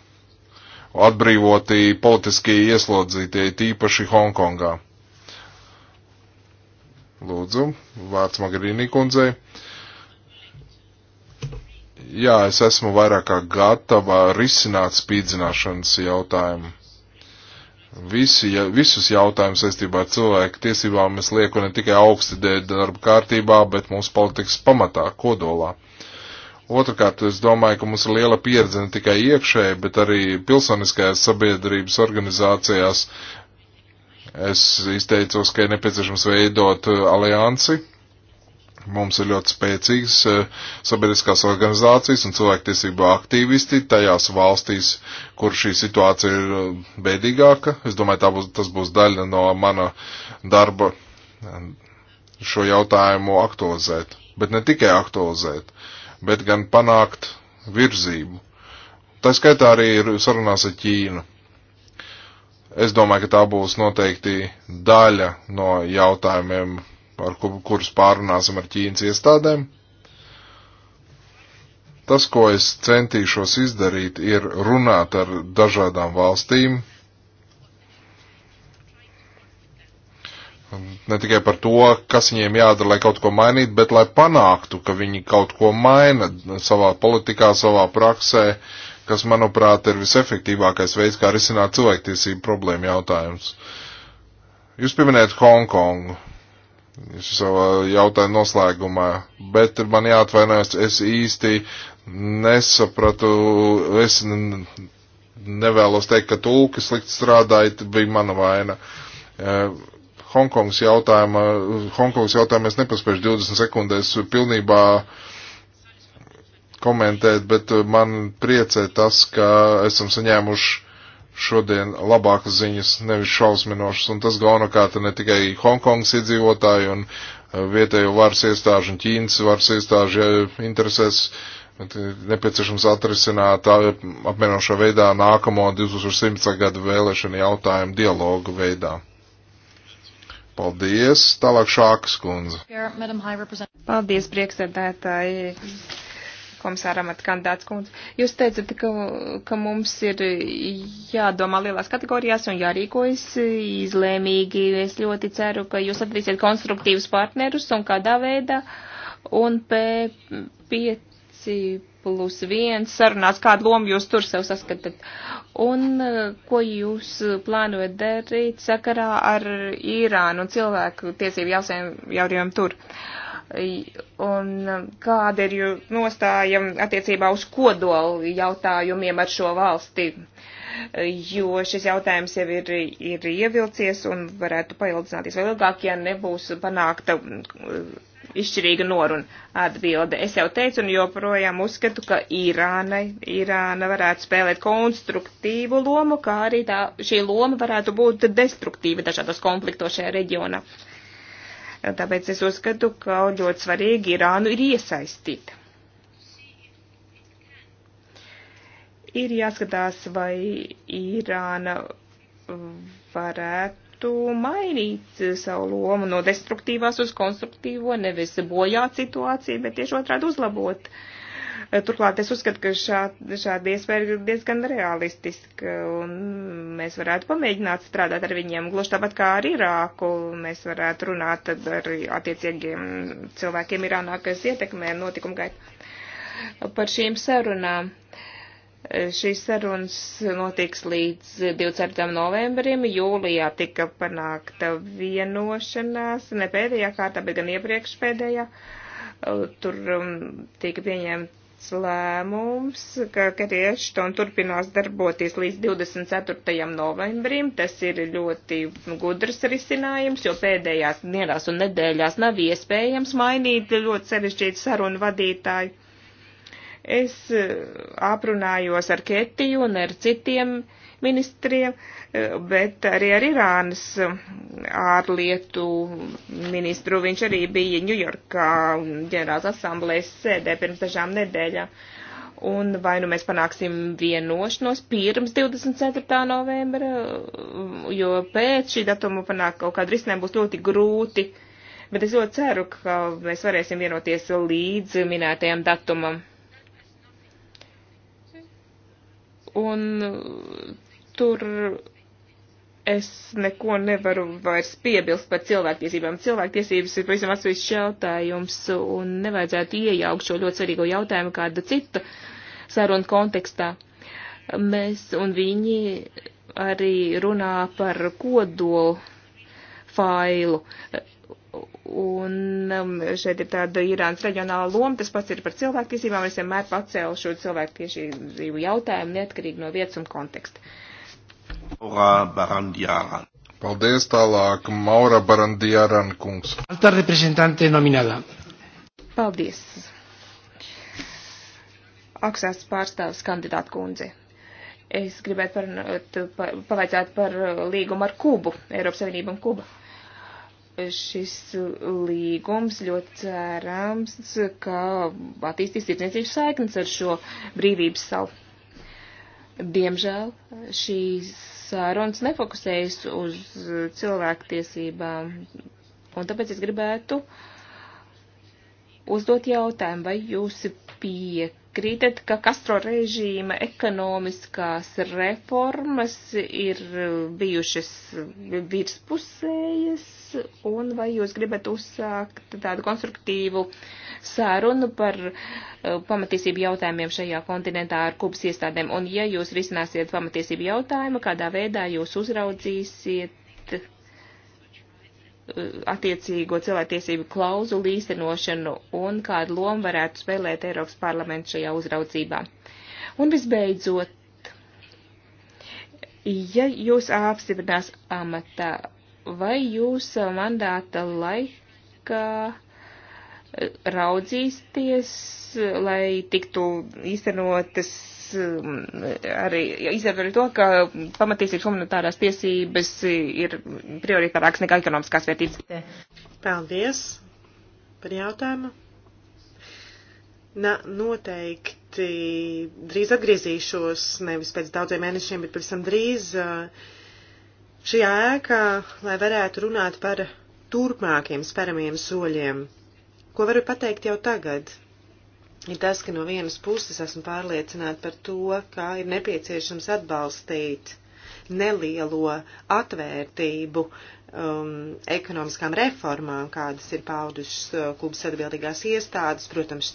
atbrīvotī politiski ieslodzītie, tīpaši Hongkongā? Lūdzu, vārds Magarīnī kundzei. Jā, es esmu vairāk kā gatava risināt spīdzināšanas jautājumu. Visi, ja, visus jautājumus saistībā ar cilvēku tiesībām es lieku ne tikai augsti dēļ darba kārtībā, bet mūsu politikas pamatā, kodolā. Otrakārt, es domāju, ka mums ir liela pieredze ne tikai iekšēji, bet arī pilsoniskajās sabiedrības organizācijās Es izteicos, ka ir nepieciešams veidot uh, aliansi. Mums ir ļoti spēcīgas uh, sabiedriskās organizācijas un cilvēktiesību aktīvisti tajās valstīs, kur šī situācija ir uh, bēdīgāka. Es domāju, būs, tas būs daļa no mana darba um, šo jautājumu aktualizēt. Bet ne tikai aktualizēt, bet gan panākt virzību. Tā skaitā arī ir sarunās ar Ķīnu. Es domāju, ka tā būs noteikti daļa no jautājumiem, ar kur, kurus pārunāsim ar Ķīnas iestādēm. Tas, ko es centīšos izdarīt, ir runāt ar dažādām valstīm, Ne tikai par to, kas viņiem jādara, lai kaut ko mainītu, bet lai panāktu, ka viņi kaut ko maina savā politikā, savā praksē, kas, manuprāt, ir visefektīvākais veids, kā risināt cilvēktiesību problēmu jautājumus. Jūs pieminējat Hongkongu savā jautājuma noslēgumā, bet man jāatvainojas, es īsti nesapratu, es nevēlos teikt, ka tulki slikti strādājot, bija mana vaina. E, Hongkongas jautājuma, Hongkongas jautājumu es nepaspēju 20 sekundēs pilnībā uh, komentēt, bet uh, man priecē tas, ka esam saņēmuši šodien labākas ziņas, nevis šausminošas, un tas galvenokārt ne tikai Hongkongas iedzīvotāji un uh, vietējo varas iestāžu un Ķīnas varas iestāžu interesēs, bet uh, nepieciešams atrisināt apmienošā veidā nākamo 2017. gadu vēlēšanu jautājumu dialogu veidā. Paldies, tālāk šākas kundze. Paldies, priekšsēdētāji komisāra amata kandidāts kundze. Jūs teicat, ka, ka mums ir jādomā lielās kategorijās un jārīkojas izlēmīgi. Es ļoti ceru, ka jūs atradīsiet konstruktīvus partnerus un kādā veidā. Un P5 plus 1 sarunās, kādu lomu jūs tur sev saskatāt. Un ko jūs plānojat darīt sakarā ar Irānu un cilvēku tiesību jautājumu tur? Uh, un kāda ir nostāja attiecībā uz kodolu jautājumiem ar šo valsti, jo šis jautājums jau ir, ir ievilcies un varētu paildzināties vēl ilgāk, ja nebūs panākta mm, izšķirīga noruna atbilde. Es jau teicu un joprojām uzskatu, ka Irāna, Irāna varētu spēlēt konstruktīvu lomu, kā arī tā, šī loma varētu būt destruktīva dažādos konfliktos šajā reģionā. Uh, Tāpēc es uzskatu, ka ļoti svarīgi Irānu ir iesaistīt. Ir jāskatās, vai Irāna varētu mainīt savu lomu no destruktīvās uz konstruktīvo, nevis bojāt situāciju, bet tieši otrādi uzlabot uh, Eh, turklāt es uzskatu, ka šā, šāda iespēja ir diezgan realistiska, un mēs varētu pamēģināt strādāt ar viņiem, gluži tāpat kā ar Irāku. Mēs varētu runāt ar attiecīgiem cilvēkiem Irānā, kas ietekmē notikumu gaitu par šīm sarunām. Eh, šīs sarunas notiks līdz 24. novembrim. Jūlijā tika panākta vienošanās, ne pēdējā kārtā, bet gan iepriekšpēdējā. Eh, tur um, tika pieņemta pieņemts lēmums, ka Kerija Eštona turpinās darboties līdz 24. novembrim. Tas ir ļoti gudrs risinājums, jo pēdējās dienās un nedēļās nav iespējams mainīt ļoti sarežģītu sarunu vadītāju. Es eh, aprunājos ar Ketiju un ar citiem uh, ministriem, eh, bet arī ar Irānas eh, ārlietu ministru. Viņš arī bija Ņujorkā ģenerāls asamblējas sēdē pirms dažām nedēļām. Un vai nu mēs panāksim vienošanos pirms 24. novembra, jo pēc šī datuma panākt kaut kādu risinājumu būs ļoti grūti. Bet es ļoti ceru, ka mēs varēsim vienoties līdz minētajam datumam. Un tur es neko nevaru vairs piebilst par cilvēktiesībām. Cilvēktiesības ir pavisam atsevišķs jautājums un nevajadzētu iejaukt šo ļoti svarīgo jautājumu kāda cita saruna kontekstā. Mēs un viņi arī runā par kodolu failu. Un um, šeit ir tāda Irānas reģionāla loma, tas pats ir par cilvēktiesībām. Es vienmēr pacēlu šo cilvēktiesību jautājumu neatkarīgi no vietas un konteksta. Uh, Paldies tālāk, Maura Barandijāran kungs. Alta reprezentante nominēlā. Paldies. Augstās pārstāvs kandidāta kundze. Es gribētu parunāt, pa, pavaicāt par līgumu ar Kubu, Eiropas Savienību un Kubu šis līgums ļoti cerams, ka attīstīs tirdzniecības saiknes ar šo brīvības savu. Diemžēl šīs sārunas eh, nefokusējas uz eh, cilvēktiesībām. Un tāpēc es gribētu uzdot jautājumu, vai jūs piekrītat, ka Kastro režīma ekonomiskās reformas ir bijušas virspusējas un vai jūs gribat uzsākt tādu konstruktīvu sārunu par uh, pamatiesību jautājumiem šajā kontinentā ar Kubas iestādēm, un ja jūs risināsiet pamatiesību jautājumu, kādā veidā jūs uzraudzīsiet uh, attiecīgo cilvēktiesību klauzulu īstenošanu un kādu lomu varētu spēlēt Eiropas parlaments šajā uzraudzībā. Un visbeidzot, ja jūs apstiprinās amatā vai jūs uh, mandāta laikā uh, raudzīsties, uh, lai tiktu īstenotas um, arī izjūt arī to, ka pamatīsīgas humanitārās tiesības ir prioritārāks nekā ekonomiskās vērtības. Paldies par jautājumu. Na, noteikti drīz atgriezīšos, nevis pēc daudziem mēnešiem, bet pavisam drīz. Uh, šajā ēkā, lai varētu runāt par turpmākiem speramiem soļiem. Ko varu pateikt jau tagad? Ir tas, ka no vienas puses esmu pārliecināta par to, kā ir nepieciešams atbalstīt nelielo atvērtību um, ekonomiskām reformām, kādas ir paudušas uh, klubas atbildīgās iestādes. Protams,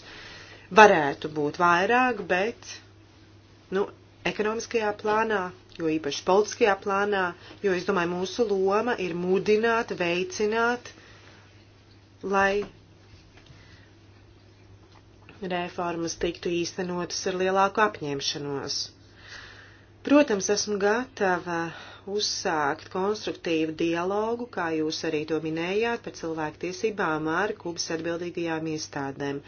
varētu būt vairāk, bet nu, ekonomiskajā plānā jo īpaši politiskajā plānā, jo es domāju, mūsu loma ir mudināt, veicināt, lai reformas tiktu īstenotas ar lielāku apņemšanos. Protams, esmu gatava uzsākt konstruktīvu dialogu, kā jūs arī to minējāt, par cilvēktiesībām ar Kubas atbildīgajām iestādēm.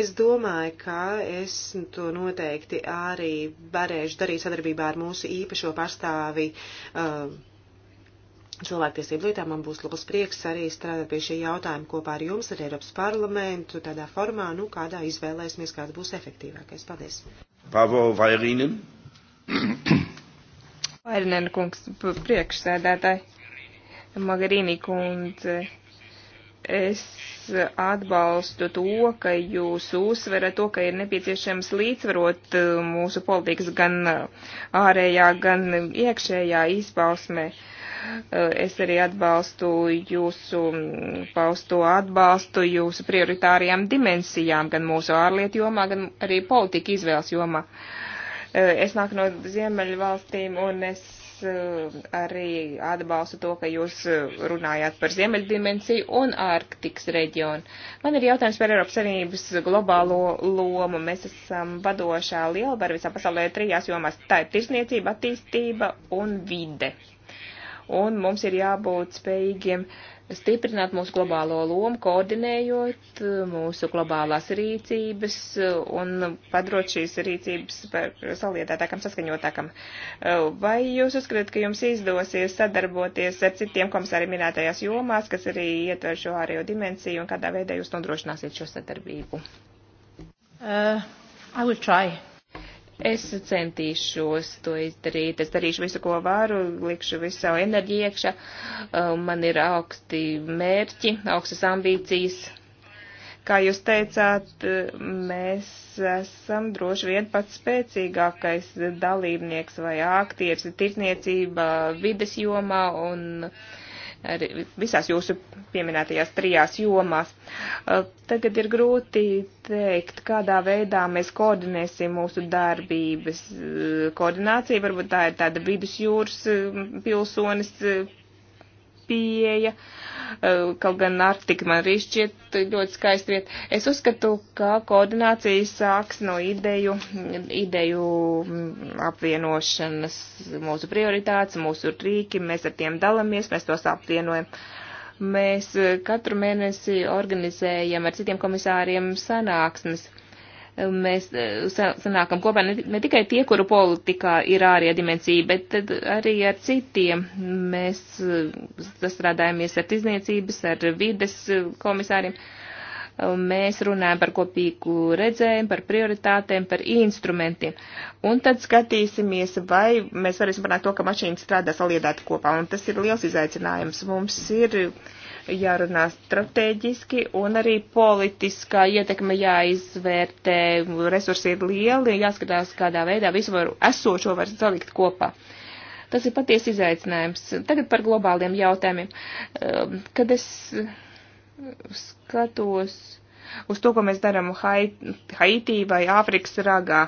Es domāju, ka es to noteikti arī varēšu darīt sadarbībā ar mūsu īpašo pārstāvi. Uh, Cilvēktiesību lietā man būs liels prieks arī strādāt pie šī jautājuma kopā ar jums, ar Eiropas parlamentu, tādā formā, nu, kādā izvēlēsimies, kāds būs efektīvākais. Paldies. Pavo Vairīnen. Vairinen kungs priekšsēdētāji, Magarīni kundze, es atbalstu to, ka jūs uzsverat to, ka ir nepieciešams līdzvarot uh, mūsu politikas gan uh, ārējā, gan iekšējā izpausmē. Uh, es arī atbalstu jūsu mm, pausto atbalstu jūsu prioritārajām dimensijām, gan mūsu ārlietu jomā, gan arī politika izvēles jomā. Uh, Eh, es nāku no Ziemeļu valstīm un es eh, arī atbalstu to, ka jūs eh, runājāt par Ziemeļu dimensiju un Ārktikas reģionu. Man ir jautājums par Eiropas Savienības globālo lomu. Mēs esam vadošā lielvara visā pasaulē trijās jomās. Tā ir tirsniecība, attīstība un vide. Un mums ir jābūt spējīgiem uh, stiprināt mūsu globālo lomu, koordinējot uh, mūsu globālās rīcības uh, un padrot šīs rīcības par saliedētākam, saskaņotākam. Uh, vai jūs uzskatāt, ka jums izdosies sadarboties ar citiem komisāriem minētajās jomās, kas arī ietver šo ārējo dimensiju un kādā veidā jūs nodrošināsiet šo sadarbību? Uh, I will try. Es centīšos to izdarīt. Es darīšu visu, ko varu, likšu visu savu enerģiju iekšā. Uh, man ir augsti mērķi, augstas ambīcijas. Kā jūs teicāt, mēs esam droši vien pats spēcīgākais dalībnieks vai aktieris tirdzniecībā, vides jomā un uh, arī visās jūsu pieminētajās trijās jomās. Tagad ir grūti teikt, kādā veidā mēs koordinēsim mūsu darbības koordināciju. Varbūt tā ir tāda vidusjūras pilsonis pieeja, eh, kaut gan Arktika man arī šķiet ļoti skaisti vieta. Es uzskatu, ka koordinācija sāks no ideju, ideju mm, apvienošanas, mūsu prioritātes, mūsu rīki, mēs ar tiem dalamies, mēs tos apvienojam. Mēs eh, katru mēnesi organizējam ar citiem komisāriem sanāksmes mēs e, sanākam kopā ne tikai tie, kuru politikā ir ārējā dimensija, bet arī ar citiem. Mēs e, sastrādājamies ar tirzniecības, ar vides e, komisāriem. Mēs runājam par kopīgu redzējumu, par prioritātēm, par instrumentiem. Un tad skatīsimies, vai mēs varēsim panākt to, ka mašīnas strādā saliedāti kopā. Un tas ir liels izaicinājums. Mums ir uh, jārunā strateģiski un arī politiskā ietekme jāizvērtē, resursi ir lieli, jāskatās, kādā veidā visu var esošo var salikt kopā. Tas ir patiesi izaicinājums. Tagad par globāliem jautājumiem. Ehm, kad es skatos uz to, ko mēs darām Haitī vai Āfrikas ragā,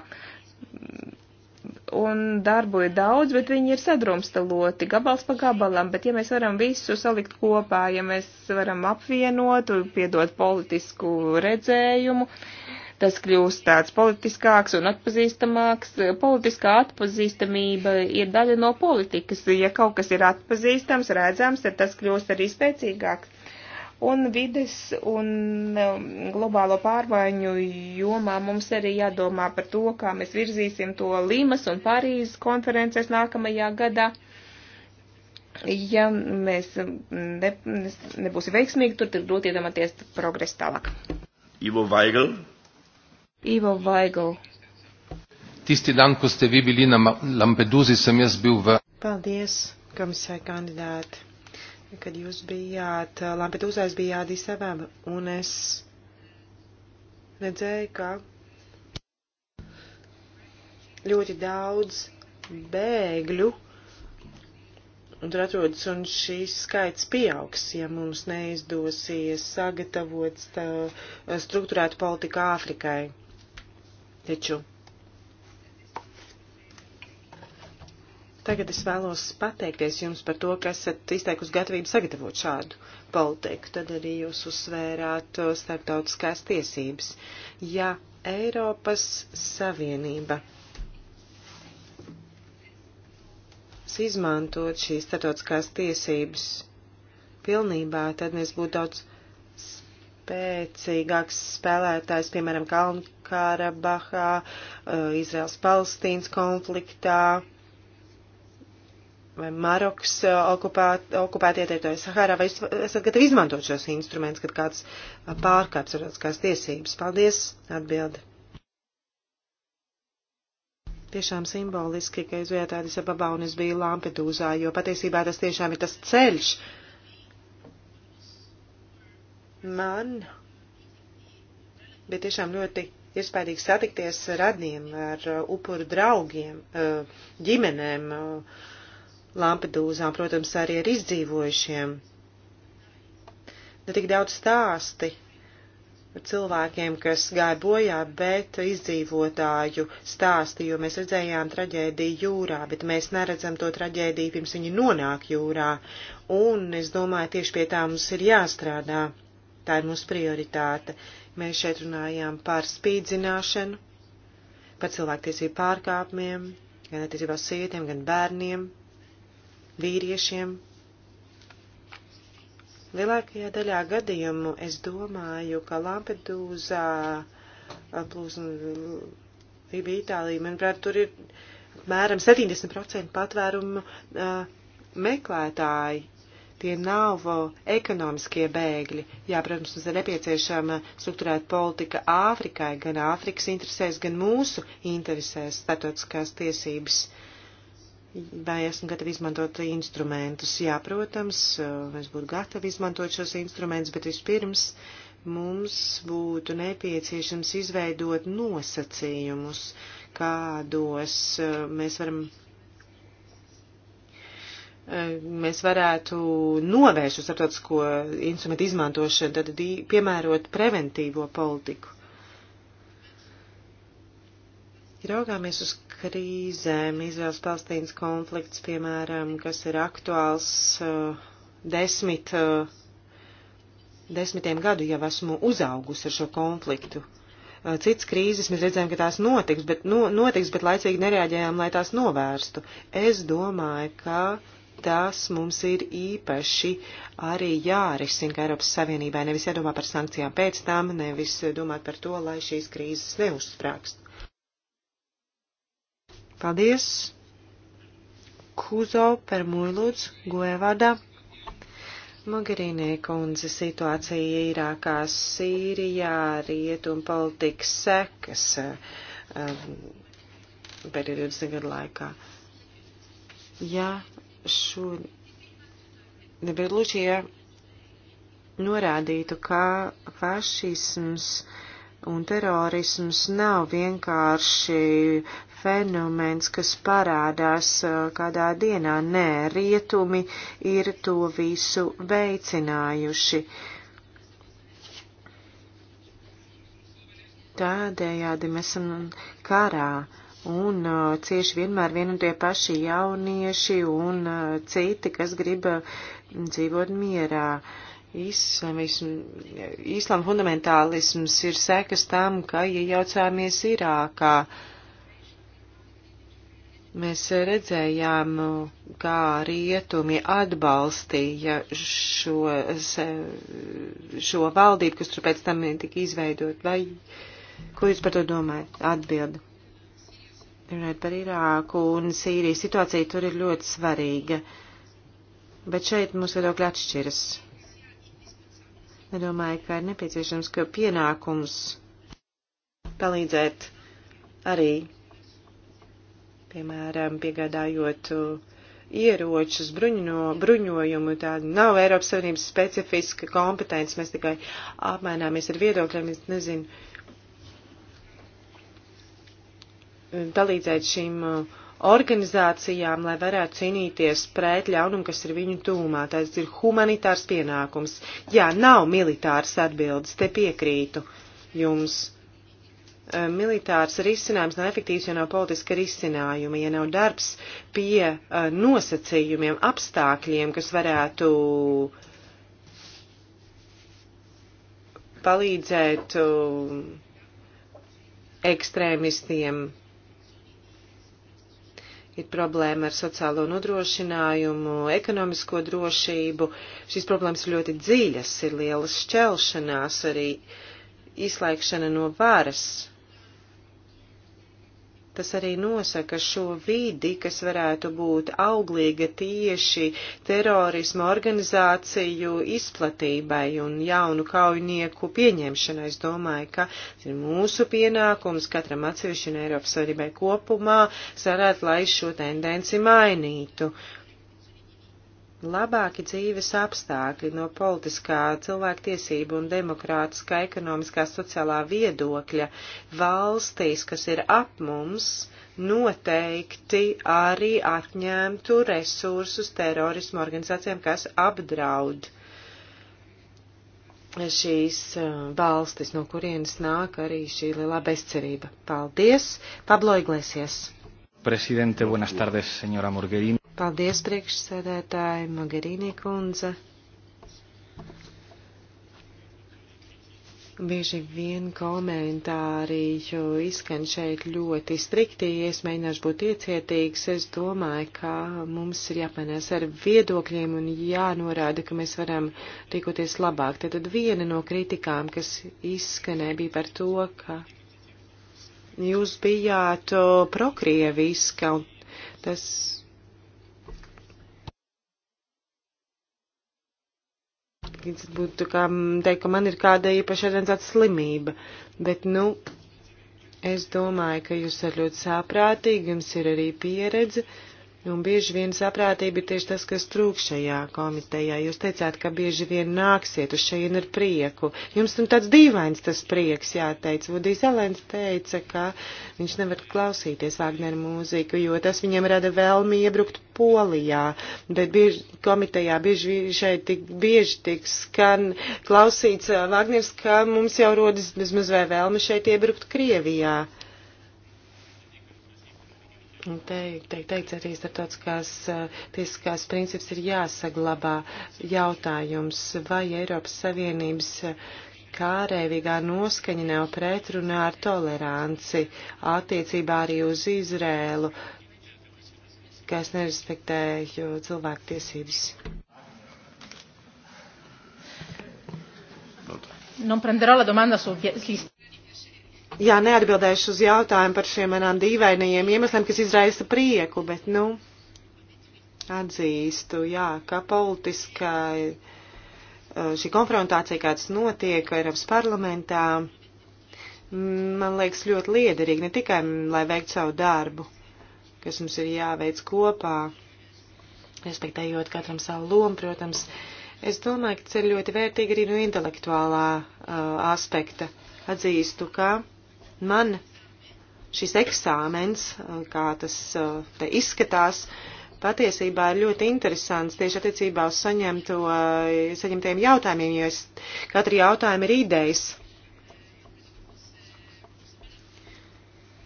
un darbu ir daudz, bet viņi ir sadrumstaloti gabals pa gabalam, bet ja mēs varam visu salikt kopā, ja mēs varam apvienot, piedot politisku redzējumu, tas kļūst tāds politiskāks un atpazīstamāks. Politiskā atpazīstamība ir daļa no politikas. Ja kaut kas ir atpazīstams, redzams, tad tas kļūst arī spēcīgāks. Un vides un um, globālo pārmaiņu jomā mums arī jādomā par to, kā mēs virzīsim to Limas un Parīzes konferences nākamajā gadā. Ja mēs um, ne, nebūsim veiksmīgi, tur ir grūti iedomāties progresu tālāk. Ivo Vaigl. Ivo Vaigl. Tisti dan, ko ste vi bili na Lampeduzi, sem jaz bil v. Paldies, komisār kandidāti kad jūs bijāt Lampedūzais, bijāt Disavēba, un es redzēju, ka ļoti daudz bēgļu un tur atrodas, un šīs skaits pieaugs, ja mums neizdosies sagatavot struktūrētu politiku Āfrikai. Taču Tagad es vēlos pateikties jums par to, ka esat izteikusi gatavību sagatavot šādu politiku. Tad arī jūs uzsvērāt uh, starptautiskās tiesības. Ja Eiropas Savienība izmantot šīs starptautiskās tiesības pilnībā, tad mēs būtu daudz spēcīgāks spēlētājs, piemēram, Kalnu Karabahā, uh, Izraels-Palestīnas konfliktā vai Maroks uh, okupēt, okupētie teritorija Sahārā, vai esat gatavi izmantot šos instrumentus, kad kāds uh, pārkāp starptautiskās tiesības? Paldies, atbildi. Tiešām simboliski, ka izvietā Addis Ababā un es biju Lampedūzā, jo patiesībā tas tiešām ir tas ceļš. Man bija tiešām ļoti iespējīgi satikties ar radniem, ar uh, upuru draugiem, ģimenēm, uh, Lampedūzām, protams, arī ar izdzīvojušiem. Ne tik daudz stāsti par cilvēkiem, kas gāja bojā, bet izdzīvotāju stāsti, jo mēs redzējām traģēdiju jūrā, bet mēs neredzam to traģēdiju pirms viņi nonāk jūrā. Un es domāju, tieši pie tā mums ir jāstrādā. Tā ir mūsu prioritāte. Mēs šeit runājām par spīdzināšanu, par cilvēktiesību pārkāpumiem, gan attiecībā uz sievietēm, gan bērniem vīriešiem. Lielākajā daļā gadījumu es domāju, ka Lampedūzā plūsma Lībija, Itālija, manuprāt, tur ir mēram 70% patvērumu uh, meklētāji. Tie nav ekonomiskie bēgļi. Jā, protams, mums ir nepieciešama struktūrēta politika Āfrikai, gan Āfrikas interesēs, gan mūsu interesēs, statotiskās tiesības. Uh, Vai esmu gatava izmantot instrumentus? Jā, protams, es būtu gatava izmantot šos instrumentus, bet vispirms mums būtu nepieciešams izveidot nosacījumus, kādos eh, mēs varam. Eh, mēs varētu novērst šo starptautisko instrumentu izmantošanu, tad piemērot preventīvo politiku. Raugāmies uz krīzēm, Izraels Palestīnas konflikts, piemēram, kas ir aktuāls uh, desmit, uh, desmitiem gadu, jau esmu uzaugusi ar šo konfliktu. Uh, cits krīzes mēs redzējām, ka tās notiks, bet, no, nu, notiks, bet laicīgi nereaģējām, lai tās novērstu. Es domāju, ka tas mums ir īpaši arī jārisina, ka Eiropas Savienībai nevis jādomā par sankcijām pēc tam, nevis domāt par to, lai šīs krīzes neuzsprākst. Paldies! Kuzo par mūlūdz Guevada. Mogherīnī kundze situācija Irākā, Sīrijā, rietuma politikas sekas um, pēdējo 20 gadu laikā. Ja šo Neberlučie norādītu, ka fašisms un terorisms nav vienkārši fenomens, kas parādās uh, kādā dienā. Nē, rietumi ir to visu veicinājuši. Tādējādi mēs esam karā un uh, cieši vienmēr vien un tie paši jaunieši un uh, citi, kas grib uh, dzīvot mierā. Uh, Islāma fundamentālisms ir sekas tam, ka iejaucāmies Irākā. Mēs redzējām, kā rietumi atbalstīja šo, šo valdību, kas tur pēc tam tika izveidot. Vai, ko jūs par to domājat? Atbildi. Runājot par Irāku un Sīriju, situācija tur ir ļoti svarīga. Bet šeit mūsu viedokļi atšķiras. Nedomāju, ka ir nepieciešams, ka pienākums palīdzēt arī piemēram, piegādājot uh, ieročus, bruņo, bruņojumu, tā nav Eiropas Savienības specifiska kompetence, mēs tikai apmaināmies ar viedokļiem, es nezinu, palīdzēt šīm uh, organizācijām, lai varētu cīnīties pret ļaunumu, kas ir viņu tūmā. Tas ir humanitārs pienākums. Jā, nav militārs atbildes, te piekrītu jums Eh, militārs risinājums nav efektīvs, ja nav politiska risinājuma, ja nav darbs pie eh, nosacījumiem, apstākļiem, kas varētu palīdzēt eh, ekstrēmistiem. Ir problēma ar sociālo nodrošinājumu, ekonomisko drošību. Šīs problēmas ir ļoti dziļas, ir lielas šķelšanās, arī izslēgšana no varas Tas arī nosaka šo vidi, kas varētu būt auglīga tieši terorismu organizāciju izplatībai un jaunu kaujinieku pieņemšanai. Es domāju, ka ir mūsu pienākums katram atsevišķi un Eiropas Savienībai kopumā sarēt, lai šo tendenci mainītu labāki dzīves apstākļi no politiskā, cilvēktiesību un demokrātiskā, ekonomiskā, sociālā viedokļa valstīs, kas ir ap mums, noteikti arī atņemtu resursus terorismu organizācijām, kas apdraud šīs uh, valstis, no kurienes nāk arī šī lielā bezcerība. Paldies! Pablo Iglesias! Presidente, buenas tardes, señora Morgherini. Paldies priekšsēdētāji Magarīnī kundze. Bieži vien komentāri izskan šeit ļoti strikti, es mēģināšu būt iecietīgs, es domāju, ka mums ir jāpanās ar viedokļiem un jānorāda, ka mēs varam rīkoties labāk. Tad viena no kritikām, kas izskanēja, bija par to, ka jūs bijāt prokrieviska, un tas Parkinsons būtu kā teikt, ka man ir kāda īpaša redzēta slimība, bet, nu, es domāju, ka jūs esat ļoti sāprātīgi, jums ir arī pieredze. Uh, Un bieži vien saprātība ir tieši tas, kas trūk šajā komitejā. Jūs teicāt, ka bieži vien nāksiet uz šeit ar prieku. Jums tam nu tāds dīvains tas prieks, jāteic. Vudijs Elēns teica, ka viņš nevar klausīties Vāgneru mūziku, jo tas viņam rada vēlmi iebrukt Polijā. Bet bieži, komitejā bieži šeit tik bieži tik skan klausīts Vāgners, ka mums jau rodas bezmaz vai vēlme šeit iebrukt Krievijā. Uh, Teikt, teikt, teikt arī starptautiskās eh, tiesiskās princips ir jāsaglabā jautājums, vai Eiropas Savienības eh, kārēvīgā noskaņa nav pretrunā ar toleranci attiecībā arī uz Izrēlu, kas nerespektēju cilvēku tiesības. Non prenderò la domanda sul Jā, neatbildēšu uz jautājumu par šiem manām dīvainajiem iemesliem, kas izraisa prieku, bet, nu, atzīstu, jā, ka politiskā šī konfrontācija, kāds notiek Eiropas parlamentā, man liekas ļoti liederīgi, ne tikai, lai veiktu savu darbu, kas mums ir jāveic kopā, respektējot katram savu lomu, protams. Es domāju, ka tas ir ļoti vērtīgi arī no intelektuālā uh, aspekta. Atzīstu, ka Man šis eksāmens, uh, kā tas uh, te izskatās, patiesībā ir ļoti interesants tieši attiecībā uz saņemto, uh, saņemtajiem jautājumiem, jo es, katra jautājuma ir idejas.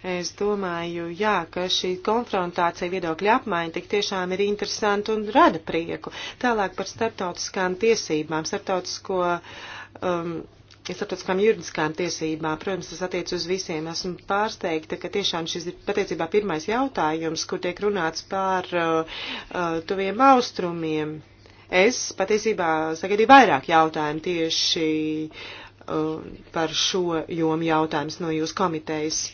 Es domāju, jā, ka šī konfrontācija viedokļa apmaiņa tik tiešām ir interesanta un rada prieku. Tālāk par starptautiskām tiesībām, starptautisko um, starptautiskām juridiskām tiesībām. Protams, tas attiec uz visiem. Esmu pārsteigta, ka tiešām šis ir patiecībā pirmais jautājums, kur tiek runāts par uh, uh, tuviem austrumiem. Es patiesībā sagaidīju vairāk jautājumu tieši uh, par šo jomu jautājums no jūsu komitejas.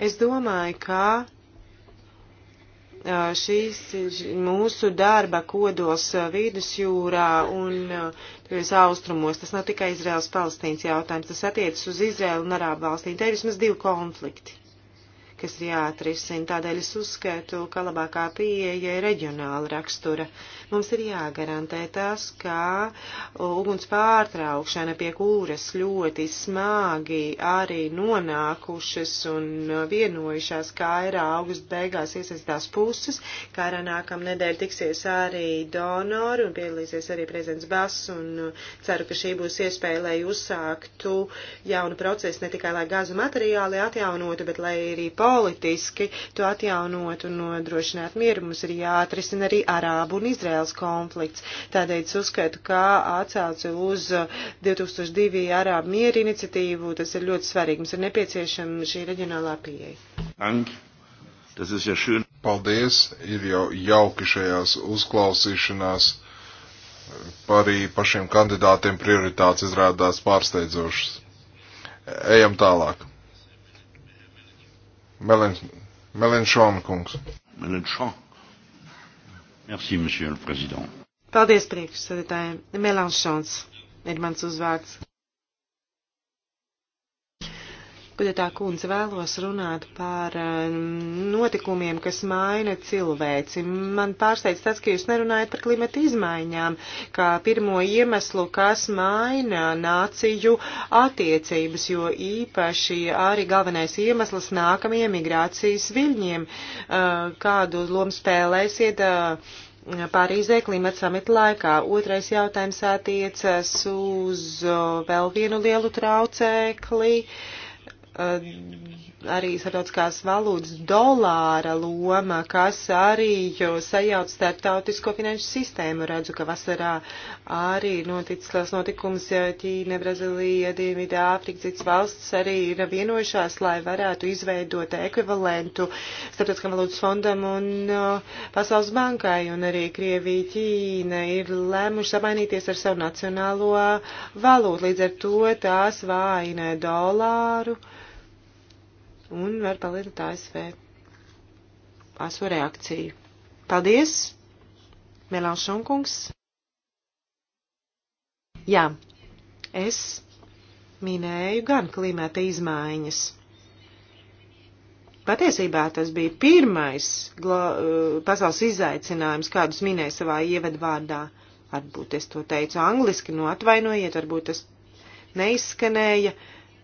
Es domāju, ka uh, šīs ir mūsu darba kodos uh, vidusjūrā, un uh, Jūs austrumos. Tas nav tikai Izraels-Palestīnas jautājums, tas attiecas uz Izraelu un Arābu valstīm. Te ir vismaz divi konflikti kas ir jāatrisina. Tādēļ es uzskatu, ka labākā pieeja ir reģionāla rakstura. Mums ir jāgarantē tas, ka uguns pārtraukšana pie kūras ļoti smagi arī nonākušas un vienojušās kairā augusta beigās iesaistās puses. Kairā nākam nedēļ tiksies arī donori un piedalīsies arī prezidents Bass un ceru, ka šī būs iespēja, lai uzsāktu jaunu procesu ne tikai lai gāzu materiāli atjaunotu, bet lai arī politiski politiski to atjaunot un nodrošināt mieru. Mums ir jāatrisina arī Arābu un Izraels konflikts. Tādēļ es uzskaitu, kā atsauce uz 2002 Arābu mieru iniciatīvu, tas ir ļoti svarīgi. Mums ir nepieciešama šī reģionālā pieeja. Anki. Tas ir ja šön. Paldies, ir jau jauki šajās uzklausīšanās. Arī pašiem kandidātiem prioritātes izrādās pārsteidzošas. Ejam tālāk. Melenšona kungs. Melenšona. Merci, monsieur le président. Paldies, priekšsēdētāji. Melanšons ir mans uzvārds. Gudētā kundze vēlos runāt par um, notikumiem, kas maina cilvēci. Man pārsteidz tas, ka jūs nerunājat par klimata izmaiņām, kā pirmo iemeslu, kas maina nāciju attiecības, jo īpaši arī galvenais iemesls nākamajiem migrācijas viļņiem, uh, kādu lomu spēlēsiet. Uh, Pārīzē klimata samita laikā. Otrais jautājums attiecas uz uh, vēl vienu lielu traucēkli. Uh, Eh, arī starptautiskās valūtas dolāra loma, kas arī sajauc starptautisko finanšu sistēmu. Redzu, ka vasarā arī noticis liels notikums Ķīna, Brazīlija, Dienvidā, Āfrika, cits valsts arī ir vienojušās, lai varētu izveidot ekvivalentu starptautiskam valūtas fondam un eh, Pasaules bankai, un arī Krievija, Ķīna ir lēmuši samainīties ar savu nacionālo valūtu. Līdz ar to tās vājina dolāru. Uh, un var palielināt ASV ASV reakciju. Paldies, Melanšonkungs. Jā, es minēju gan klimata izmaiņas. Patiesībā tas bija pirmais gla, uh, pasaules izaicinājums, kādus minēju savā ievadvārdā. Varbūt es to teicu angliski, no nu atvainojiet, varbūt tas neizskanēja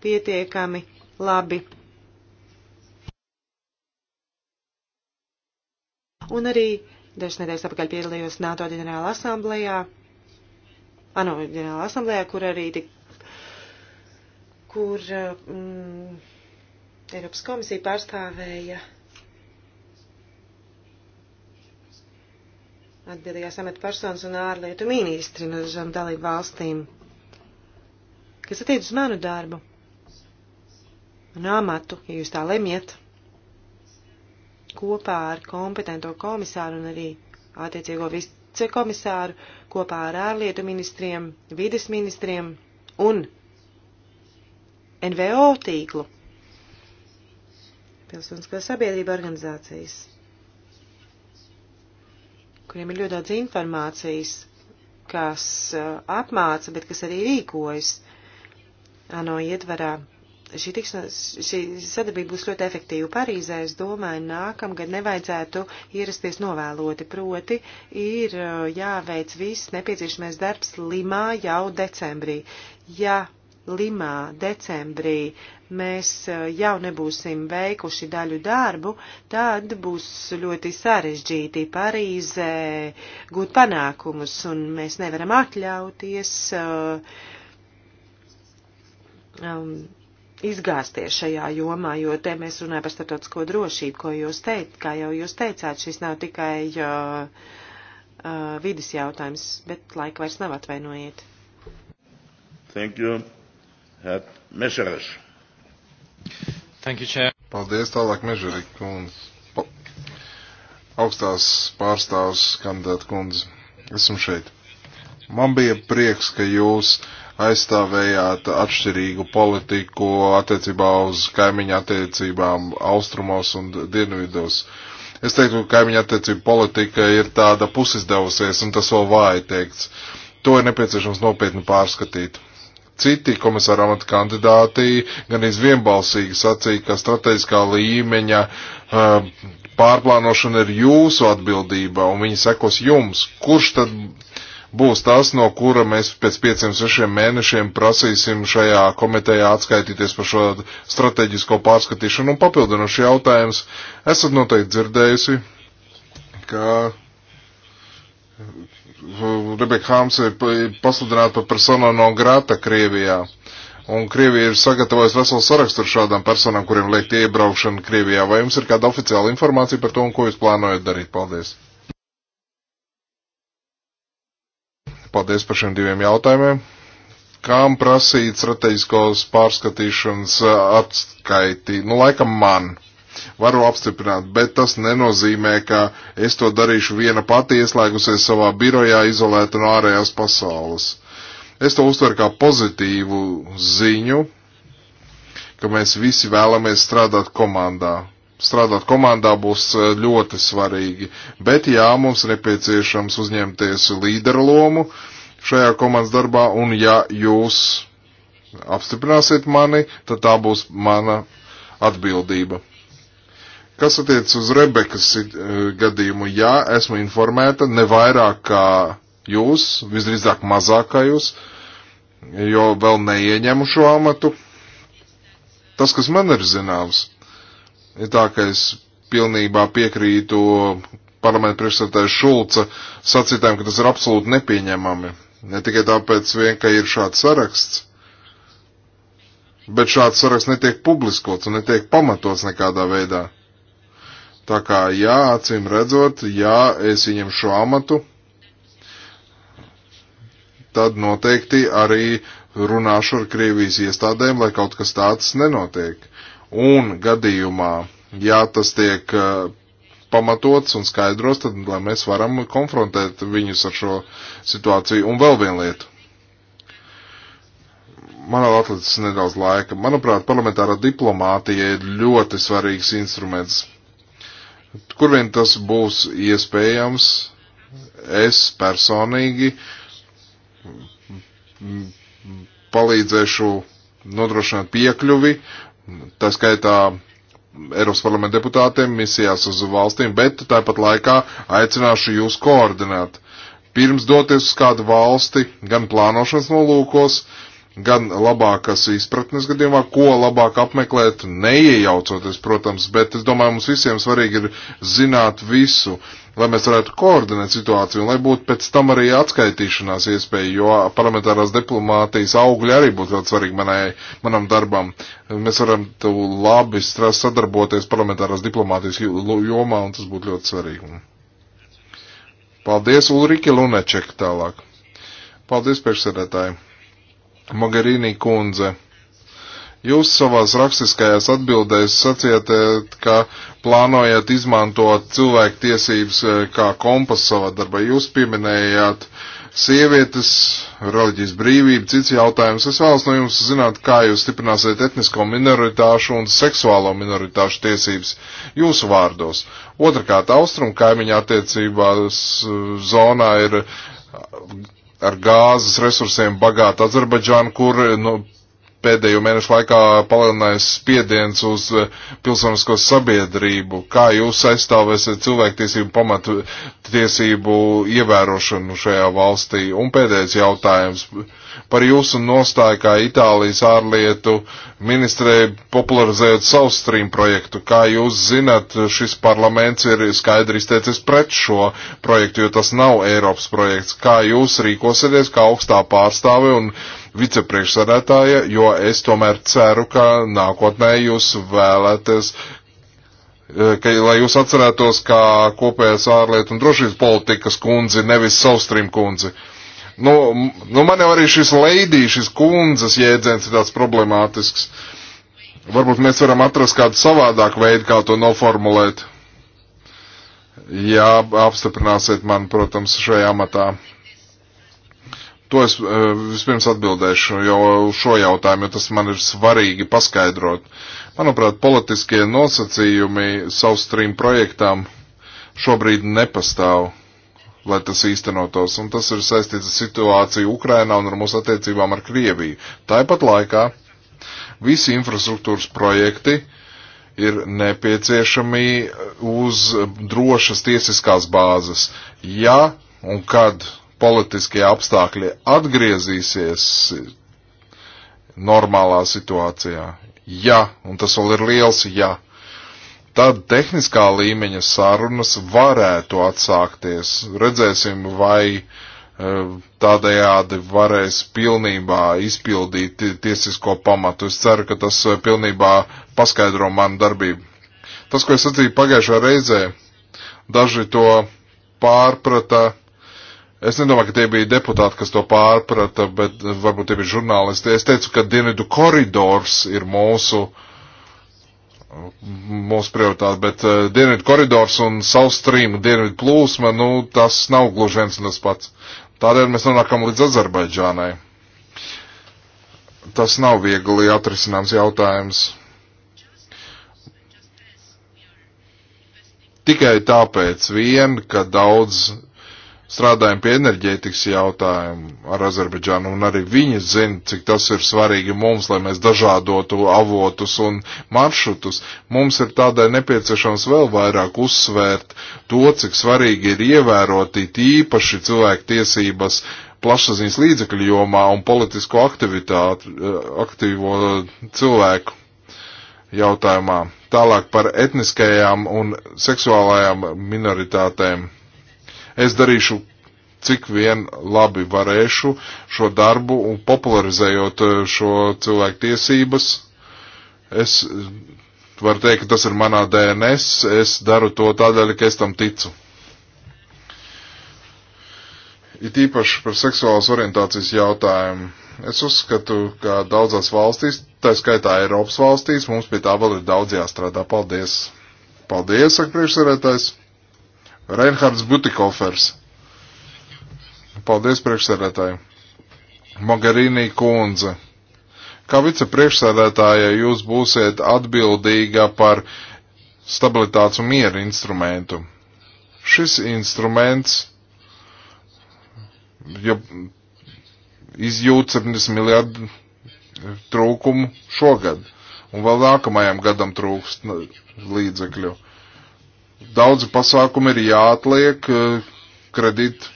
pietiekami labi. Un arī dažas nedēļas apakaļ piedalījos NATO ģenerāla asamblējā, ANO ģenerāla asamblējā, kur arī tik, kur mm, Eiropas komisija pārstāvēja atbildīgās amatpersonas un ārlietu ministri no dažām dalību valstīm, kas attiec uz manu darbu un amatu, ja jūs tā lemjat kopā ar kompetento komisāru un arī attiecīgo vicekomisāru, kopā ar ārlietu ministriem, vides ministriem un NVO tīklu, pilsoniskā sabiedrība organizācijas, kuriem ir ļoti daudz informācijas, kas uh, apmāca, bet kas arī rīkojas ANO ietvarā šī, tikšanās, šī sadarbība būs ļoti efektīva. Parīzē, es domāju, nākamgad nevajadzētu ierasties novēloti, proti ir uh, jāveic viss nepieciešamais darbs Limā jau decembrī. Ja Limā decembrī mēs uh, jau nebūsim veikuši daļu darbu, tad būs ļoti sarežģīti Parīzē gūt panākumus, un mēs nevaram atļauties. Uh, um, izgāzties šajā jomā, jo te mēs runājam par starptautisko drošību, ko jūs teicat, kā jau jūs teicāt, šis nav tikai uh, uh, vidas jautājums, bet laika vairs nav atvainojiet. Thank you. Herr Mešereš. Thank you, Chair. Paldies tālāk, Mežerik kundze. Pa augstās pārstāvs kandidāta kundze. Esmu šeit. Man bija prieks, ka jūs uh, aizstāvējāt atšķirīgu politiku attiecībā uz kaimiņu attiecībām austrumos un dienvidos. Es teiktu, ka kaimiņu attiecību politika ir tāda pusizdevusies, un tas vēl vāji teikts. To ir nepieciešams nopietni pārskatīt. Citi komisāra amata kandidāti gan izvienbalsīgi sacīja, ka strateģiskā līmeņa uh, pārplānošana ir jūsu atbildība, un viņi sekos jums. Kurš tad būs tas, no kura mēs pēc pieciem, sešiem mēnešiem prasīsim šajā komitejā atskaitīties par šo strateģisko pārskatīšanu un papildinošu jautājums. Esat noteikti dzirdējusi, ka Rebeka Hāms ir pasludināta par personu no grāta Krievijā. Un Krievija ir sagatavojusi veselu sarakstu ar šādām personām, kuriem liekt iebraukšana Krievijā. Vai jums ir kāda oficiāla informācija par to un ko jūs plānojat darīt? Paldies! Paldies par šiem diviem jautājumiem. Kām prasīt strateģiskos pārskatīšanas atskaiti? Nu, laikam man. Varu apstiprināt, bet tas nenozīmē, ka es to darīšu viena pati ieslēgusies savā birojā, izolēta no ārējās pasaules. Es to uztveru kā pozitīvu ziņu, ka mēs visi vēlamies strādāt komandā strādāt komandā būs e, ļoti svarīgi. Bet jā, mums nepieciešams uzņemties līderu lomu šajā komandas darbā, un ja jūs apstiprināsiet mani, tad tā būs mana atbildība. Kas attiec uz Rebekas e, gadījumu, jā, esmu informēta ne vairāk kā jūs, visdrīzāk mazāk kā jūs, jo vēl neieņemu šo amatu. Tas, kas man ir zināms, Ir tā, ka es pilnībā piekrītu parlamentu priekšsēdētāju Šulca sacītājiem, ka tas ir absolūti nepieņemami. Ne tikai tāpēc vien, ka ir šāds saraksts, bet šāds saraksts netiek publiskots un netiek pamatots nekādā veidā. Tā kā jā, acīm redzot, jā, es viņam šo amatu, tad noteikti arī runāšu ar Krievijas iestādēm, lai kaut kas tāds nenotiek. Un gadījumā, ja tas tiek eh, pamatots un skaidros, tad lai mēs varam konfrontēt viņus ar šo situāciju. Un vēl viena lieta. Man vēl atlicis nedaudz laika. Manuprāt, parlamentārā diplomātija ir ļoti svarīgs instruments. Kur vien tas būs iespējams, es personīgi palīdzēšu nodrošināt piekļuvi tā skaitā Eiropas parlamenta deputātiem misijās uz valstīm, bet tāpat laikā aicināšu jūs koordinēt. Pirms doties uz kādu valsti, gan plānošanas nolūkos, gan labākas izpratnes gadījumā, ko labāk apmeklēt, neiejaucoties, protams, bet es domāju, mums visiem svarīgi ir zināt visu, lai mēs varētu koordinēt situāciju un lai būtu pēc tam arī atskaitīšanās iespēja, jo parlamentārās diplomātijas augļi arī būtu ļoti svarīgi manai, manam darbam. Mēs varam labi sadarboties parlamentārās diplomātijas jomā un tas būtu ļoti svarīgi. Paldies, Ulrike Luneček tālāk. Paldies, priekšsēdētāji. Mogherini kundze Jūs savās rakstiskajās atbildēs sacījāt, eh, ka plānojat izmantot cilvēktiesības eh, kā kompasu savā darbā. Jūs pieminējāt sievietes, reliģijas brīvību, cits jautājums. Es vēlos no jums zināt, kā jūs stiprināsiet etnisko minoritāšu un seksuālo minoritāšu tiesības jūsu vārdos. Otrakārt, austrumu kaimiņa attiecībās eh, zonā ir ar gāzes resursiem bagāta Azerbaidžāna, kur nu, pēdējo mēnešu laikā palielinājis spiediens uz eh, pilsonisko sabiedrību. Kā jūs aizstāvēsiet cilvēktiesību pamatu tiesību ievērošanu šajā valstī? Un pēdējais jautājums par jūsu nostāju kā Itālijas ārlietu ministrei popularizējot savu stream projektu. Kā jūs zinat, šis parlaments ir skaidri izteicies pret šo projektu, jo tas nav Eiropas projekts. Kā jūs rīkosieties kā augstā pārstāve un vicepriekšsādātāja, jo es tomēr ceru, ka nākotnē jūs vēlaties, eh, ka, lai jūs atcerētos kā kopējās ārlietu un drošības politikas kundzi, nevis savstrim kundzi. Nu, nu man jau arī šis leidī, šis kundzes jēdziens ir tāds problemātisks. Varbūt mēs varam atrast kādu savādāku veidu, kā to noformulēt. Jā, apstiprināsiet man, protams, šajā matā. To es eh, vispirms atbildēšu jau šo jautājumu, jo tas man ir svarīgi paskaidrot. Manuprāt, politiskie nosacījumi savu stream projektām šobrīd nepastāv, lai tas īstenotos, un tas ir saistīts ar situāciju Ukrainā un ar mūsu attiecībām ar Krieviju. Tāpat laikā visi infrastruktūras projekti ir nepieciešami uz drošas tiesiskās bāzes. Ja un kad politiskie apstākļi atgriezīsies normālā situācijā, ja, un tas vēl ir liels ja, tad tehniskā līmeņa sarunas varētu atsākties. Redzēsim, vai e, tādējādi varēs pilnībā izpildīt tiesisko pamatu. Es ceru, ka tas e, pilnībā paskaidro manu darbību. Tas, ko es sacīju pagājušā reizē, daži to pārprata Es nedomāju, ka tie bija deputāti, kas to pārprata, bet varbūt tie bija žurnālisti. Es teicu, ka dienvidu koridors ir mūsu, mūsu prioritāte, bet eh, dienvidu koridors un South Stream, dienvidu plūsma, nu, tas nav gluži viens un tas pats. Tādēļ mēs nonākam līdz Azerbaidžānai. Tas nav viegli atrisināms jautājums. Tikai tāpēc vien, ka daudz strādājam pie enerģētikas jautājumu ar Azerbaidžānu, un arī viņi zina, cik tas ir svarīgi mums, lai mēs dažādotu avotus un maršrutus. Mums ir tādai nepieciešams vēl vairāk uzsvērt to, cik svarīgi ir ievērot īpaši cilvēku tiesības plašsaziņas līdzekļu jomā un politisko aktivitātu, eh, aktīvo cilvēku jautājumā. Tālāk par etniskajām un seksuālajām minoritātēm Es darīšu cik vien labi varēšu šo darbu un popularizējot eh, šo cilvēku tiesības. Es eh, varu teikt, ka tas ir manā DNS, es daru to tādēļ, ka es tam ticu. It īpaši par seksuālas orientācijas jautājumu. Es uzskatu, ka daudzās valstīs, tā skaitā Eiropas valstīs, mums pie tā vēl ir daudz jāstrādā. Paldies! Paldies, saka priekšsarētājs! Reinhards Butikofers. Paldies priekšsēdētāji. Mogherini kundze. Kā vicepriekšsēdētāja jūs būsiet atbildīga par stabilitātes un miera instrumentu. Šis instruments ja, izjūt 70 miljardu trūkumu šogad, un vēl nākamajam gadam trūkst līdzekļu. Daudzi pasākumi ir jāatliek eh, kredīt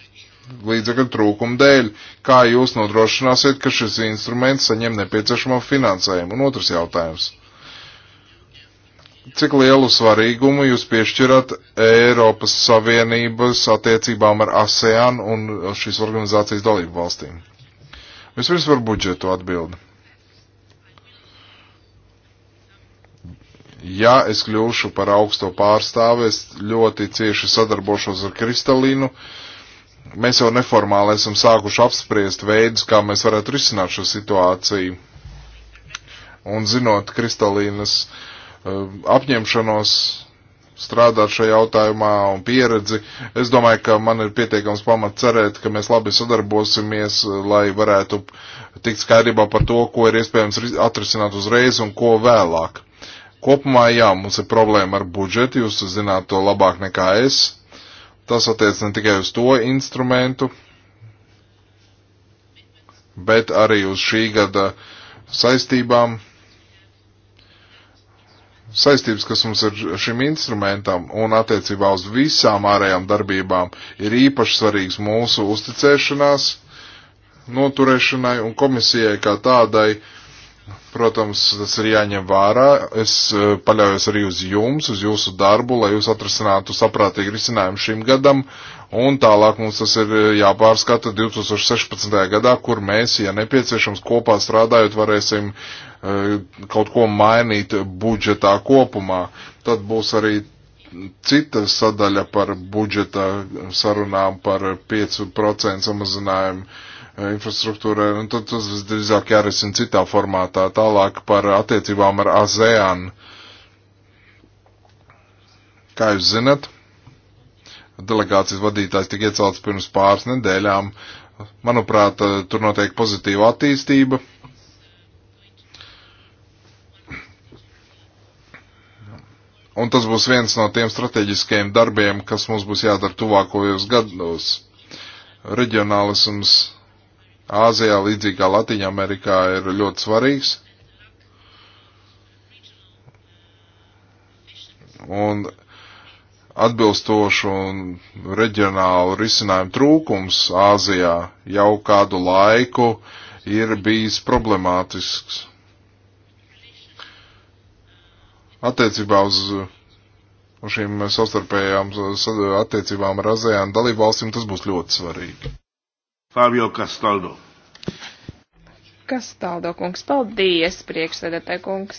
līdzekļu trūkuma dēļ. Kā jūs nodrošināsiet, ka šis instruments saņem nepieciešamo finansējumu? Un otrs jautājums. Cik lielu svarīgumu jūs piešķirat Eiropas Savienības attiecībām ar ASEAN un šīs organizācijas dalību valstīm? Vispirms par budžetu atbildi. Ja es kļūšu par augsto pārstāvi, es ļoti cieši sadarbošos ar Kristalīnu. Mēs jau neformāli esam sākuši apspriest veidus, kā mēs varētu risināt šo situāciju. Un zinot Kristalīnas eh, apņemšanos strādāt šajā jautājumā un pieredzi. Es domāju, ka man ir pietiekams pamat cerēt, ka mēs labi sadarbosimies, eh, lai varētu tikt skaidrībā par to, ko ir iespējams atrisināt uzreiz un ko vēlāk. Kopumā, jā, mums ir problēma ar budžetu, jūs zināt to labāk nekā es. Tas attiec ne tikai uz to instrumentu, bet arī uz šī gada saistībām. Saistības, kas mums ir šim instrumentam un attiecībā uz visām ārējām darbībām, ir īpaši svarīgs mūsu uzticēšanās, noturēšanai un komisijai kā tādai Protams, tas ir jāņem vērā. Es eh, paļaujos arī uz jums, uz jūsu darbu, lai jūs atrasinātu saprātīgu risinājumu šim gadam. Un tālāk mums tas ir eh, jāpārskata 2016. gadā, kur mēs, ja nepieciešams, kopā strādājot, varēsim eh, kaut ko mainīt budžetā kopumā. Tad būs arī cita sadaļa par budžeta sarunām par 5% samazinājumu Eh, infrastruktūrai, un tad tas visdrīzāk jārisina citā formātā, tālāk par attiecībām ar ASEAN. Kā jūs zinat, delegācijas vadītājs tika iecelts pirms pāris nedēļām. Manuprāt, eh, tur notiek pozitīva attīstība. Un tas būs viens no tiem strateģiskajiem darbiem, kas mums būs jādara tuvākojos gados. Reģionālisms Āzijā, līdzīgi kā Latvijā, Amerikā, ir ļoti svarīgs. Un atbilstošu un reģionālu risinājumu trūkums Āzijā jau kādu laiku ir bijis problemātisks. Attiecībā uz un šīm savstarpējām attiecībām ar ASEAN dalībvalstīm tas būs ļoti svarīgi. Fabio Castaldo. Castaldo kungs, paldies, priekšsēdētāji kungs.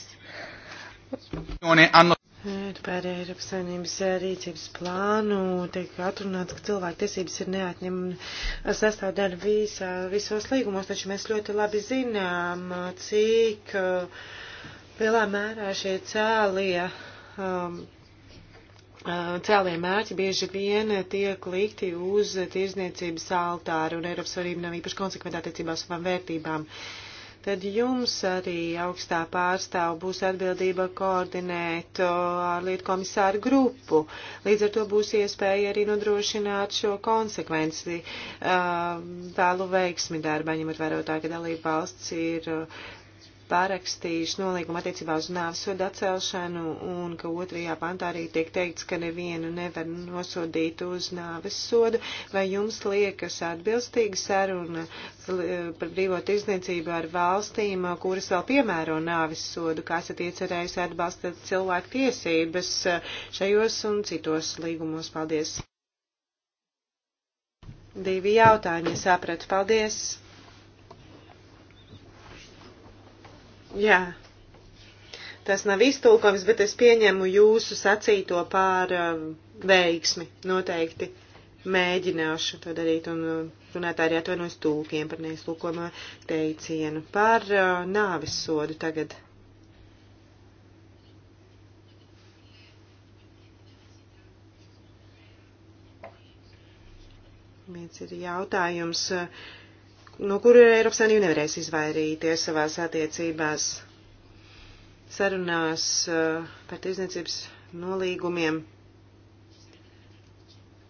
Par Eiropas Savienības rīcības plānu tiek atrunāts, ka cilvēku tiesības ir neatņemama sastāvdaļa visā, visos līgumos, taču mēs ļoti labi zinām, cik lielā mērā šie cēlie um, Eh, cēlie mērķi bieži vien tiek likti uz tirzniecības altāru, un Eiropas Savienība nav īpaši konsekventā attiecībā uz savām vērtībām. Tad jums arī augstā pārstāv būs atbildība koordinēt eh, ārlietu komisāru grupu. Līdz ar to būs iespēja arī nodrošināt šo konsekvenci eh, vēlu veiksmi darbā, ņemot vērā tā, ka dalība valsts ir uh, pārakstījuši nolīgumu attiecībā uz nāvsodu atcelšanu, un ka otrajā pantā arī tiek teikts, ka nevienu nevar nosodīt uz nāves sodu, vai jums liekas atbilstīga saruna par brīvo tirdzniecību ar valstīm, kuras vēl piemēro nāves sodu, kā esat iecerējusi atbalstīt cilvēku tiesības šajos un citos līgumos? Paldies! Divi jautājumi, sapratu, paldies! Jā. Tas nav iztulkojums, bet es pieņemu jūsu sacīto pār um, veiksmi. Noteikti mēģināšu to darīt un um, runāt arī atvainojos tūkiem par neiztulkojumu teicienu. Par uh, nāvis sodu tagad. Viens ir jautājums. Uh, no kura Eiropas Savienība nevarēs izvairīties savās attiecībās sarunās eh, par tirzniecības nolīgumiem.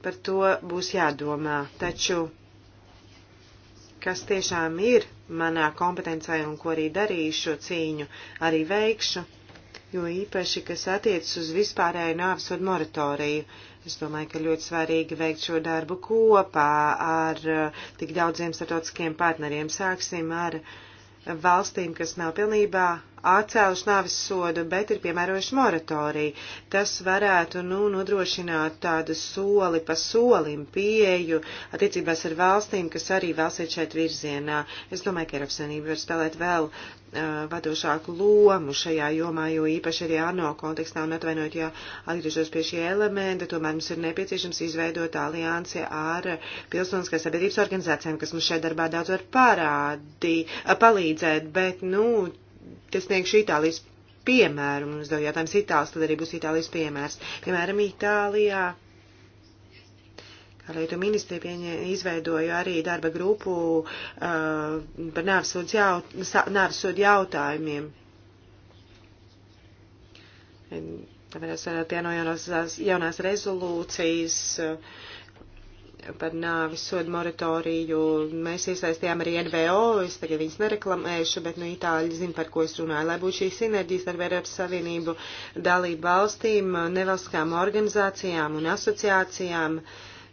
Par to būs jādomā. Taču, kas tiešām ir manā kompetencē un ko arī darīšu, cīņu arī veikšu, jo īpaši, kas attiecas uz vispārēju nāvesvadu moratoriju. Es domāju, ka ļoti svarīgi veikt šo darbu kopā ar uh, tik daudziem starptautiskiem partneriem. Sāksim ar valstīm, kas nav pilnībā atcēluši nāvis sodu, bet ir piemērojuši moratoriju. Tas varētu nu, nodrošināt tādu soli pa solim pieeju attiecībās ar valstīm, kas arī vēlas iet šeit virzienā. Es domāju, ka Eiropas Savienība var spēlēt vēl uh, vadošāku lomu šajā jomā, jo īpaši arī ANO kontekstā un atvainojot, ja atgriežos pie šī elementa, tomēr mums ir nepieciešams izveidot aliansi ar pilsoniskās sabiedrības organizācijām, kas mums šeit darbā daudz var parādi, palīdzēt, bet, nu, te sniegšu Itālijas piemēru. Mums daudz jautājums Itālijas, tad arī būs Itālijas piemērs. Piemēram, Itālijā. Lietu ministrija pieņē, izveidoja arī darba grupu uh, par nāvisodu jaut, jautājumiem. Tāpēc varētu pienojot jaunās rezolūcijas. Uh, par nāvis sodu moratoriju. Mēs iesaistījām arī NVO, es tagad viņas nereklamēšu, bet nu Itāļi zina, par ko es runāju. Lai būtu šī sinerģijas ar Eiropas Savienību dalību valstīm, nevalstiskām organizācijām un asociācijām,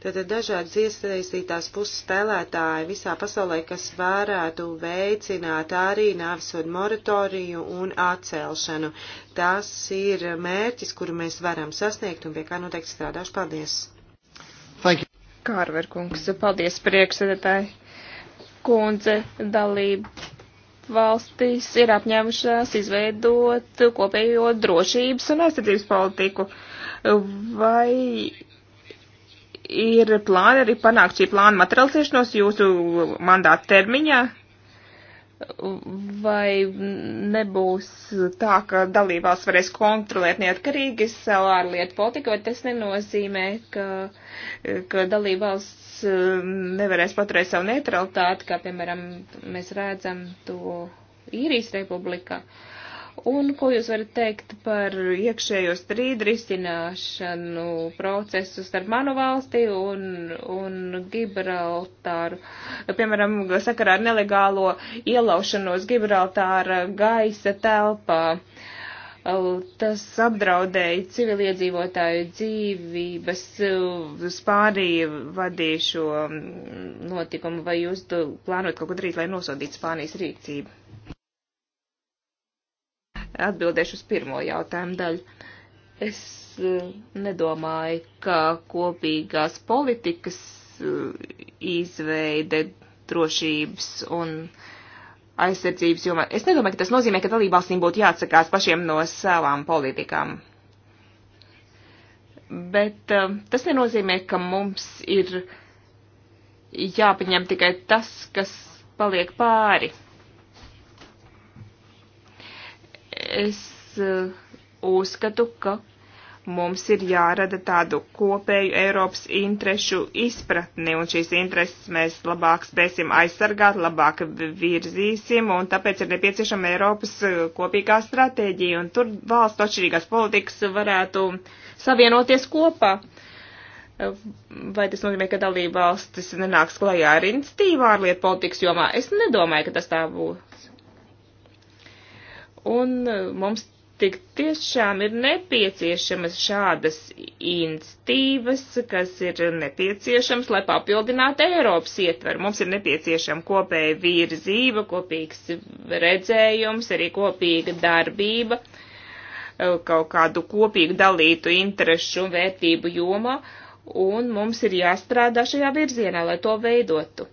tad dažādas iesaistītās puses spēlētāji visā pasaulē, kas varētu veicināt arī nāvis sodu moratoriju un atcelšanu. Tas ir mērķis, kuru mēs varam sasniegt un pie kā noteikti strādāšu. Paldies! Thank you. Kārverkungs. Paldies priekšsēdētāji. Kundze dalība valstis ir apņēmušās izveidot kopējo drošības un aizsardzības politiku. Vai ir plāni arī panākt šī plāna materializēšanos jūsu mandāta termiņā? vai nebūs tā, ka dalībās varēs kontrolēt neatkarīgi savu ārlietu politiku, vai tas nenozīmē, ka, ka dalībās um, nevarēs paturēt savu neutralitāti, kā, piemēram, mēs redzam to īrijas republikā. Uh, Un ko jūs varat teikt par iekšējo strīdu risināšanu procesu starp manu valsti un, un Gibraltāru? Piemēram, sakarā ar nelegālo ielaušanos Gibraltāra gaisa telpā. Tas apdraudēja civiliedzīvotāju dzīvības, Spānija vadīja šo mm, notikumu, vai jūs plānojat kaut ko darīt, lai nosodītu Spānijas rīcību? Atbildēšu uz pirmo jautājumu daļu. Es eh, nedomāju, ka kopīgās politikas eh, izveide drošības un aizsardzības jomā. Es nedomāju, ka tas nozīmē, ka dalībvalstīm būtu jāatsakās pašiem no savām politikām. Bet eh, tas nenozīmē, ka mums ir jāpaņem tikai tas, kas paliek pāri. Es eh, uzskatu, ka mums ir jārada tādu kopēju Eiropas interešu izpratni, un šīs intereses mēs labāk spēsim aizsargāt, labāk virzīsim, un tāpēc ir nepieciešama Eiropas eh, kopīgā stratēģija, un tur valsts atšķirīgās politikas varētu savienoties kopā. Eh, vai tas nozīmē, ka dalība valstis nenāks klajā ar institīvu ārlietu politikas jomā? Es nedomāju, ka tas tā būs Un e, mums tik tiešām ir nepieciešamas šādas institīvas, kas ir nepieciešams, lai papildinātu Eiropas ietveru. Mums ir nepieciešama kopēja virzība, kopīgs redzējums, arī kopīga darbība, e, kaut kādu kopīgu dalītu interešu un vērtību jomā. Un mums ir jāstrādā šajā virzienā, lai to veidotu.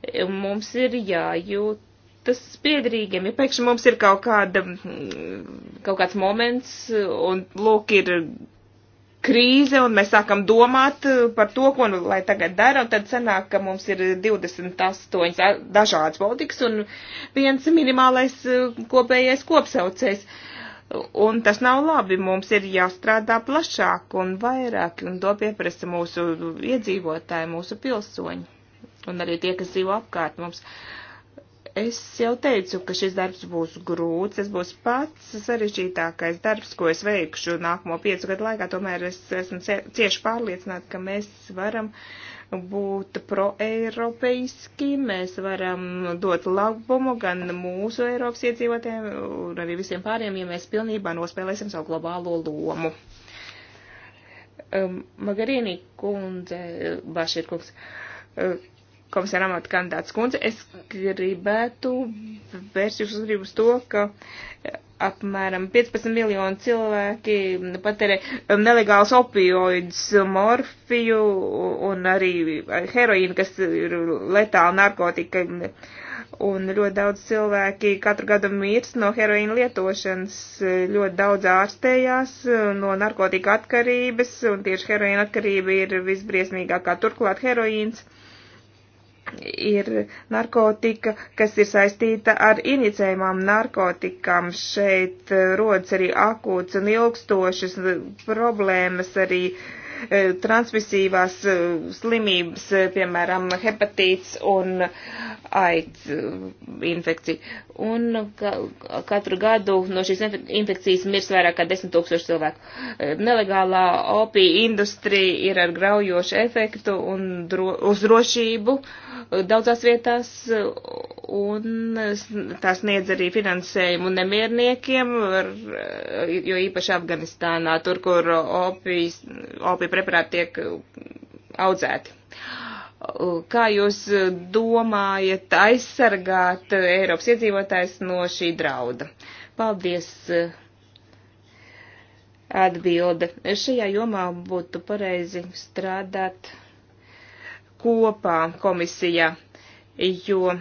E, mums ir jājūt tas spiedrīgiem. Ja pēkšņi mums ir kaut, kāda, mm, kaut kāds moments, un lūk, ir krīze, un mēs sākam domāt eh, par to, ko nu, lai tagad dara, un tad sanāk, ka mums ir 28 dažādas politikas un viens minimālais eh, kopējais kopsaucējs. Un tas nav labi, mums ir jāstrādā plašāk un vairāk, un to pieprasa mūsu iedzīvotāji, mūsu pilsoņi, un arī tie, kas dzīvo apkārt mums. Uh, Es jau teicu, ka šis darbs būs grūts, tas būs pats sarežģītākais darbs, ko es veikšu nākamo piecu gadu laikā, tomēr es esmu cieši pārliecināta, ka mēs varam būt proeiropeiski, mēs varam dot labumu gan mūsu Eiropas iedzīvotājiem, un arī visiem pāriem, ja mēs pilnībā nospēlēsim savu globālo lomu. Um, Magarīnī kundze, Bašīr kungs. Uh, komisāra amata kandidāts kundze, es gribētu vērst jūsu uzmanību uz to, ka e, apmēram 15 miljoni cilvēki patērē um, nelegāls opioids, morfiju un arī e, heroīnu, kas ir letāla narkotika. Un ļoti daudz cilvēki katru gadu mirst no heroīna lietošanas, e, ļoti daudz ārstējās no narkotika atkarības, un tieši heroīna atkarība ir visbriesmīgākā, turklāt heroīns. Uh, ir narkotika, kas ir saistīta ar inicējumām narkotikām. Šeit rodas arī akūts un ilgstošas problēmas arī uh, E, transmisīvās e, slimības, e, piemēram, hepatīts un aids infekcija. Un katru gadu no šīs infekcijas mirs vairāk kā 10 tūkstoši cilvēku. Nelegālā opija industrija ir ar graujošu efektu un dro uz drošību daudzās vietās un tās sniedz arī finansējumu nemierniekiem, jo īpaši Afganistānā, tur, kur opijas, opija šie preparāti tiek uh, audzēti. Uh, kā jūs uh, domājat aizsargāt Eiropas iedzīvotājs no šī drauda? Paldies! Atbilde. Šajā jomā būtu pareizi strādāt kopā komisijā, jo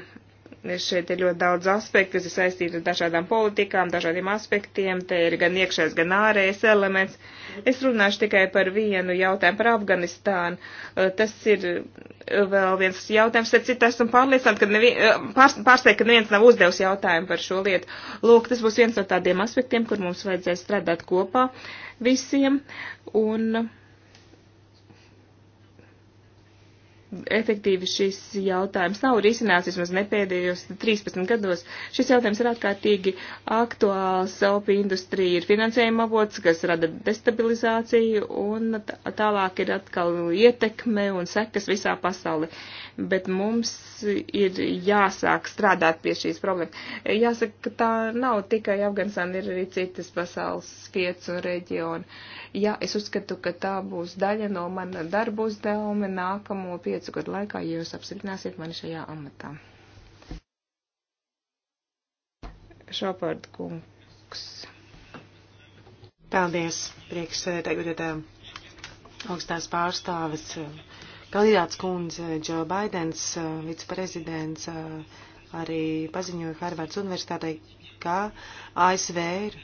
šeit ir ļoti daudz aspektu, kas ir saistīti ar dažādām politikām, dažādiem aspektiem. Te ir gan iekšējais, gan ārējais elements. Uh, Es runāšu tikai par vienu jautājumu par Afganistānu. Eh, tas ir eh, vēl viens jautājums, tad citu esmu pārliecināta, ka nevi, eh, pār, pārsteigta, ka neviens nav uzdevis jautājumu par šo lietu. Lūk, tas būs viens no tādiem aspektiem, kur mums vajadzēs strādāt kopā visiem. Un, uh, efektīvi šis jautājums nav risināts, vismaz ne pēdējos 13 gados. Šis jautājums ir ārkārtīgi aktuāls. Opi industrija ir finansējuma avots, kas rada destabilizāciju, un tālāk ir atkal ietekme un sekas visā pasaulē. Bet mums ir jāsāk strādāt pie šīs problēmas. Jāsaka, tā nav tikai Afganistāna, ir arī citas pasaules vietas un reģioni. Jā, es uzskatu, ka tā būs daļa no mana darba uzdevuma nākamo piecu piecu gadu laikā, ja jūs apstiprināsiet mani šajā amatā. Šopard kungs. Paldies, priekšsēdētājiem, augstās pārstāves, kandidāts kundze, Džo Baidens, viceprezidents, arī paziņoja Harvards universitātei, ka ASV ir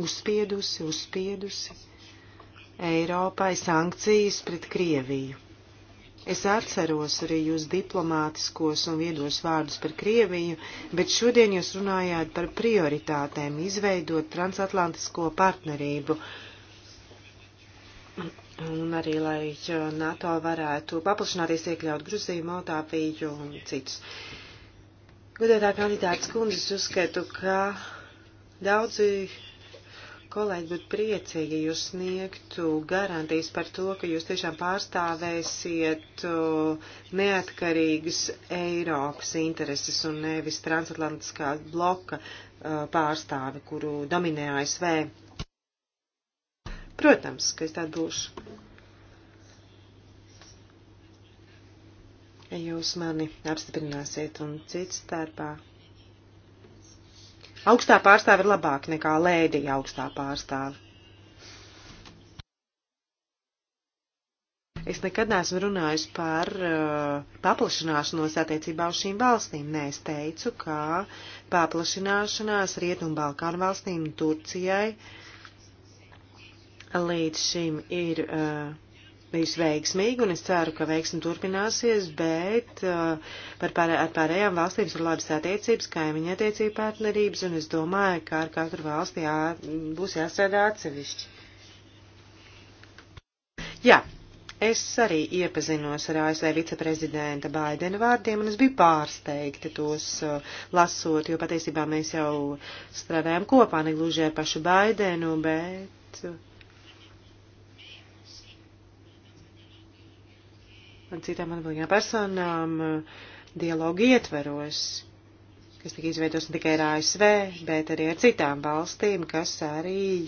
uzspiedusi, uzspiedusi Eiropai sankcijas pret Krieviju. Es atceros arī jūs diplomātiskos un viedos vārdus par Krieviju, bet šodien jūs runājāt par prioritātēm izveidot transatlantisko partnerību. Un arī, lai NATO varētu paplašināties, iekļaut Gruziju, Moldāviju un citus. Godētā kandidātas kundzes uzskatu, ka daudzi Kolēģi būtu priecīgi, ja jūs sniegtu garantijas par to, ka jūs tiešām pārstāvēsiet uh, neatkarīgas Eiropas intereses un nevis transatlantiskā bloka uh, pārstāvi, kuru dominē ASV. Protams, ka es tādu būšu. Ja jūs mani apstiprināsiet un cits starpā. Augstā pārstāve ir labāk nekā lēdija augstā pārstāve. Es nekad neesmu runājis par uh, paplašināšanos attiecībā uz šīm valstīm. Nē, es teicu, ka paplašināšanās Rietumu Balkānu valstīm un Turcijai līdz šim ir uh, bijusi veiksmīga, un es ceru, ka veiksmi turpināsies, bet uh, par pārē, ar pārējām valstīm ir labas attiecības, kaimiņa attiecība partnerības, un es domāju, ka ar katru valsti jā, būs jāstrādā atsevišķi. Jā, es arī iepazinos ar ASV viceprezidenta Baidena vārdiem, un es biju pārsteigta tos uh, lasot, jo patiesībā mēs jau strādājam kopā, ne gluži ar pašu Baidenu, bet. Uh, ar citām atbildīgām personām eh, dialogu ietveros, kas tika izveidos ne tikai ar ASV, bet arī ar citām valstīm, kas arī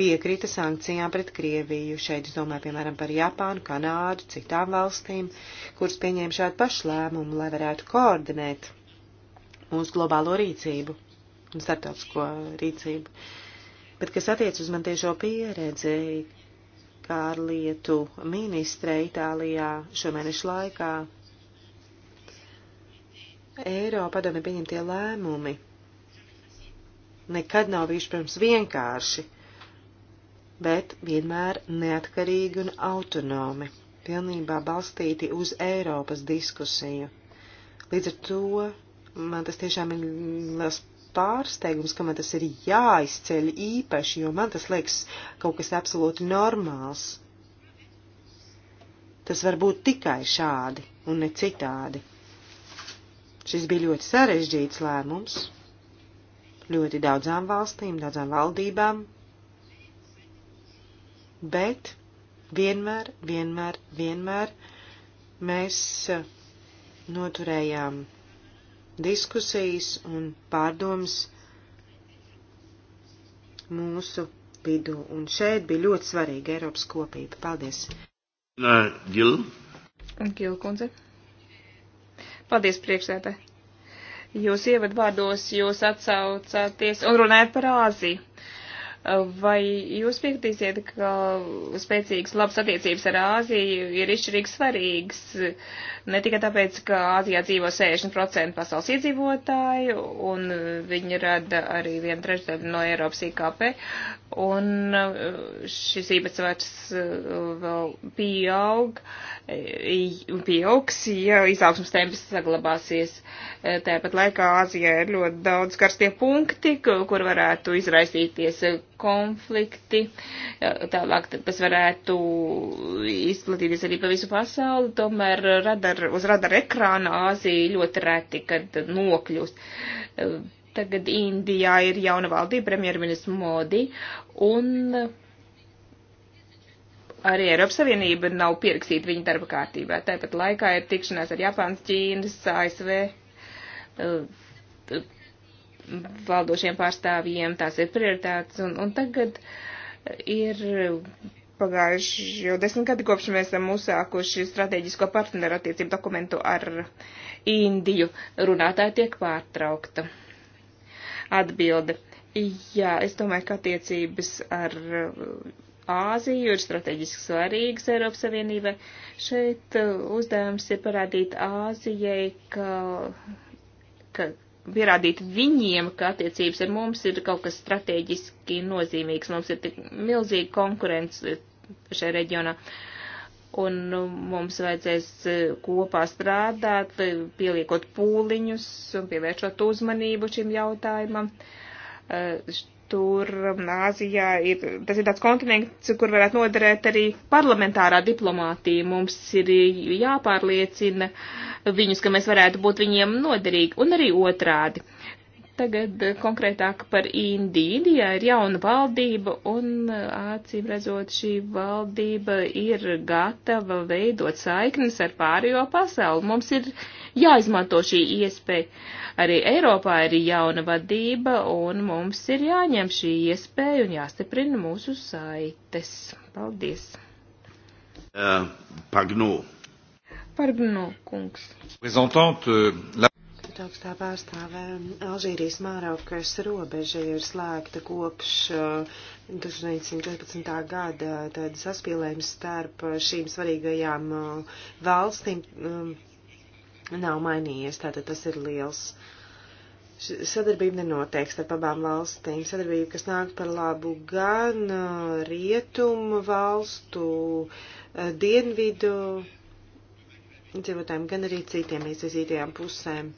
piekrita sankcijām pret Krieviju. Šeit es domāju, piemēram, par Japānu, Kanādu, citām valstīm, kuras pieņēma šādu pašlēmumu, lai varētu koordinēt mūsu globālo rīcību un starptautisko rīcību. Bet, kas attiec uz man tiešo pieredzi, ārlietu ministre Itālijā šo mēnešu laikā. Eiropa padomi pieņemtie lēmumi nekad nav bijuši pirms vienkārši, bet vienmēr neatkarīgi un autonomi, pilnībā balstīti uz Eiropas diskusiju. Līdz ar to man tas tiešām ir liels pārsteigums, ka man tas ir jāizceļ īpaši, jo man tas liekas kaut kas absolūti normāls. Tas var būt tikai šādi un ne citādi. Šis bija ļoti sarežģīts lēmums ļoti daudzām valstīm, daudzām valdībām, bet vienmēr, vienmēr, vienmēr mēs eh, noturējām diskusijas un pārdomas mūsu vidu. Un šeit bija ļoti svarīga Eiropas kopība. Paldies! Gil. Gil kundze. Paldies priekšsētē. Jūs ievadvārdos jūs atsaucāties un runājat par Āziju. Vai jūs piekritīsiet, ka spēcīgas labas attiecības ar Āziju ir izšķirīgi svarīgas ne tikai tāpēc, ka Āzijā dzīvo 60% pasaules iedzīvotāju un viņi rada arī vienu trešdaļu no Eiropas IKP un uh, šis īpatsvars uh, vēl pieaug, pieaugs, ja izaugsmas temps saglabāsies. Uh, tāpat laikā Āzijā ir ļoti daudz karstie punkti, kur varētu izraisīties konflikti, tālāk tas varētu izplatīties arī pa visu pasauli, tomēr radar, uz radar ekrāna Āzija ļoti reti, kad nokļūst. Tagad Indijā ir jauna valdība, premjerministrs Modi, un arī Eiropas Savienība nav pierakstīta viņa darba kārtībā. Tāpat laikā ir tikšanās ar Japānas, Ķīnas, ASV valdošiem pārstāvjiem, tās ir prioritātes, un, un tagad ir pagājuši jau desmit gadi kopš mēs esam uzsākuši strateģisko partneru attiecību dokumentu ar Indiju. Runātāja tiek pārtraukta. Atbilde. Jā, es domāju, ka attiecības ar Āziju ir strateģiski svarīgas Eiropas Savienībai. Šeit uh, uzdevums ir parādīt Āzijai, ka, ka pierādīt viņiem, ka attiecības ar mums ir kaut kas strateģiski nozīmīgs. Mums ir tik milzīga konkurence šajā reģionā. Un nu, mums vajadzēs e, kopā strādāt, e, pieliekot pūliņus un pievēršot uzmanību šim jautājumam. E, tur um, Āzijā ir, tas ir tāds kontinents, kur varētu noderēt arī parlamentārā diplomātija. Mums ir jāpārliecina viņus, ka mēs varētu būt viņiem noderīgi, un arī otrādi. Tagad uh, konkrētāk par Indiju. Indijā ir jauna valdība, un uh, acīm redzot, šī valdība ir gatava veidot saiknes ar pārējo pasauli. Mums ir jāizmanto šī iespēja. Arī Eiropā ir jauna vadība, un mums ir jāņem šī iespēja un jāstiprina mūsu saites. Paldies! Uh, Pagnu. Pagnu, kungs. Prezentante, la augstā pārstāvē Alžīrijas Mārokas robeža ir slēgta kopš 1914. Uh, gada, tad saspīlējums starp šīm svarīgajām uh, valstīm um, nav mainījies. Tātad tas ir liels. Sadarbība nenoteikti starp abām valstīm. Sadarbība, kas nāk par labu gan uh, rietumu valstu, uh, dienvidu dzīvotājiem, gan arī citiem izvizītajām pusēm.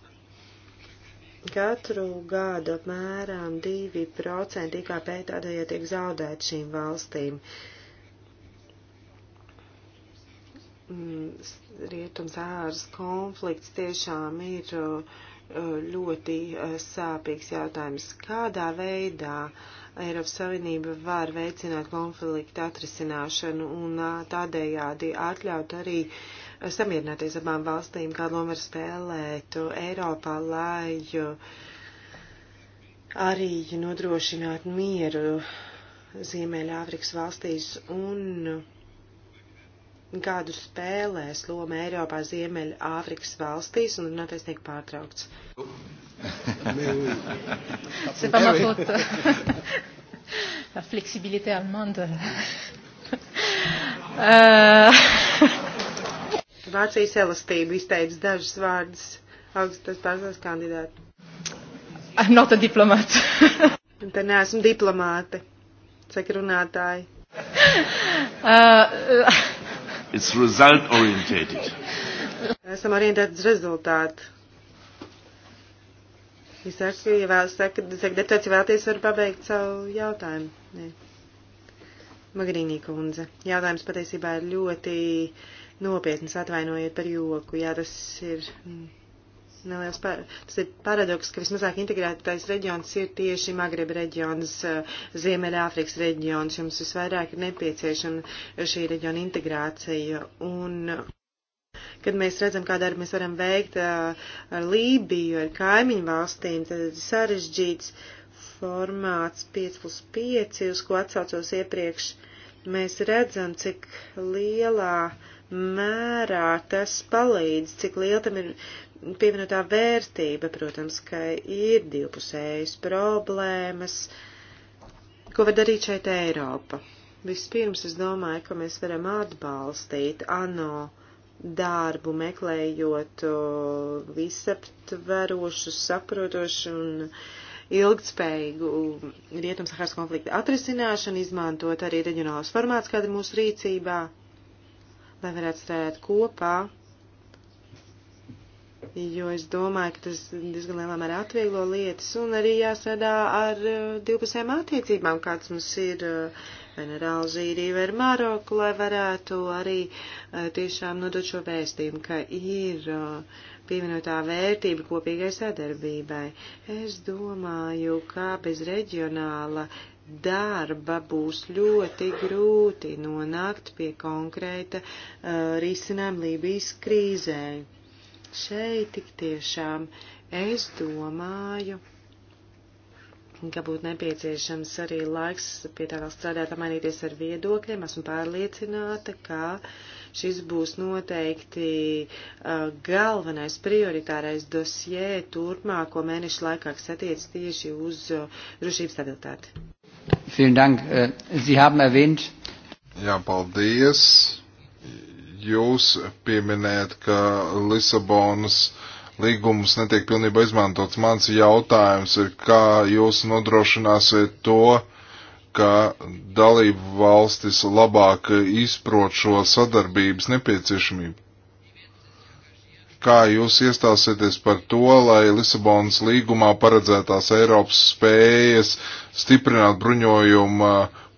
Katru gadu apmēram 2% IKP tādējā tiek zaudēt šīm valstīm. Uh, Mm, rietumsāras konflikts tiešām ir uh, ļoti uh, sāpīgs jautājums. Kādā veidā Eiropas Savienība var veicināt konflikta atrisināšanu un uh, tādējādi atļaut arī samierināties abām valstīm, kādu lomu var spēlēt Eiropā, lai arī nodrošinātu mieru Ziemeļāfrikas valstīs un gadu spēlēs loma Eiropā Ziemeļa Āfrikas valstīs un runātais tiek pārtraukts. C'est pas ma faute. La flexibilité allemande. Euh. Vācijas elastība izteica dažus vārdus augstas pārstāvs kandidāti. I'm not a diplomat. Un te neesmu diplomāte, saka runātāji. Uh, uh, It's result orientated. Esam orientēti uz rezultātu. Jūs sakat, ja vēl sakat, sakat deputāts, ja vēlties, var pabeigt savu jautājumu. Nē. Magrīnī kundze, jautājums patiesībā ir ļoti nopietns, atvainojiet par joku. Jā, tas ir. Mm neliels par, tas ir paradoks, ka vismazāk integrētais reģions ir tieši Magreba reģions, Ziemeļāfrikas reģions. Jums visvairāk ir nepieciešama šī reģiona integrācija. Un, kad mēs redzam, kā darbu mēs varam veikt ar Lībiju, ar kaimiņu valstīm, tad ir sarežģīts formāts 5 plus 5, uz ko atsaucos iepriekš. Mēs redzam, cik lielā mērā tas palīdz, cik liela tam ir pievienotā vērtība, protams, ka ir divpusējas problēmas, ko var darīt šeit Eiropa. Vispirms es domāju, ka mēs varam atbalstīt ANO darbu, meklējot visaptverošu, saprotošu un ilgtspējīgu Rietumsaharas konflikta atrisināšanu, izmantot arī reģionālus formāts, kāda ir mūsu rīcībā, lai varētu strādāt kopā jo es domāju, ka tas diezgan lielā mērā atvieglo lietas un arī jāsadā ar eh, divpusējām attiecībām, kāds mums ir vai ar Alžīriju vai ar Maroku, lai varētu arī eh, tiešām nodot šo vēstījumu, ka ir eh, pievienotā vērtība kopīgai sadarbībai. Es domāju, ka bez reģionāla darba būs ļoti grūti nonākt pie konkrēta uh, risinājuma Lībijas krīzē. Šeit tik tiešām es domāju, ka būtu nepieciešams arī laiks pie tā vēl strādāt, mainīties ar viedokļiem. Esmu pārliecināta, ka šis būs noteikti uh, galvenais prioritārais dosjē turpmāko mēnešu laikā, kas attiec tieši uz uh, drošības stabilitāti. Vielen Dank. Äh, Sie haben erwähnt. Jā, paldies. Jūs pieminējat, ka Lisabonas līgums netiek pilnībā izmantots. Mans jautājums ir, kā jūs nodrošināsiet to, ka dalību valstis labāk izprot šo sadarbības nepieciešamību? Kā jūs iestāsieties par to, lai Lisabonas līgumā paredzētās Eiropas spējas stiprināt bruņojumu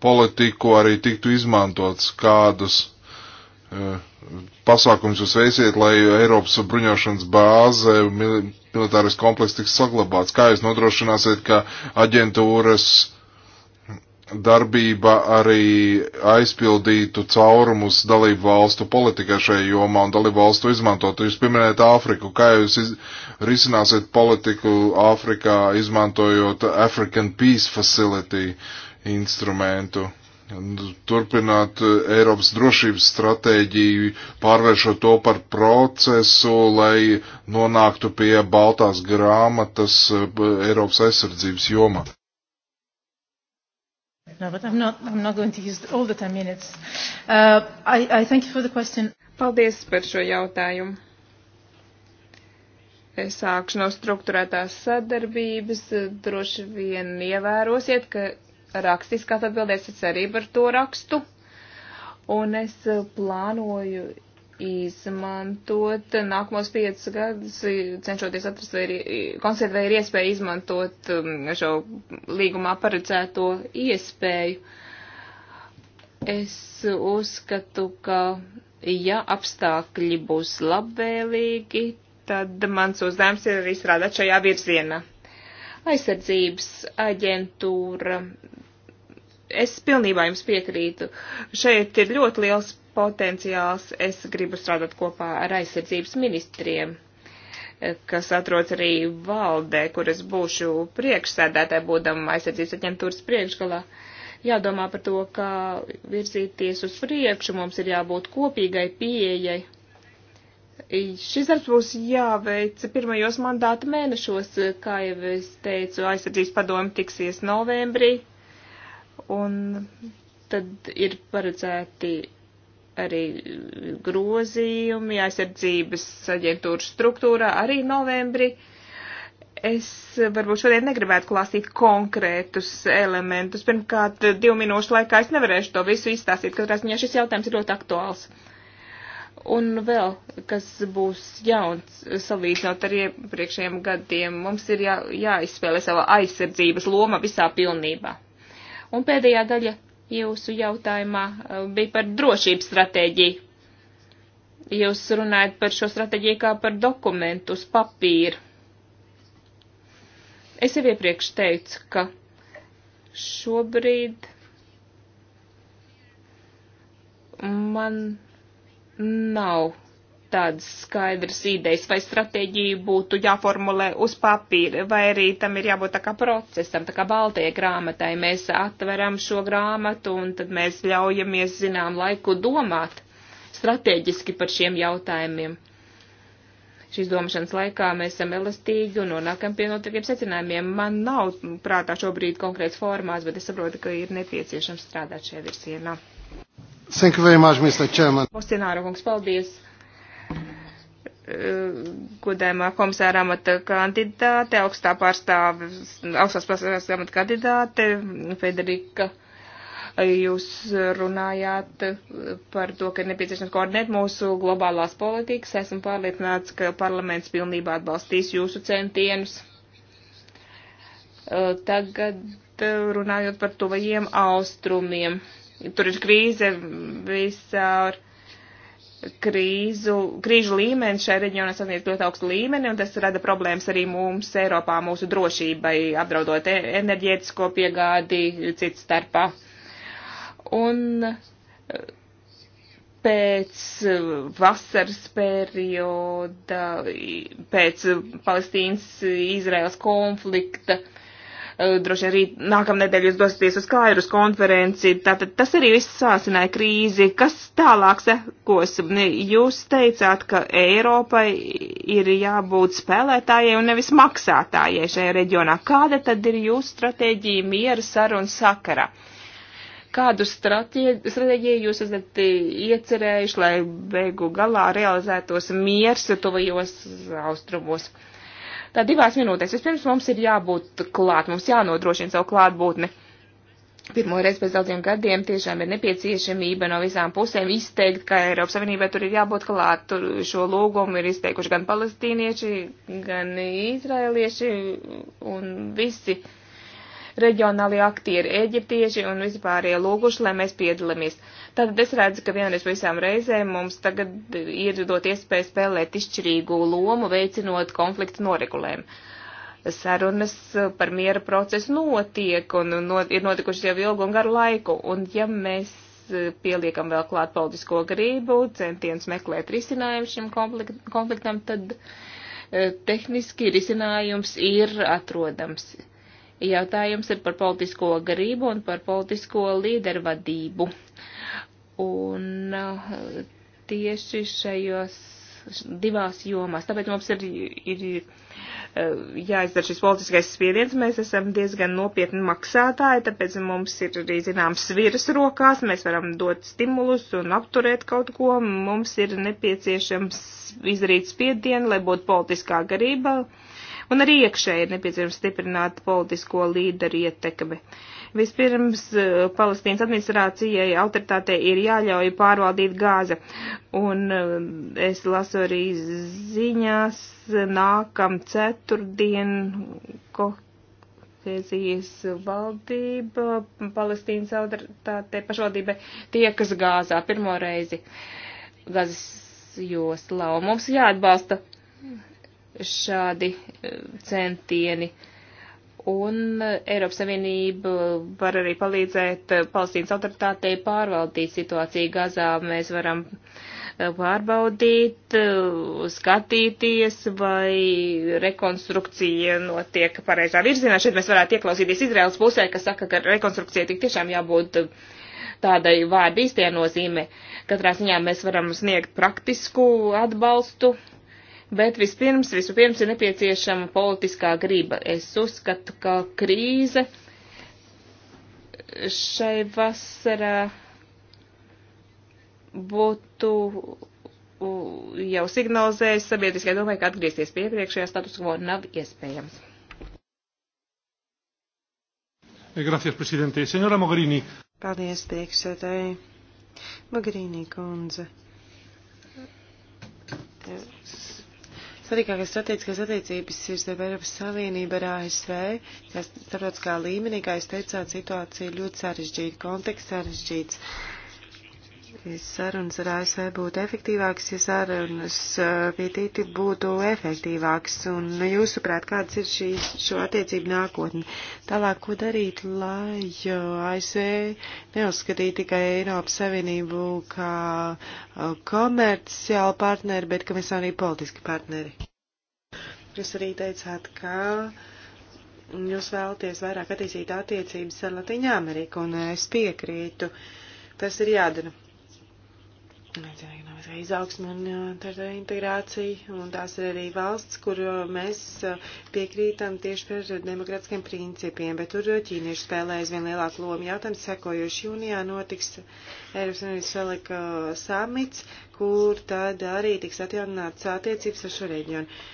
politiku arī tiktu izmantots kādus uh, pasākums jūs veisiet, lai Eiropas bruņošanas bāze, militārais komplekss tiks saglabāts? Kā jūs nodrošināsiet, ka aģentūras darbība arī aizpildītu caurumus dalību valstu politikā šajā jomā un dalību valstu izmantotu. Jūs pieminējat Āfriku, kā jūs iz, risināsiet politiku Āfrikā, izmantojot African Peace Facility instrumentu? turpināt eh, Eiropas drošības stratēģiju, pārvēršot to par procesu, lai nonāktu pie Baltās grāmatas eh, Eiropas aizsardzības jomā. No, but I'm not, I'm not going to use all the 10 minutes. Uh, I, I thank you for the question. Paldies par šo jautājumu. Es sākšu no struktūrētās sadarbības. Droši vien ievērosiet, ka rakstiskās atbildēs, es arī par to rakstu. Un es eh, plānoju izmantot nākamos piecus gadus, cenšoties atrast vai ir, konstatēt, vai ir iespēja izmantot um, šo līgumā paredzēto iespēju. Es uzskatu, ka ja apstākļi būs labvēlīgi, tad mans uzdevums ir arī strādāt šajā virzienā. Aizsardzības aģentūra es pilnībā jums piekrītu. Šeit ir ļoti liels potenciāls. Es gribu strādāt kopā ar aizsardzības ministriem, kas atrodas arī valdē, kur es būšu priekšsēdētāji, būdam aizsardzības aģentūras priekšgalā. Jādomā par to, kā virzīties uz priekšu, mums ir jābūt kopīgai pieejai. Šis darbs būs jāveic pirmajos mandāta mēnešos, kā jau es teicu, aizsardzības padomi tiksies novembrī Un tad ir paredzēti arī grozījumi aizsardzības aģentūras struktūrā arī novembrī. Es varbūt šodien negribētu klāstīt konkrētus elementus. Pirmkārt, divu minūšu laikā es nevarēšu to visu izstāstīt, katrā ziņā šis jautājums ir ļoti aktuāls. Un vēl, kas būs jauns salīdzinot ar iepriekšējiem gadiem, mums ir jā, jāizspēlē sava aizsardzības loma visā pilnībā Un pēdējā daļa jūsu jautājumā eh, bija par drošības stratēģiju. Jūs runājat par šo stratēģiju kā par dokumentu uz papīra. Es jau iepriekš teicu, ka šobrīd man nav tādas skaidras idejas, vai stratēģija būtu jāformulē uz papīra, vai arī tam ir jābūt tā kā procesam, tā kā baltajai grāmatai. Mēs atveram šo grāmatu un tad mēs ļaujamies zinām laiku domāt strateģiski par šiem jautājumiem. Šīs domāšanas laikā mēs esam elastīgi un nonākam pie notiekiem secinājumiem. Man nav prātā šobrīd konkrēts formās, bet es saprotu, ka ir nepieciešams strādāt šajā virsienā. Thank you very much, Mr. Chairman. Postināra kungs, paldies gudējumā komisāra amata kandidāte, augstā pārstāve, augstās pārstāves amata kandidāte, Federika, jūs runājāt par to, ka ir nepieciešams koordinēt mūsu globālās politikas. Esmu pārliecināts, ka parlaments pilnībā atbalstīs jūsu centienus. Tagad runājot par tuvajiem austrumiem. Tur ir krīze visā. Ar krīzu, krīžu līmenis šajā reģionā sasniedz ļoti augstu līmeni, un tas rada problēmas arī mums Eiropā, mūsu drošībai, apdraudot e- enerģētisko piegādi cits starpā. Un eh, pēc eh, vasaras perioda, pēc Palestīnas-Izraels konflikta, uh, Eh, droši arī nākamnedēļ jūs dosieties uz Kairus konferenci. Tātad tas arī viss sāsināja krīzi. Kas tālāk sekos? Jūs teicāt, ka Eiropai ir jābūt spēlētājai un nevis maksātājai šajā reģionā. Kāda tad ir jūsu stratēģija miera saruna sakara? Kādu stratēģiju jūs esat iecerējuši, lai beigu galā realizētos miers tuvajos austrumos? Uh, Tā divās minūtēs. Vispirms mums ir jābūt klāt, mums jānodrošina savu klātbūtni. Pirmo reizi pēc daudziem gadiem tiešām ir nepieciešamība no visām pusēm izteikt, ka Eiropas Savienībai tur ir jābūt klāt. Tur šo lūgumu ir izteikuši gan palestīnieši, gan izraelieši un visi. Uh, reģionālie aktieri, eģiptieši un vispārējie lūguši, lai mēs piedalāmies. Tātad es redzu, ka vienreiz visām reizēm mums tagad ir dot iespēju spēlēt izšķirīgu lomu, veicinot konfliktu noregulējumu. Sarunas par miera procesu notiek un not, ir notikušas jau ilgu un garu laiku, un ja mēs pieliekam vēl klāt politisko grību, centienus meklēt risinājumu šim konfliktam, tad eh, tehniski risinājums ir atrodams. Jautājums ir par politisko garību un par politisko līdervadību. Un uh, tieši šajos divās jomās. Tāpēc mums ir, ir uh, jāizdara šis politiskais spiediens. Mēs esam diezgan nopietni maksātāji, tāpēc mums ir arī zināms sviras rokās. Mēs varam dot stimulus un apturēt kaut ko. Mums ir nepieciešams izdarīt spiedienu, lai būtu politiskā garība, un arī iekšēji ir nepieciešams stiprināt politisko līderu ietekmi. Vispirms eh, Palestīnas administrācijai autoritātei ir jāļauj pārvaldīt gāze, un eh, es lasu arī ziņās nākam ceturtdien, ko Kēzijas valdība, Palestīnas autoritātei pašvaldībai tiekas gāzā pirmo reizi gazas joslā, un mums jāatbalsta šādi eh, centieni. Un eh, Eiropas Savienība var arī palīdzēt eh, Palestīnas autoritātei pārvaldīt situāciju Gazā. Mēs varam pārbaudīt, skatīties, vai rekonstrukcija notiek pareizā virzienā. Šeit mēs varētu ieklausīties Izraels pusē, kas saka, ka rekonstrukcija tik tiešām jābūt tādai vārdu īstajā nozīmē. Katrā ziņā mēs varam sniegt praktisku atbalstu Bet vispirms, vispirms ir nepieciešama politiskā griba. Es uzskatu, ka krīze šai vasarā būtu jau signalizējis sabiedriskai domai, ka atgriezties pie iepriekšējā status quo nav iespējams. Gracias, presidente. Senora Mogherini. Paldies, priekšsēdēji. Mogherini kundze. Es Svarīgākās strateģiskās attiecības ir starp Eiropas Savienību ar ASV. Starptautiskā līmenī, kā jūs teicāt, situācija ir ļoti sarežģīta, konteksts sarežģīts ja sarunas ar ASV būtu efektīvākas, ja sarunas pie tīti būtu efektīvākas, un nu, jūsuprāt, kāds ir šīs, šo attiecību nākotni? Tālāk, ko darīt, lai ASV neuzskatītu tikai Eiropas Savienību kā komerciālu partneri, bet ka mēs esam arī politiski partneri? Jūs arī teicāt, ka jūs vēlaties vairāk attīstīt attiecības ar Latviju Ameriku, un es piekrītu. Tas ir jādara. Mēs arī nav izaugsme un uh, tādā integrācija, un tās ir arī valsts, kur uh, mēs uh, piekrītam tieši par demokratiskiem principiem, bet tur ķīnieši spēlē aizvien lielāku lomu. Jautājums sekojoši jūnijā notiks Eiropas Unības Velika samits, kur tad arī tiks atjaunināts attiecības ar šo reģionu.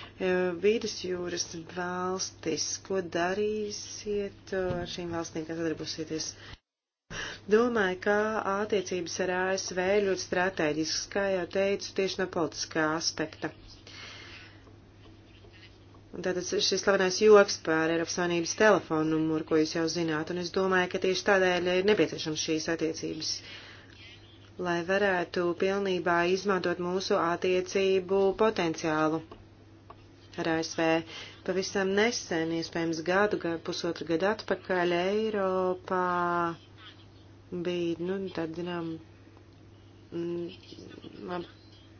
Vīdusjūras valstis, ko darīsiet ar šīm valstīm, kā sadarbosieties? Domāju, ka attiecības ar ASV ļoti strateģisks, kā jau teicu, tieši no politiskā aspekta. Un tātad šis slavenais joks par Eiropas Savienības telefonu numuru, ko jūs jau zināt, un es domāju, ka tieši tādēļ ir nepieciešams šīs attiecības, lai varētu pilnībā izmantot mūsu attiecību potenciālu ar ASV. Pavisam nesen, iespējams gadu, pusotru gadu atpakaļ Eiropā bija, nu, tad, zinām, man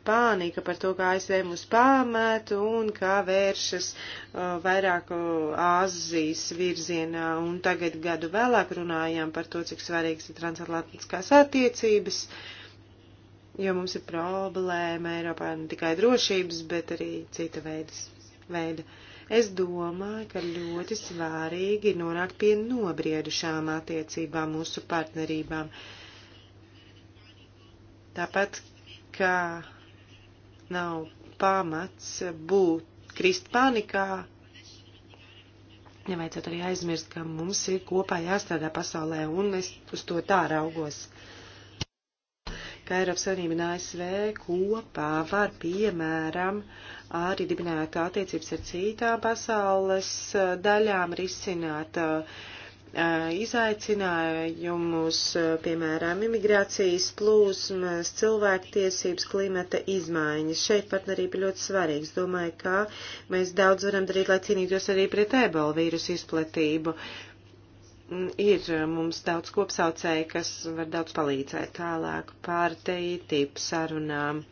pānika par to, kā ASV mūs pāmētu un kā vēršas uh, vairāk uh, Āzijas virzienā. Un tagad gadu vēlāk runājām par to, cik svarīgs ir transatlantiskās attiecības, jo mums ir problēma Eiropā ne tikai drošības, bet arī cita veidas, veida. veida Es domāju, ka ļoti svārīgi norākt pie nobriedušām attiecībām mūsu partnerībām. Tāpat, kā nav pamats būt krist panikā, nevajadzētu arī aizmirst, ka mums ir kopā jāstrādā pasaulē, un es uz to tā raugos ka Eiropas Savienība un ASV kopā var, piemēram, arī dibināt attiecības ar citām pasaules eh, daļām, risināt eh, izaicinājumus, eh, piemēram, imigrācijas plūsmas, cilvēktiesības, klimata izmaiņas. Šeit partnerība ļoti svarīgs. Domāju, ka mēs daudz varam darīt, lai cīnītos arī pret ebola vīrusu izplatību. Uh, Mm, ir eh, mums daudz kopsaucēji, kas var daudz palīdzēt tālāk par TTIP sarunām.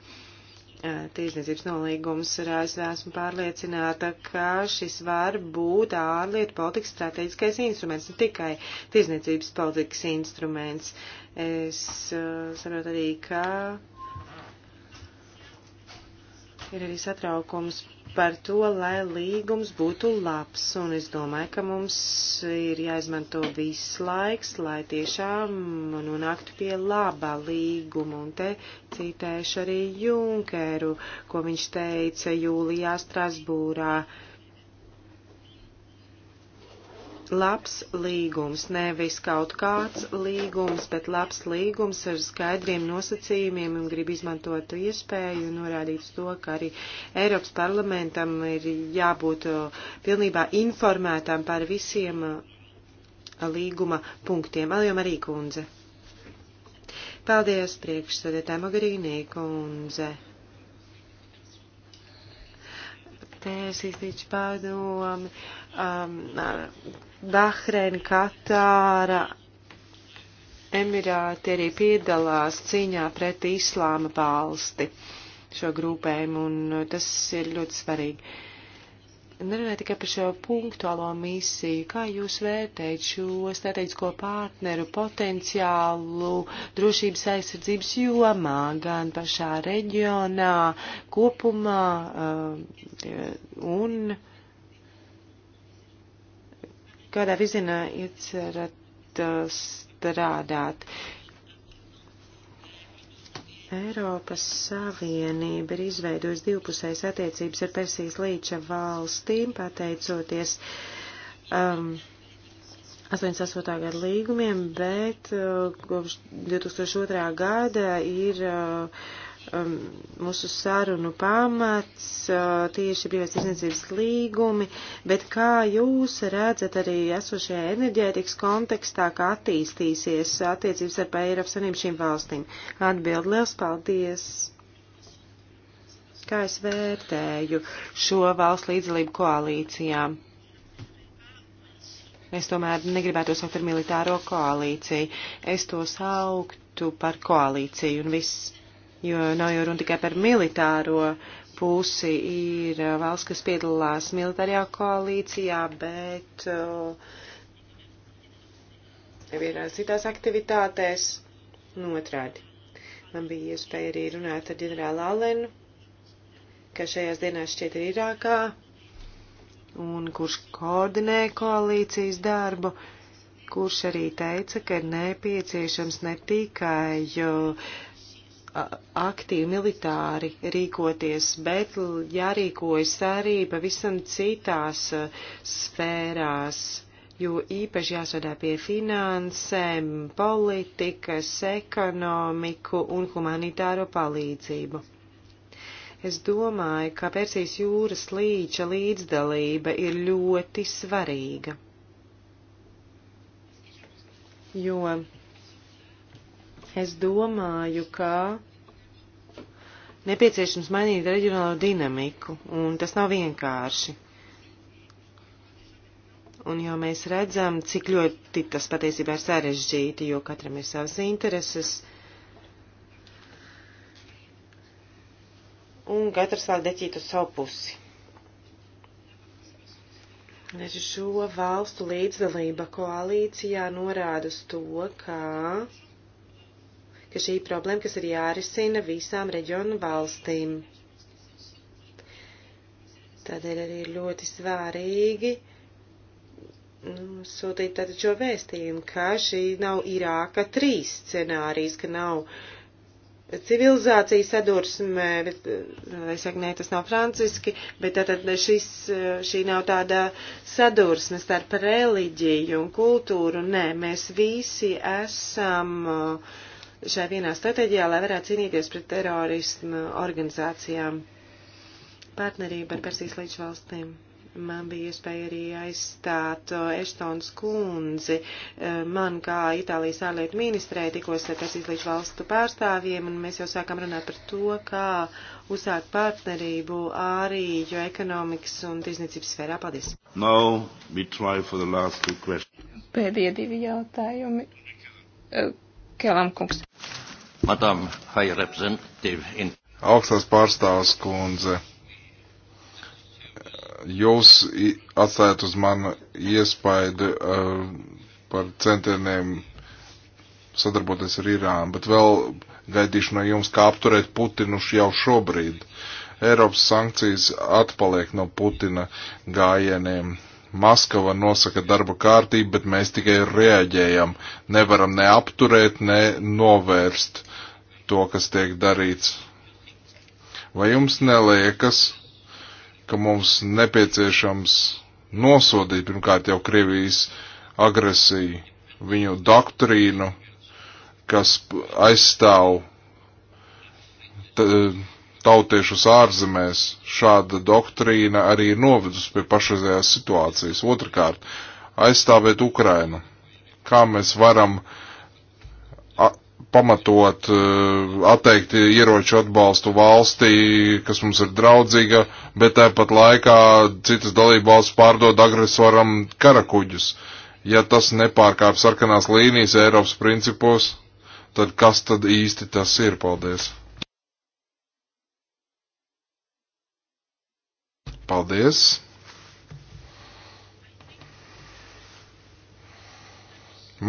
Eh, tiesniecības nolīgums ar ASV esmu pārliecināta, ka šis var būt ārlietu politikas strateģiskais instruments, ne tikai tiesniecības politikas instruments. Es eh, saprotu arī, ka ir arī satraukums par to, lai līgums būtu labs, un es domāju, ka mums ir jāizmanto viss laiks, lai tiešām nonāktu pie labā līguma, un te citēšu arī Junkeru, ko viņš teica jūlijā Strasbūrā. Uh, labs līgums, nevis kaut kāds līgums, bet labs līgums ar skaidriem nosacījumiem un grib izmantot iespēju un norādīt to, ka arī Eiropas parlamentam ir jābūt uh, pilnībā informētām par visiem uh, līguma punktiem. Aljom arī kundze. Paldies priekšsēdētāji Mogarīnī kundze. Tēsīs līdz padomi. Um, uh, Bahreina, Katāra, Emirāti arī piedalās cīņā pret Islāma valsti šo grupējumu, un tas ir ļoti svarīgi. Nerunāju tikai par šo punktuālo misiju. Kā jūs vērtējat šo strateģisko partneru potenciālu drošības aizsardzības jomā, gan pašā reģionā kopumā um, un. Uh, kādā virzienā iecerat strādāt. Eiropas Savienība ir izveidojusi divpusējas attiecības ar Persijas līča valstīm, pateicoties um, 88. gada līgumiem, bet uh, kopš 2002. gada ir uh, um, mūsu sarunu pamats, uh, tieši brīvās tirdzniecības līgumi, bet kā jūs redzat arī esošajā enerģētikas kontekstā, kā attīstīsies attiecības ar Eiropas Savienību šīm valstīm? Atbild liels paldies! Kā es vērtēju šo valstu līdzdalību koalīcijām? Es tomēr negribētu saukt par militāro koalīciju. Es to sauktu par koalīciju un viss jo nav jau runa tikai par militāro pusi, ir eh, valsts, kas piedalās militārajā koalīcijā, bet jau eh, ir citās aktivitātēs notrādi. Nu, Man bija iespēja arī runāt ar ģenerālu Alenu, kas šajās dienās šķiet ir Irākā, un kurš koordinē koalīcijas darbu kurš arī teica, ka ir nepieciešams ne tikai aktīvi militāri rīkoties, bet jārīkojas arī pavisam citās sfērās, jo īpaši jāsadā pie finansēm, politikas, ekonomiku un humanitāro palīdzību. Es domāju, ka Persijas jūras līča līdzdalība ir ļoti svarīga, jo Es domāju, ka nepieciešams mainīt reģionālo dinamiku, un tas nav vienkārši. Un jau mēs redzam, cik ļoti tas patiesībā ir sarežģīti, jo katram ir savas intereses. Un katrs vēl deķīt uz savu pusi. Taču šo valstu līdzdalība koalīcijā norāda uz to, ka ka šī problēma, kas ir jārisina visām reģionu valstīm. Tādēļ arī ir ļoti svārīgi nu, sūtīt tātad šo vēstījumu, ka šī nav Irāka trīs scenārijas, ka nav civilizācija sadursme, bet, vai saka, nē, tas nav franciski, bet tātad šis, šī nav tāda sadursme starp reliģiju un kultūru, nē, mēs visi esam uh, šai vienā stratēģijā, lai varētu cīnīties pret terorismu organizācijām. Partnerība ar Persijas līdz valstīm. Man bija iespēja arī aizstāt eh, Eštons kundzi. Eh, man kā Itālijas ārlietu ministrē tikos ar Persijas līdz valstu pārstāvjiem, un mēs jau sākam runāt par to, kā uzsākt partnerību arī jo ekonomikas un tirzniecības sfērā. Paldies! Now we try for the last two questions. Pēdējie divi jautājumi. Uh Kelam kungs. Madam, high representative in. Augstās pārstāvs kundze. Jūs atstājat uz manu iespaidu uh, par centieniem sadarboties ar Irānu, bet vēl gaidīšu no jums, kā apturēt Putinu jau šobrīd. Eiropas sankcijas atpaliek no Putina gājieniem. Maskava nosaka darba kārtību, bet mēs tikai reaģējam. Nevaram ne apturēt, ne novērst to, kas tiek darīts. Vai jums neliekas, ka mums nepieciešams nosodīt pirmkārt jau Krievijas agresiju, viņu doktrīnu, kas aizstāv tautiešus ārzemēs šāda doktrīna arī ir novedusi pie pašreizējās situācijas. Otrakārt, aizstāvēt Ukrainu. Kā mēs varam pamatot, e, atteikt ieroču atbalstu valstī, kas mums ir draudzīga, bet tāpat laikā citas dalība valsts pārdod agresoram karakuģus. Ja tas nepārkāp sarkanās līnijas Eiropas principos, tad kas tad īsti tas ir? Paldies! Paldies!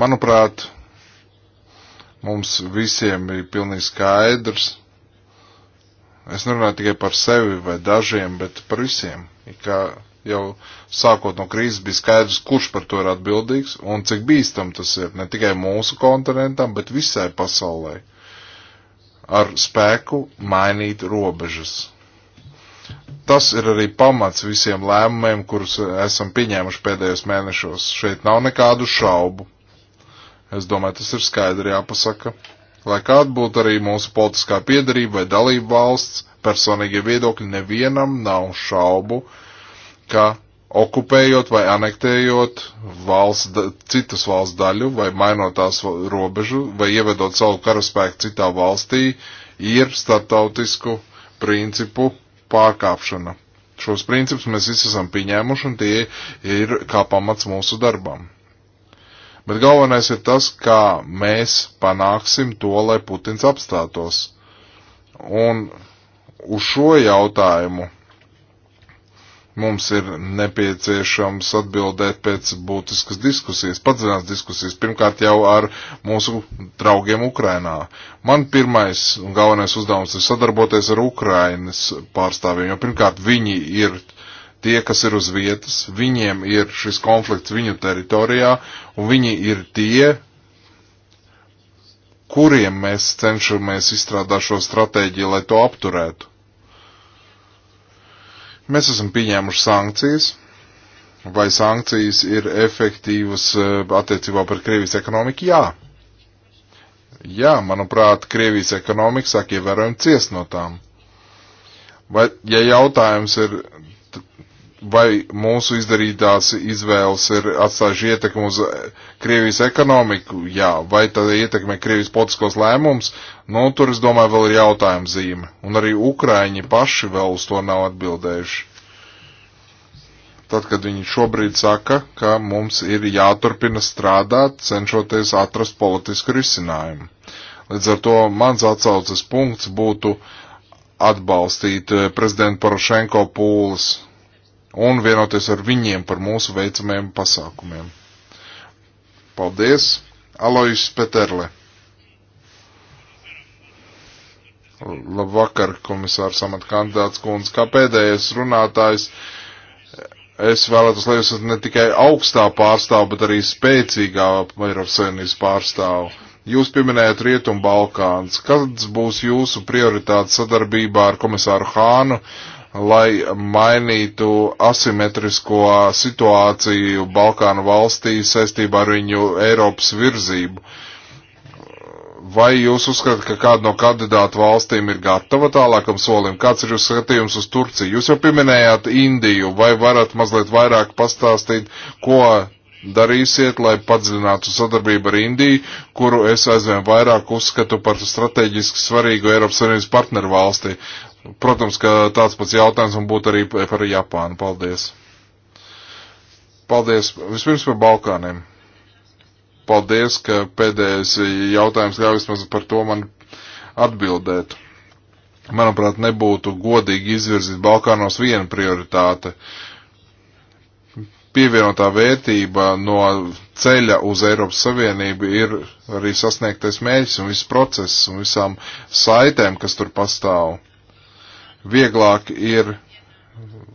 Manuprāt, mums visiem ir pilnīgi skaidrs. Es nerunāju tikai par sevi vai dažiem, bet par visiem. Kā jau sākot no krīzes bija skaidrs, kurš par to ir atbildīgs un cik bīstam tas ir ne tikai mūsu kontinentam, bet visai pasaulē. Ar spēku mainīt robežas. Tas ir arī pamats visiem lēmumiem, kurus esam pieņēmuši pēdējos mēnešos. Šeit nav nekādu šaubu. Es domāju, tas ir skaidri jāpasaka. Lai kāda būtu arī mūsu politiskā piedarība vai dalība valsts, personīgie viedokļi nevienam nav šaubu, ka okupējot vai anektējot valsts, citas valsts daļu vai mainot tās robežu vai ievedot savu karaspēku citā valstī, ir startautisku principu pārkāpšana. Šos principus mēs visi esam pieņēmuši un tie ir kā pamats mūsu darbam. Bet galvenais ir tas, kā mēs panāksim to, lai Putins apstātos. Un uz šo jautājumu Mums ir nepieciešams atbildēt pēc būtiskas diskusijas, padziļināts diskusijas, pirmkārt jau ar mūsu draugiem Ukrainā. Man pirmais un galvenais uzdevums ir sadarboties ar Ukrainas pārstāvjiem, jo pirmkārt viņi ir tie, kas ir uz vietas, viņiem ir šis konflikts viņu teritorijā, un viņi ir tie, kuriem mēs cenšamies izstrādāt šo stratēģiju, lai to apturētu. Mēs esam pieņēmuši sankcijas, vai sankcijas ir efektīvas eh, attiecībā par Krievijas ekonomiku? Jā. Jā, manuprāt, Krievijas ekonomika sāk ievērojami ciest no tām. Vai, ja jautājums ir vai mūsu izdarītās izvēles ir atstājuši ietekmi uz eh, Krievijas ekonomiku, jā, vai tad ietekmē Krievijas politiskos lēmums, nu, tur, es domāju, vēl ir jautājuma zīme. Un arī Ukraiņi paši vēl uz to nav atbildējuši. Tad, kad viņi šobrīd saka, ka mums ir jāturpina strādāt, cenšoties atrast politisku risinājumu. Līdz ar to mans atsauces punkts būtu atbalstīt eh, prezidentu Porošenko pūles un vienoties ar viņiem par mūsu veicamajiem pasākumiem. Paldies, Alojs Peterle. Labvakar, komisārs amat kandidāts kundz. Kā pēdējais runātājs, es vēlētos, lai jūs esat ne tikai augstā pārstāva, bet arī spēcīgā Eiropas Savienības pārstāva. Jūs pieminējat Rietumu Balkāns. Kāds būs jūsu prioritāte sadarbībā ar komisāru Hānu, lai mainītu asimetrisko situāciju Balkānu valstīs saistībā ar viņu Eiropas virzību. Vai jūs uzskatāt, ka kāda no kandidātu valstīm ir gatava tālākam solim? Kāds ir jūsu skatījums uz Turciju? Jūs jau pieminējāt Indiju, vai varat mazliet vairāk pastāstīt, ko darīsiet, lai padziļinātu sadarbību ar Indiju, kuru es aizvien vairāk uzskatu par strateģiski svarīgu Eiropas Savienības partneru valsti, Protams, ka tāds pats jautājums man būtu arī par Japānu. Paldies. Paldies. Vispirms par Balkāniem. Paldies, ka pēdējais jautājums ļauj vismaz par to man atbildēt. Manuprāt, nebūtu godīgi izvirzīt Balkānos vienu prioritāti. Pievienotā vērtība no ceļa uz Eiropas Savienību ir arī sasniegtais mērķis un viss process un visām saitēm, kas tur pastāv vieglāk ir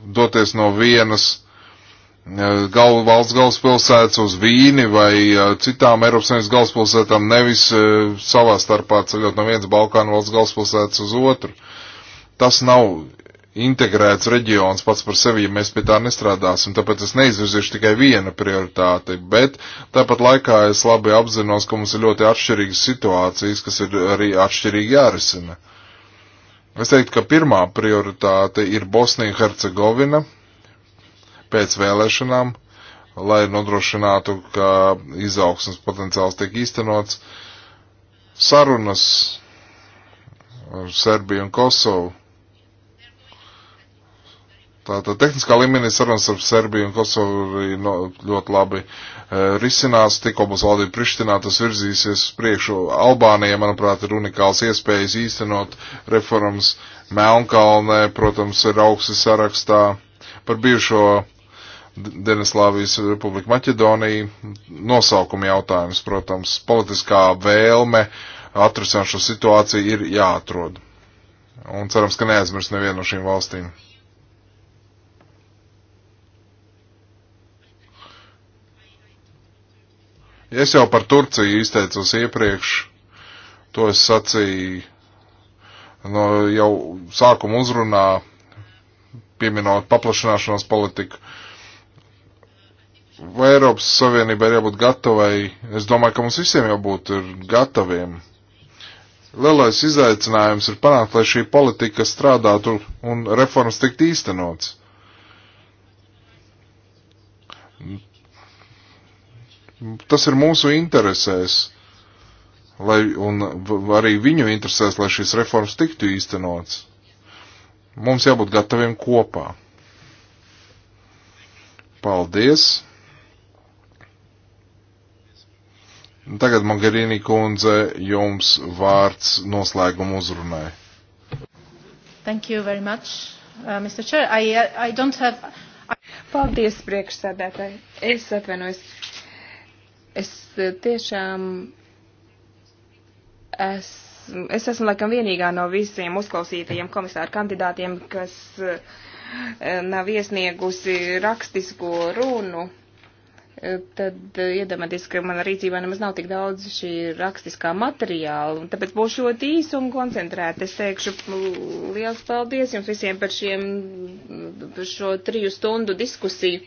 doties no vienas eh, gal, valsts galvaspilsētas uz Vīni vai eh, citām Eiropas Savienības galvaspilsētām, nevis eh, savā starpā ceļot no vienas Balkānu valsts galvaspilsētas uz otru. Tas nav integrēts reģions pats par sevi, ja mēs pie tā nestrādāsim. Tāpēc es neizvirzīšu tikai vienu prioritāti, bet tāpat laikā es labi apzinos, ka mums ir ļoti atšķirīgas situācijas, kas ir arī atšķirīgi jārisina. Uh, Es teiktu, ka pirmā prioritāte ir Bosnija-Hercegovina pēc vēlēšanām, lai nodrošinātu, ka izaugsmas potenciāls tiek īstenots. Sarunas ar Serbiju un Kosovu Tātad tehniskā līmenī sarunas ar Serbiju un Kosovu arī no, ļoti labi e, risinās. Tikko būs valdība Prištinā, tas virzīsies uz priekšu. Albānija, manuprāt, ir unikāls iespējas īstenot reformas. Melnkalnē, protams, ir augsti sarakstā par bijušo Deneslāvijas Republiku Maķedoniju. Nosaukuma jautājums, protams, politiskā vēlme atrisināt šo situāciju ir jāatrod. Un cerams, ka neaizmirs nevienu no šīm valstīm. Es jau par Turciju izteicos iepriekš, to es sacīju no jau sākuma uzrunā, pieminot paplašanāšanās politiku. Vai Eiropas Savienībai ir jābūt gatavai? Es domāju, ka mums visiem jābūt gataviem. Lielais izaicinājums ir panākt, lai šī politika strādātu un reformas tiktu īstenots. Tas ir mūsu interesēs, lai, un arī viņu interesēs, lai šīs reformas tiktu īstenots. Mums jābūt gataviem kopā. Paldies! Tagad, Mogherini kundze, jums vārds noslēguma uzrunai. Thank you very much, uh, Mr. Chair. I, uh, I don't have... Paldies, priekšsēdētāji. Es atvainojos. Es eh, tiešām es, es esmu laikam vienīgā no visiem uzklausītajiem komisāru kandidātiem, kas eh, nav iesniegusi rakstisko runu. Eh, tad iedomājieties, ka manā rīcībā nemaz nav tik daudz šī rakstiskā materiāla, un tāpēc būšu ļoti īsa un koncentrēta. Es teikšu liels paldies jums visiem par šiem, par šo triju stundu diskusiju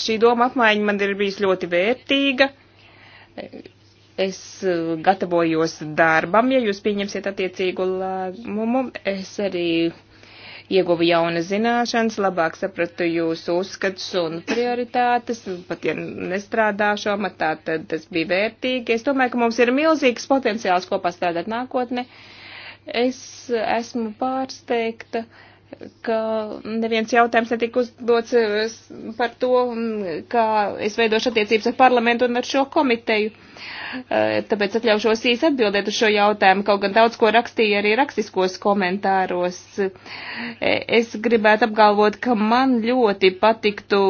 Šī doma apmaiņa man ir bijis ļoti vērtīga. Es eh, gatavojos darbam, ja jūs pieņemsiet attiecīgu lēmumu. Es arī ieguva jaunas zināšanas, labāk sapratu jūsu uzskatus un prioritātes, pat ja nestrādāšu amatā, tad tas bija vērtīgi. Es domāju, ka mums ir milzīgs potenciāls kopā strādāt nākotne. Es esmu pārsteigta. Uh, ka neviens jautājums netika uzdots eh, par to, kā es veidošu attiecības ar parlamentu un ar šo komiteju. Eh, tāpēc atļaušos īsi atbildēt uz šo jautājumu, kaut gan daudz ko rakstīja arī rakstiskos komentāros. Eh, es gribētu apgalvot, ka man ļoti patiktu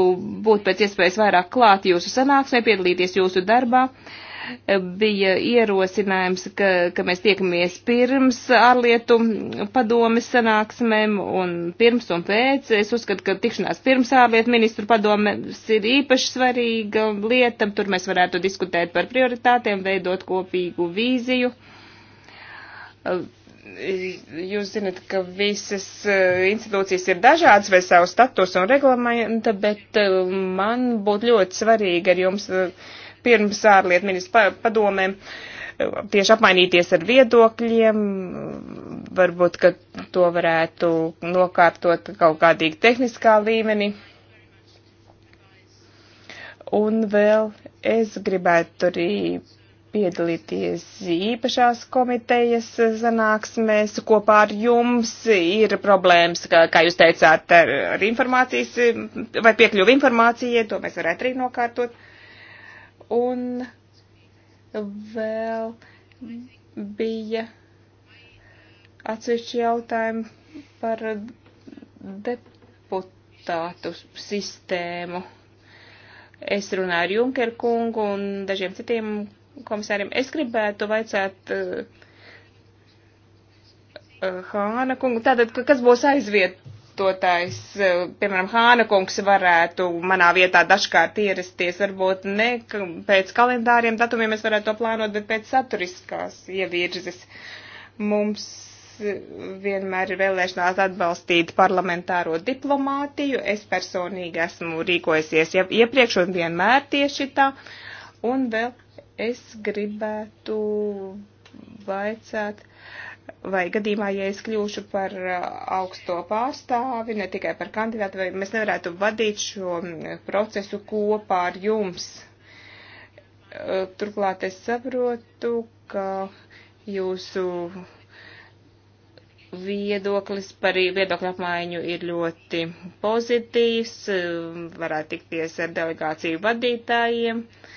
būt pēc iespējas vairāk klāt jūsu sanāksmē, piedalīties jūsu darbā. Uh, bija ierosinājums, ka, ka mēs tiekamies pirms ārlietu padomes sanāksmēm un pirms un pēc. Es uzskatu, ka tikšanās pirms ārlietu ministru padomes ir īpaši svarīga lieta. Tur mēs varētu diskutēt par prioritātēm, veidot kopīgu vīziju jūs zinat, ka visas eh, institūcijas ir dažādas vai savu statusu un reglamentu, bet eh, man būtu ļoti svarīgi ar jums eh, pirms ārlietu ministru padomēm eh, tieši apmainīties ar viedokļiem, varbūt, ka to varētu nokārtot kaut kādīgi tehniskā līmenī. Un vēl es gribētu arī piedalīties īpašās komitejas sanāksmēs kopā ar jums. Ir problēmas, kā, kā jūs teicāt, ar, ar informācijas vai piekļuvu informācijai, to mēs varētu arī nokārtot un vēl bija atsevišķi jautājumi par deputātu sistēmu. Es runāju ar Junkeru kungu un dažiem citiem komisāriem. Es gribētu vaicāt uh, Hāna kungu, tātad, kas būs aizviet lietotājs, eh, piemēram, Hāna kungs varētu manā vietā dažkārt ierasties, varbūt ne pēc kalendāriem datumiem mēs varētu to plānot, bet pēc saturiskās ievirzes. Mums eh, vienmēr ir vēlēšanās atbalstīt parlamentāro diplomātiju. Es personīgi esmu rīkojusies jau iepriekš un vienmēr tieši tā. Un vēl es gribētu vaicāt. Uh, vai gadījumā, ja es kļūšu par uh, augsto pārstāvi, ne tikai par kandidātu, vai mēs nevarētu vadīt šo mm, procesu kopā ar jums. Uh, turklāt es saprotu, ka jūsu viedoklis par viedokļu apmaiņu ir ļoti pozitīvs, uh, varētu tikties ar delegāciju vadītājiem. Uh,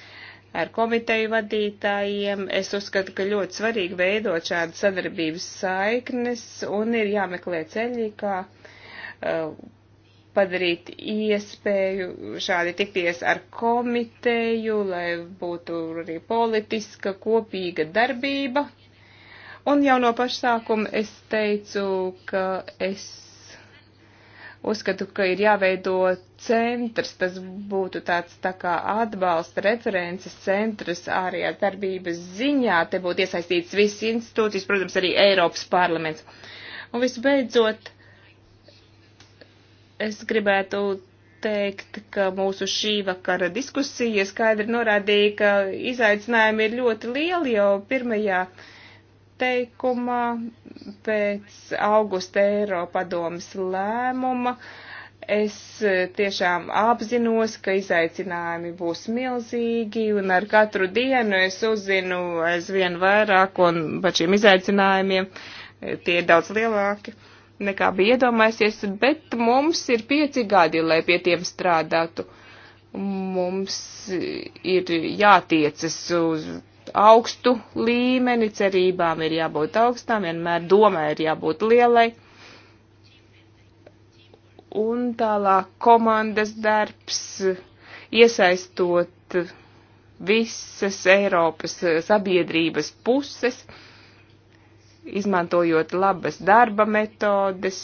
ar komiteju vadītājiem. Es uzskatu, ka ļoti svarīgi veidot šādu sadarbības saiknes un ir jāmeklē ceļi, kā uh, padarīt iespēju šādi tikties ar komiteju, lai būtu arī politiska kopīga darbība. Un jau no pašsākuma es teicu, ka es Uzskatu, ka ir jāveido centrs, tas būtu tāds tā kā atbalsta references centrs ārējās darbības ziņā, te būtu iesaistīts visas institūcijas, protams, arī Eiropas parlaments. Un visbeidzot, es gribētu teikt, ka mūsu šī vakara diskusija skaidri norādīja, ka izaicinājumi ir ļoti lieli jau pirmajā teikumā pēc augusta Eiropadomas lēmuma es eh, tiešām apzinos, ka izaicinājumi būs milzīgi, un ar katru dienu es uzzinu aizvien vairāk, un par šiem izaicinājumiem eh, tie ir daudz lielāki nekā bija iedomājusies, bet mums ir pieci gadi, lai pie tiem strādātu. Mums ir jātiecas uz augstu līmeni, cerībām ir jābūt augstām, vienmēr domai ir jābūt lielai. Un tālāk komandas darbs, iesaistot visas Eiropas sabiedrības puses, izmantojot labas darba metodes,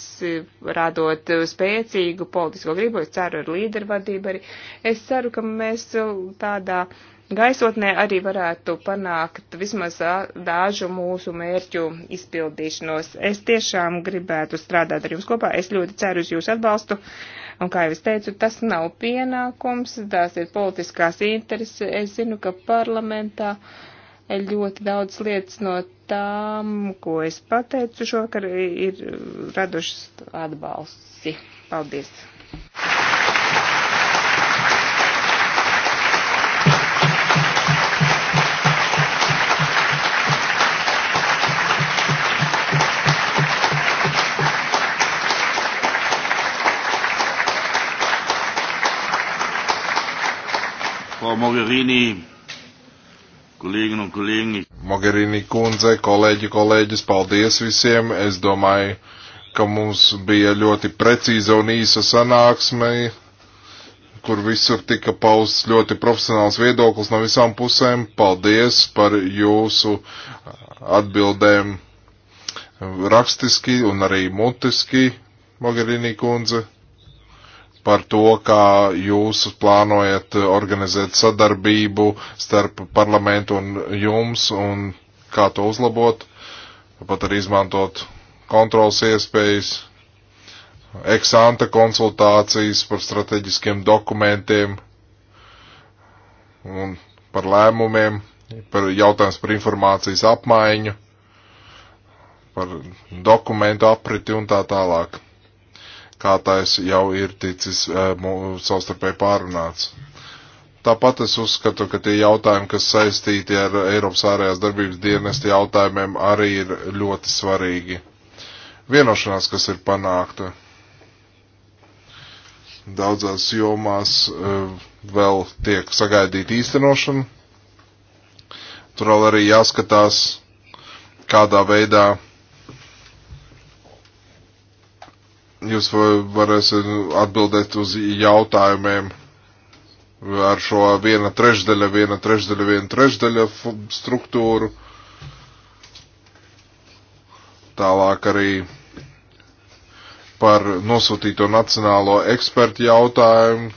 rādot spēcīgu politisko gribu, es ceru ar līdervadību arī. Es ceru, ka mēs tādā uh, gaisotnē arī varētu panākt vismaz dažu mūsu mērķu izpildīšanos. Es tiešām gribētu strādāt ar jums kopā. Es ļoti ceru uz jūsu atbalstu. Un kā jau es teicu, tas nav pienākums, tās ir politiskās intereses. Es zinu, ka parlamentā ļoti daudz lietas no tām, ko es pateicu šovakar, ir radušas atbalsti. Paldies! Mogherini, kolēģi un kolēģi. Mogherini kundze, kolēģi, kolēģis, paldies visiem. Es domāju, ka mums bija ļoti precīza un īsa sanāksme, kur visur tika pausts ļoti profesionāls viedoklis no visām pusēm. Paldies par jūsu atbildēm rakstiski un arī mutiski, Mogherini kundze par to, kā jūs plānojat organizēt sadarbību starp parlamentu un jums un kā to uzlabot, pat arī izmantot kontrols iespējas, eksanta konsultācijas par strateģiskiem dokumentiem un par lēmumiem, par jautājums par informācijas apmaiņu, par dokumentu apriti un tā tālāk kā tais jau ir ticis eh, savstarpēji pārunāts. Tāpat es uzskatu, ka tie jautājumi, kas saistīti ar Eiropas ārējās darbības dienesta jautājumiem, arī ir ļoti svarīgi. Vienošanās, kas ir panākta daudzās jomās, eh, vēl tiek sagaidīta īstenošana. Tur vēl arī jāskatās, kādā veidā jūs varēsiet atbildēt uz jautājumiem ar šo viena trešdaļa, viena trešdaļa, viena trešdaļa struktūru. Tālāk arī par nosūtīto nacionālo ekspertu jautājumu,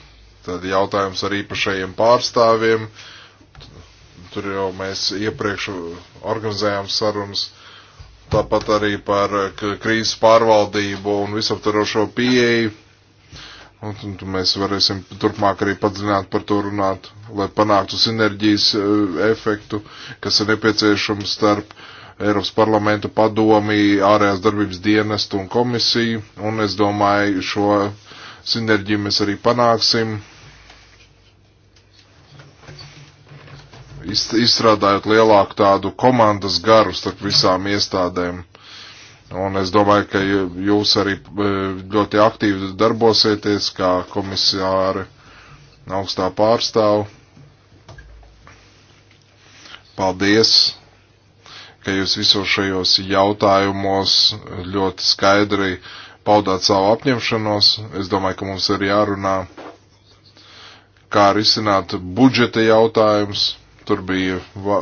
tad jautājums ar īpašajiem pārstāvjiem. Tur jau mēs iepriekš organizējām sarunas tāpat arī par eh, krīzes pārvaldību un visaptarošo pieeju. Un, un, un mēs varēsim turpmāk arī padzināt par to runāt, lai panāktu sinerģijas eh, efektu, kas ir nepieciešams starp Eiropas parlamentu padomi, ārējās darbības dienestu un komisiju. Un es domāju, šo sinerģiju mēs arī panāksim izstrādājot lielāku tādu komandas garu starp visām iestādēm. Un es domāju, ka jūs arī e, ļoti aktīvi darbosieties kā komisāri augstā pārstāvu. Paldies, ka jūs visos šajos jautājumos ļoti skaidri paudāt savu apņemšanos. Es domāju, ka mums ir jārunā, kā risināt budžeta jautājumus Tur bija va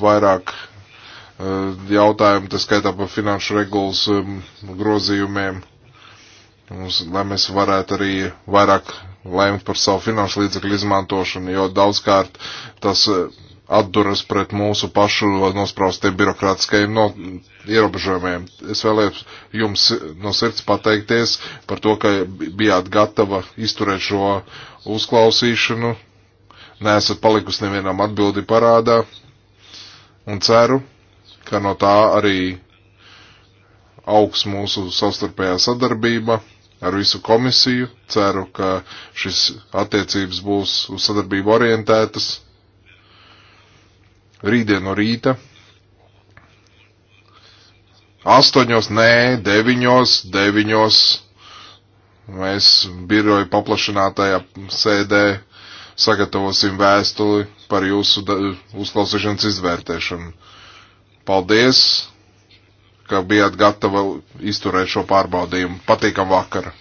vairāk eh, jautājumu, tas skaitā par finanšu regulas um, grozījumiem, Mums, lai mēs varētu arī vairāk lēmt par savu finanšu līdzekļu izmantošanu, jo daudzkārt tas eh, atduras pret mūsu pašu nospraustiem birokrātiskajiem no, ierobežojumiem. Es vēlējos jums no sirds pateikties par to, ka bijāt gatava izturēt šo uzklausīšanu neesat palikusi nevienam atbildi parādā un ceru, ka no tā arī augs mūsu savstarpējā sadarbība ar visu komisiju. Ceru, ka šis attiecības būs uz sadarbību orientētas. Rītdien no rīta. Astoņos, nē, deviņos, deviņos. Mēs biroju paplašinātajā sēdē sagatavosim vēstuli par jūsu uzklausīšanas izvērtēšanu. Paldies, ka bijāt gatavi izturēt šo pārbaudījumu. Patīkam vakaru!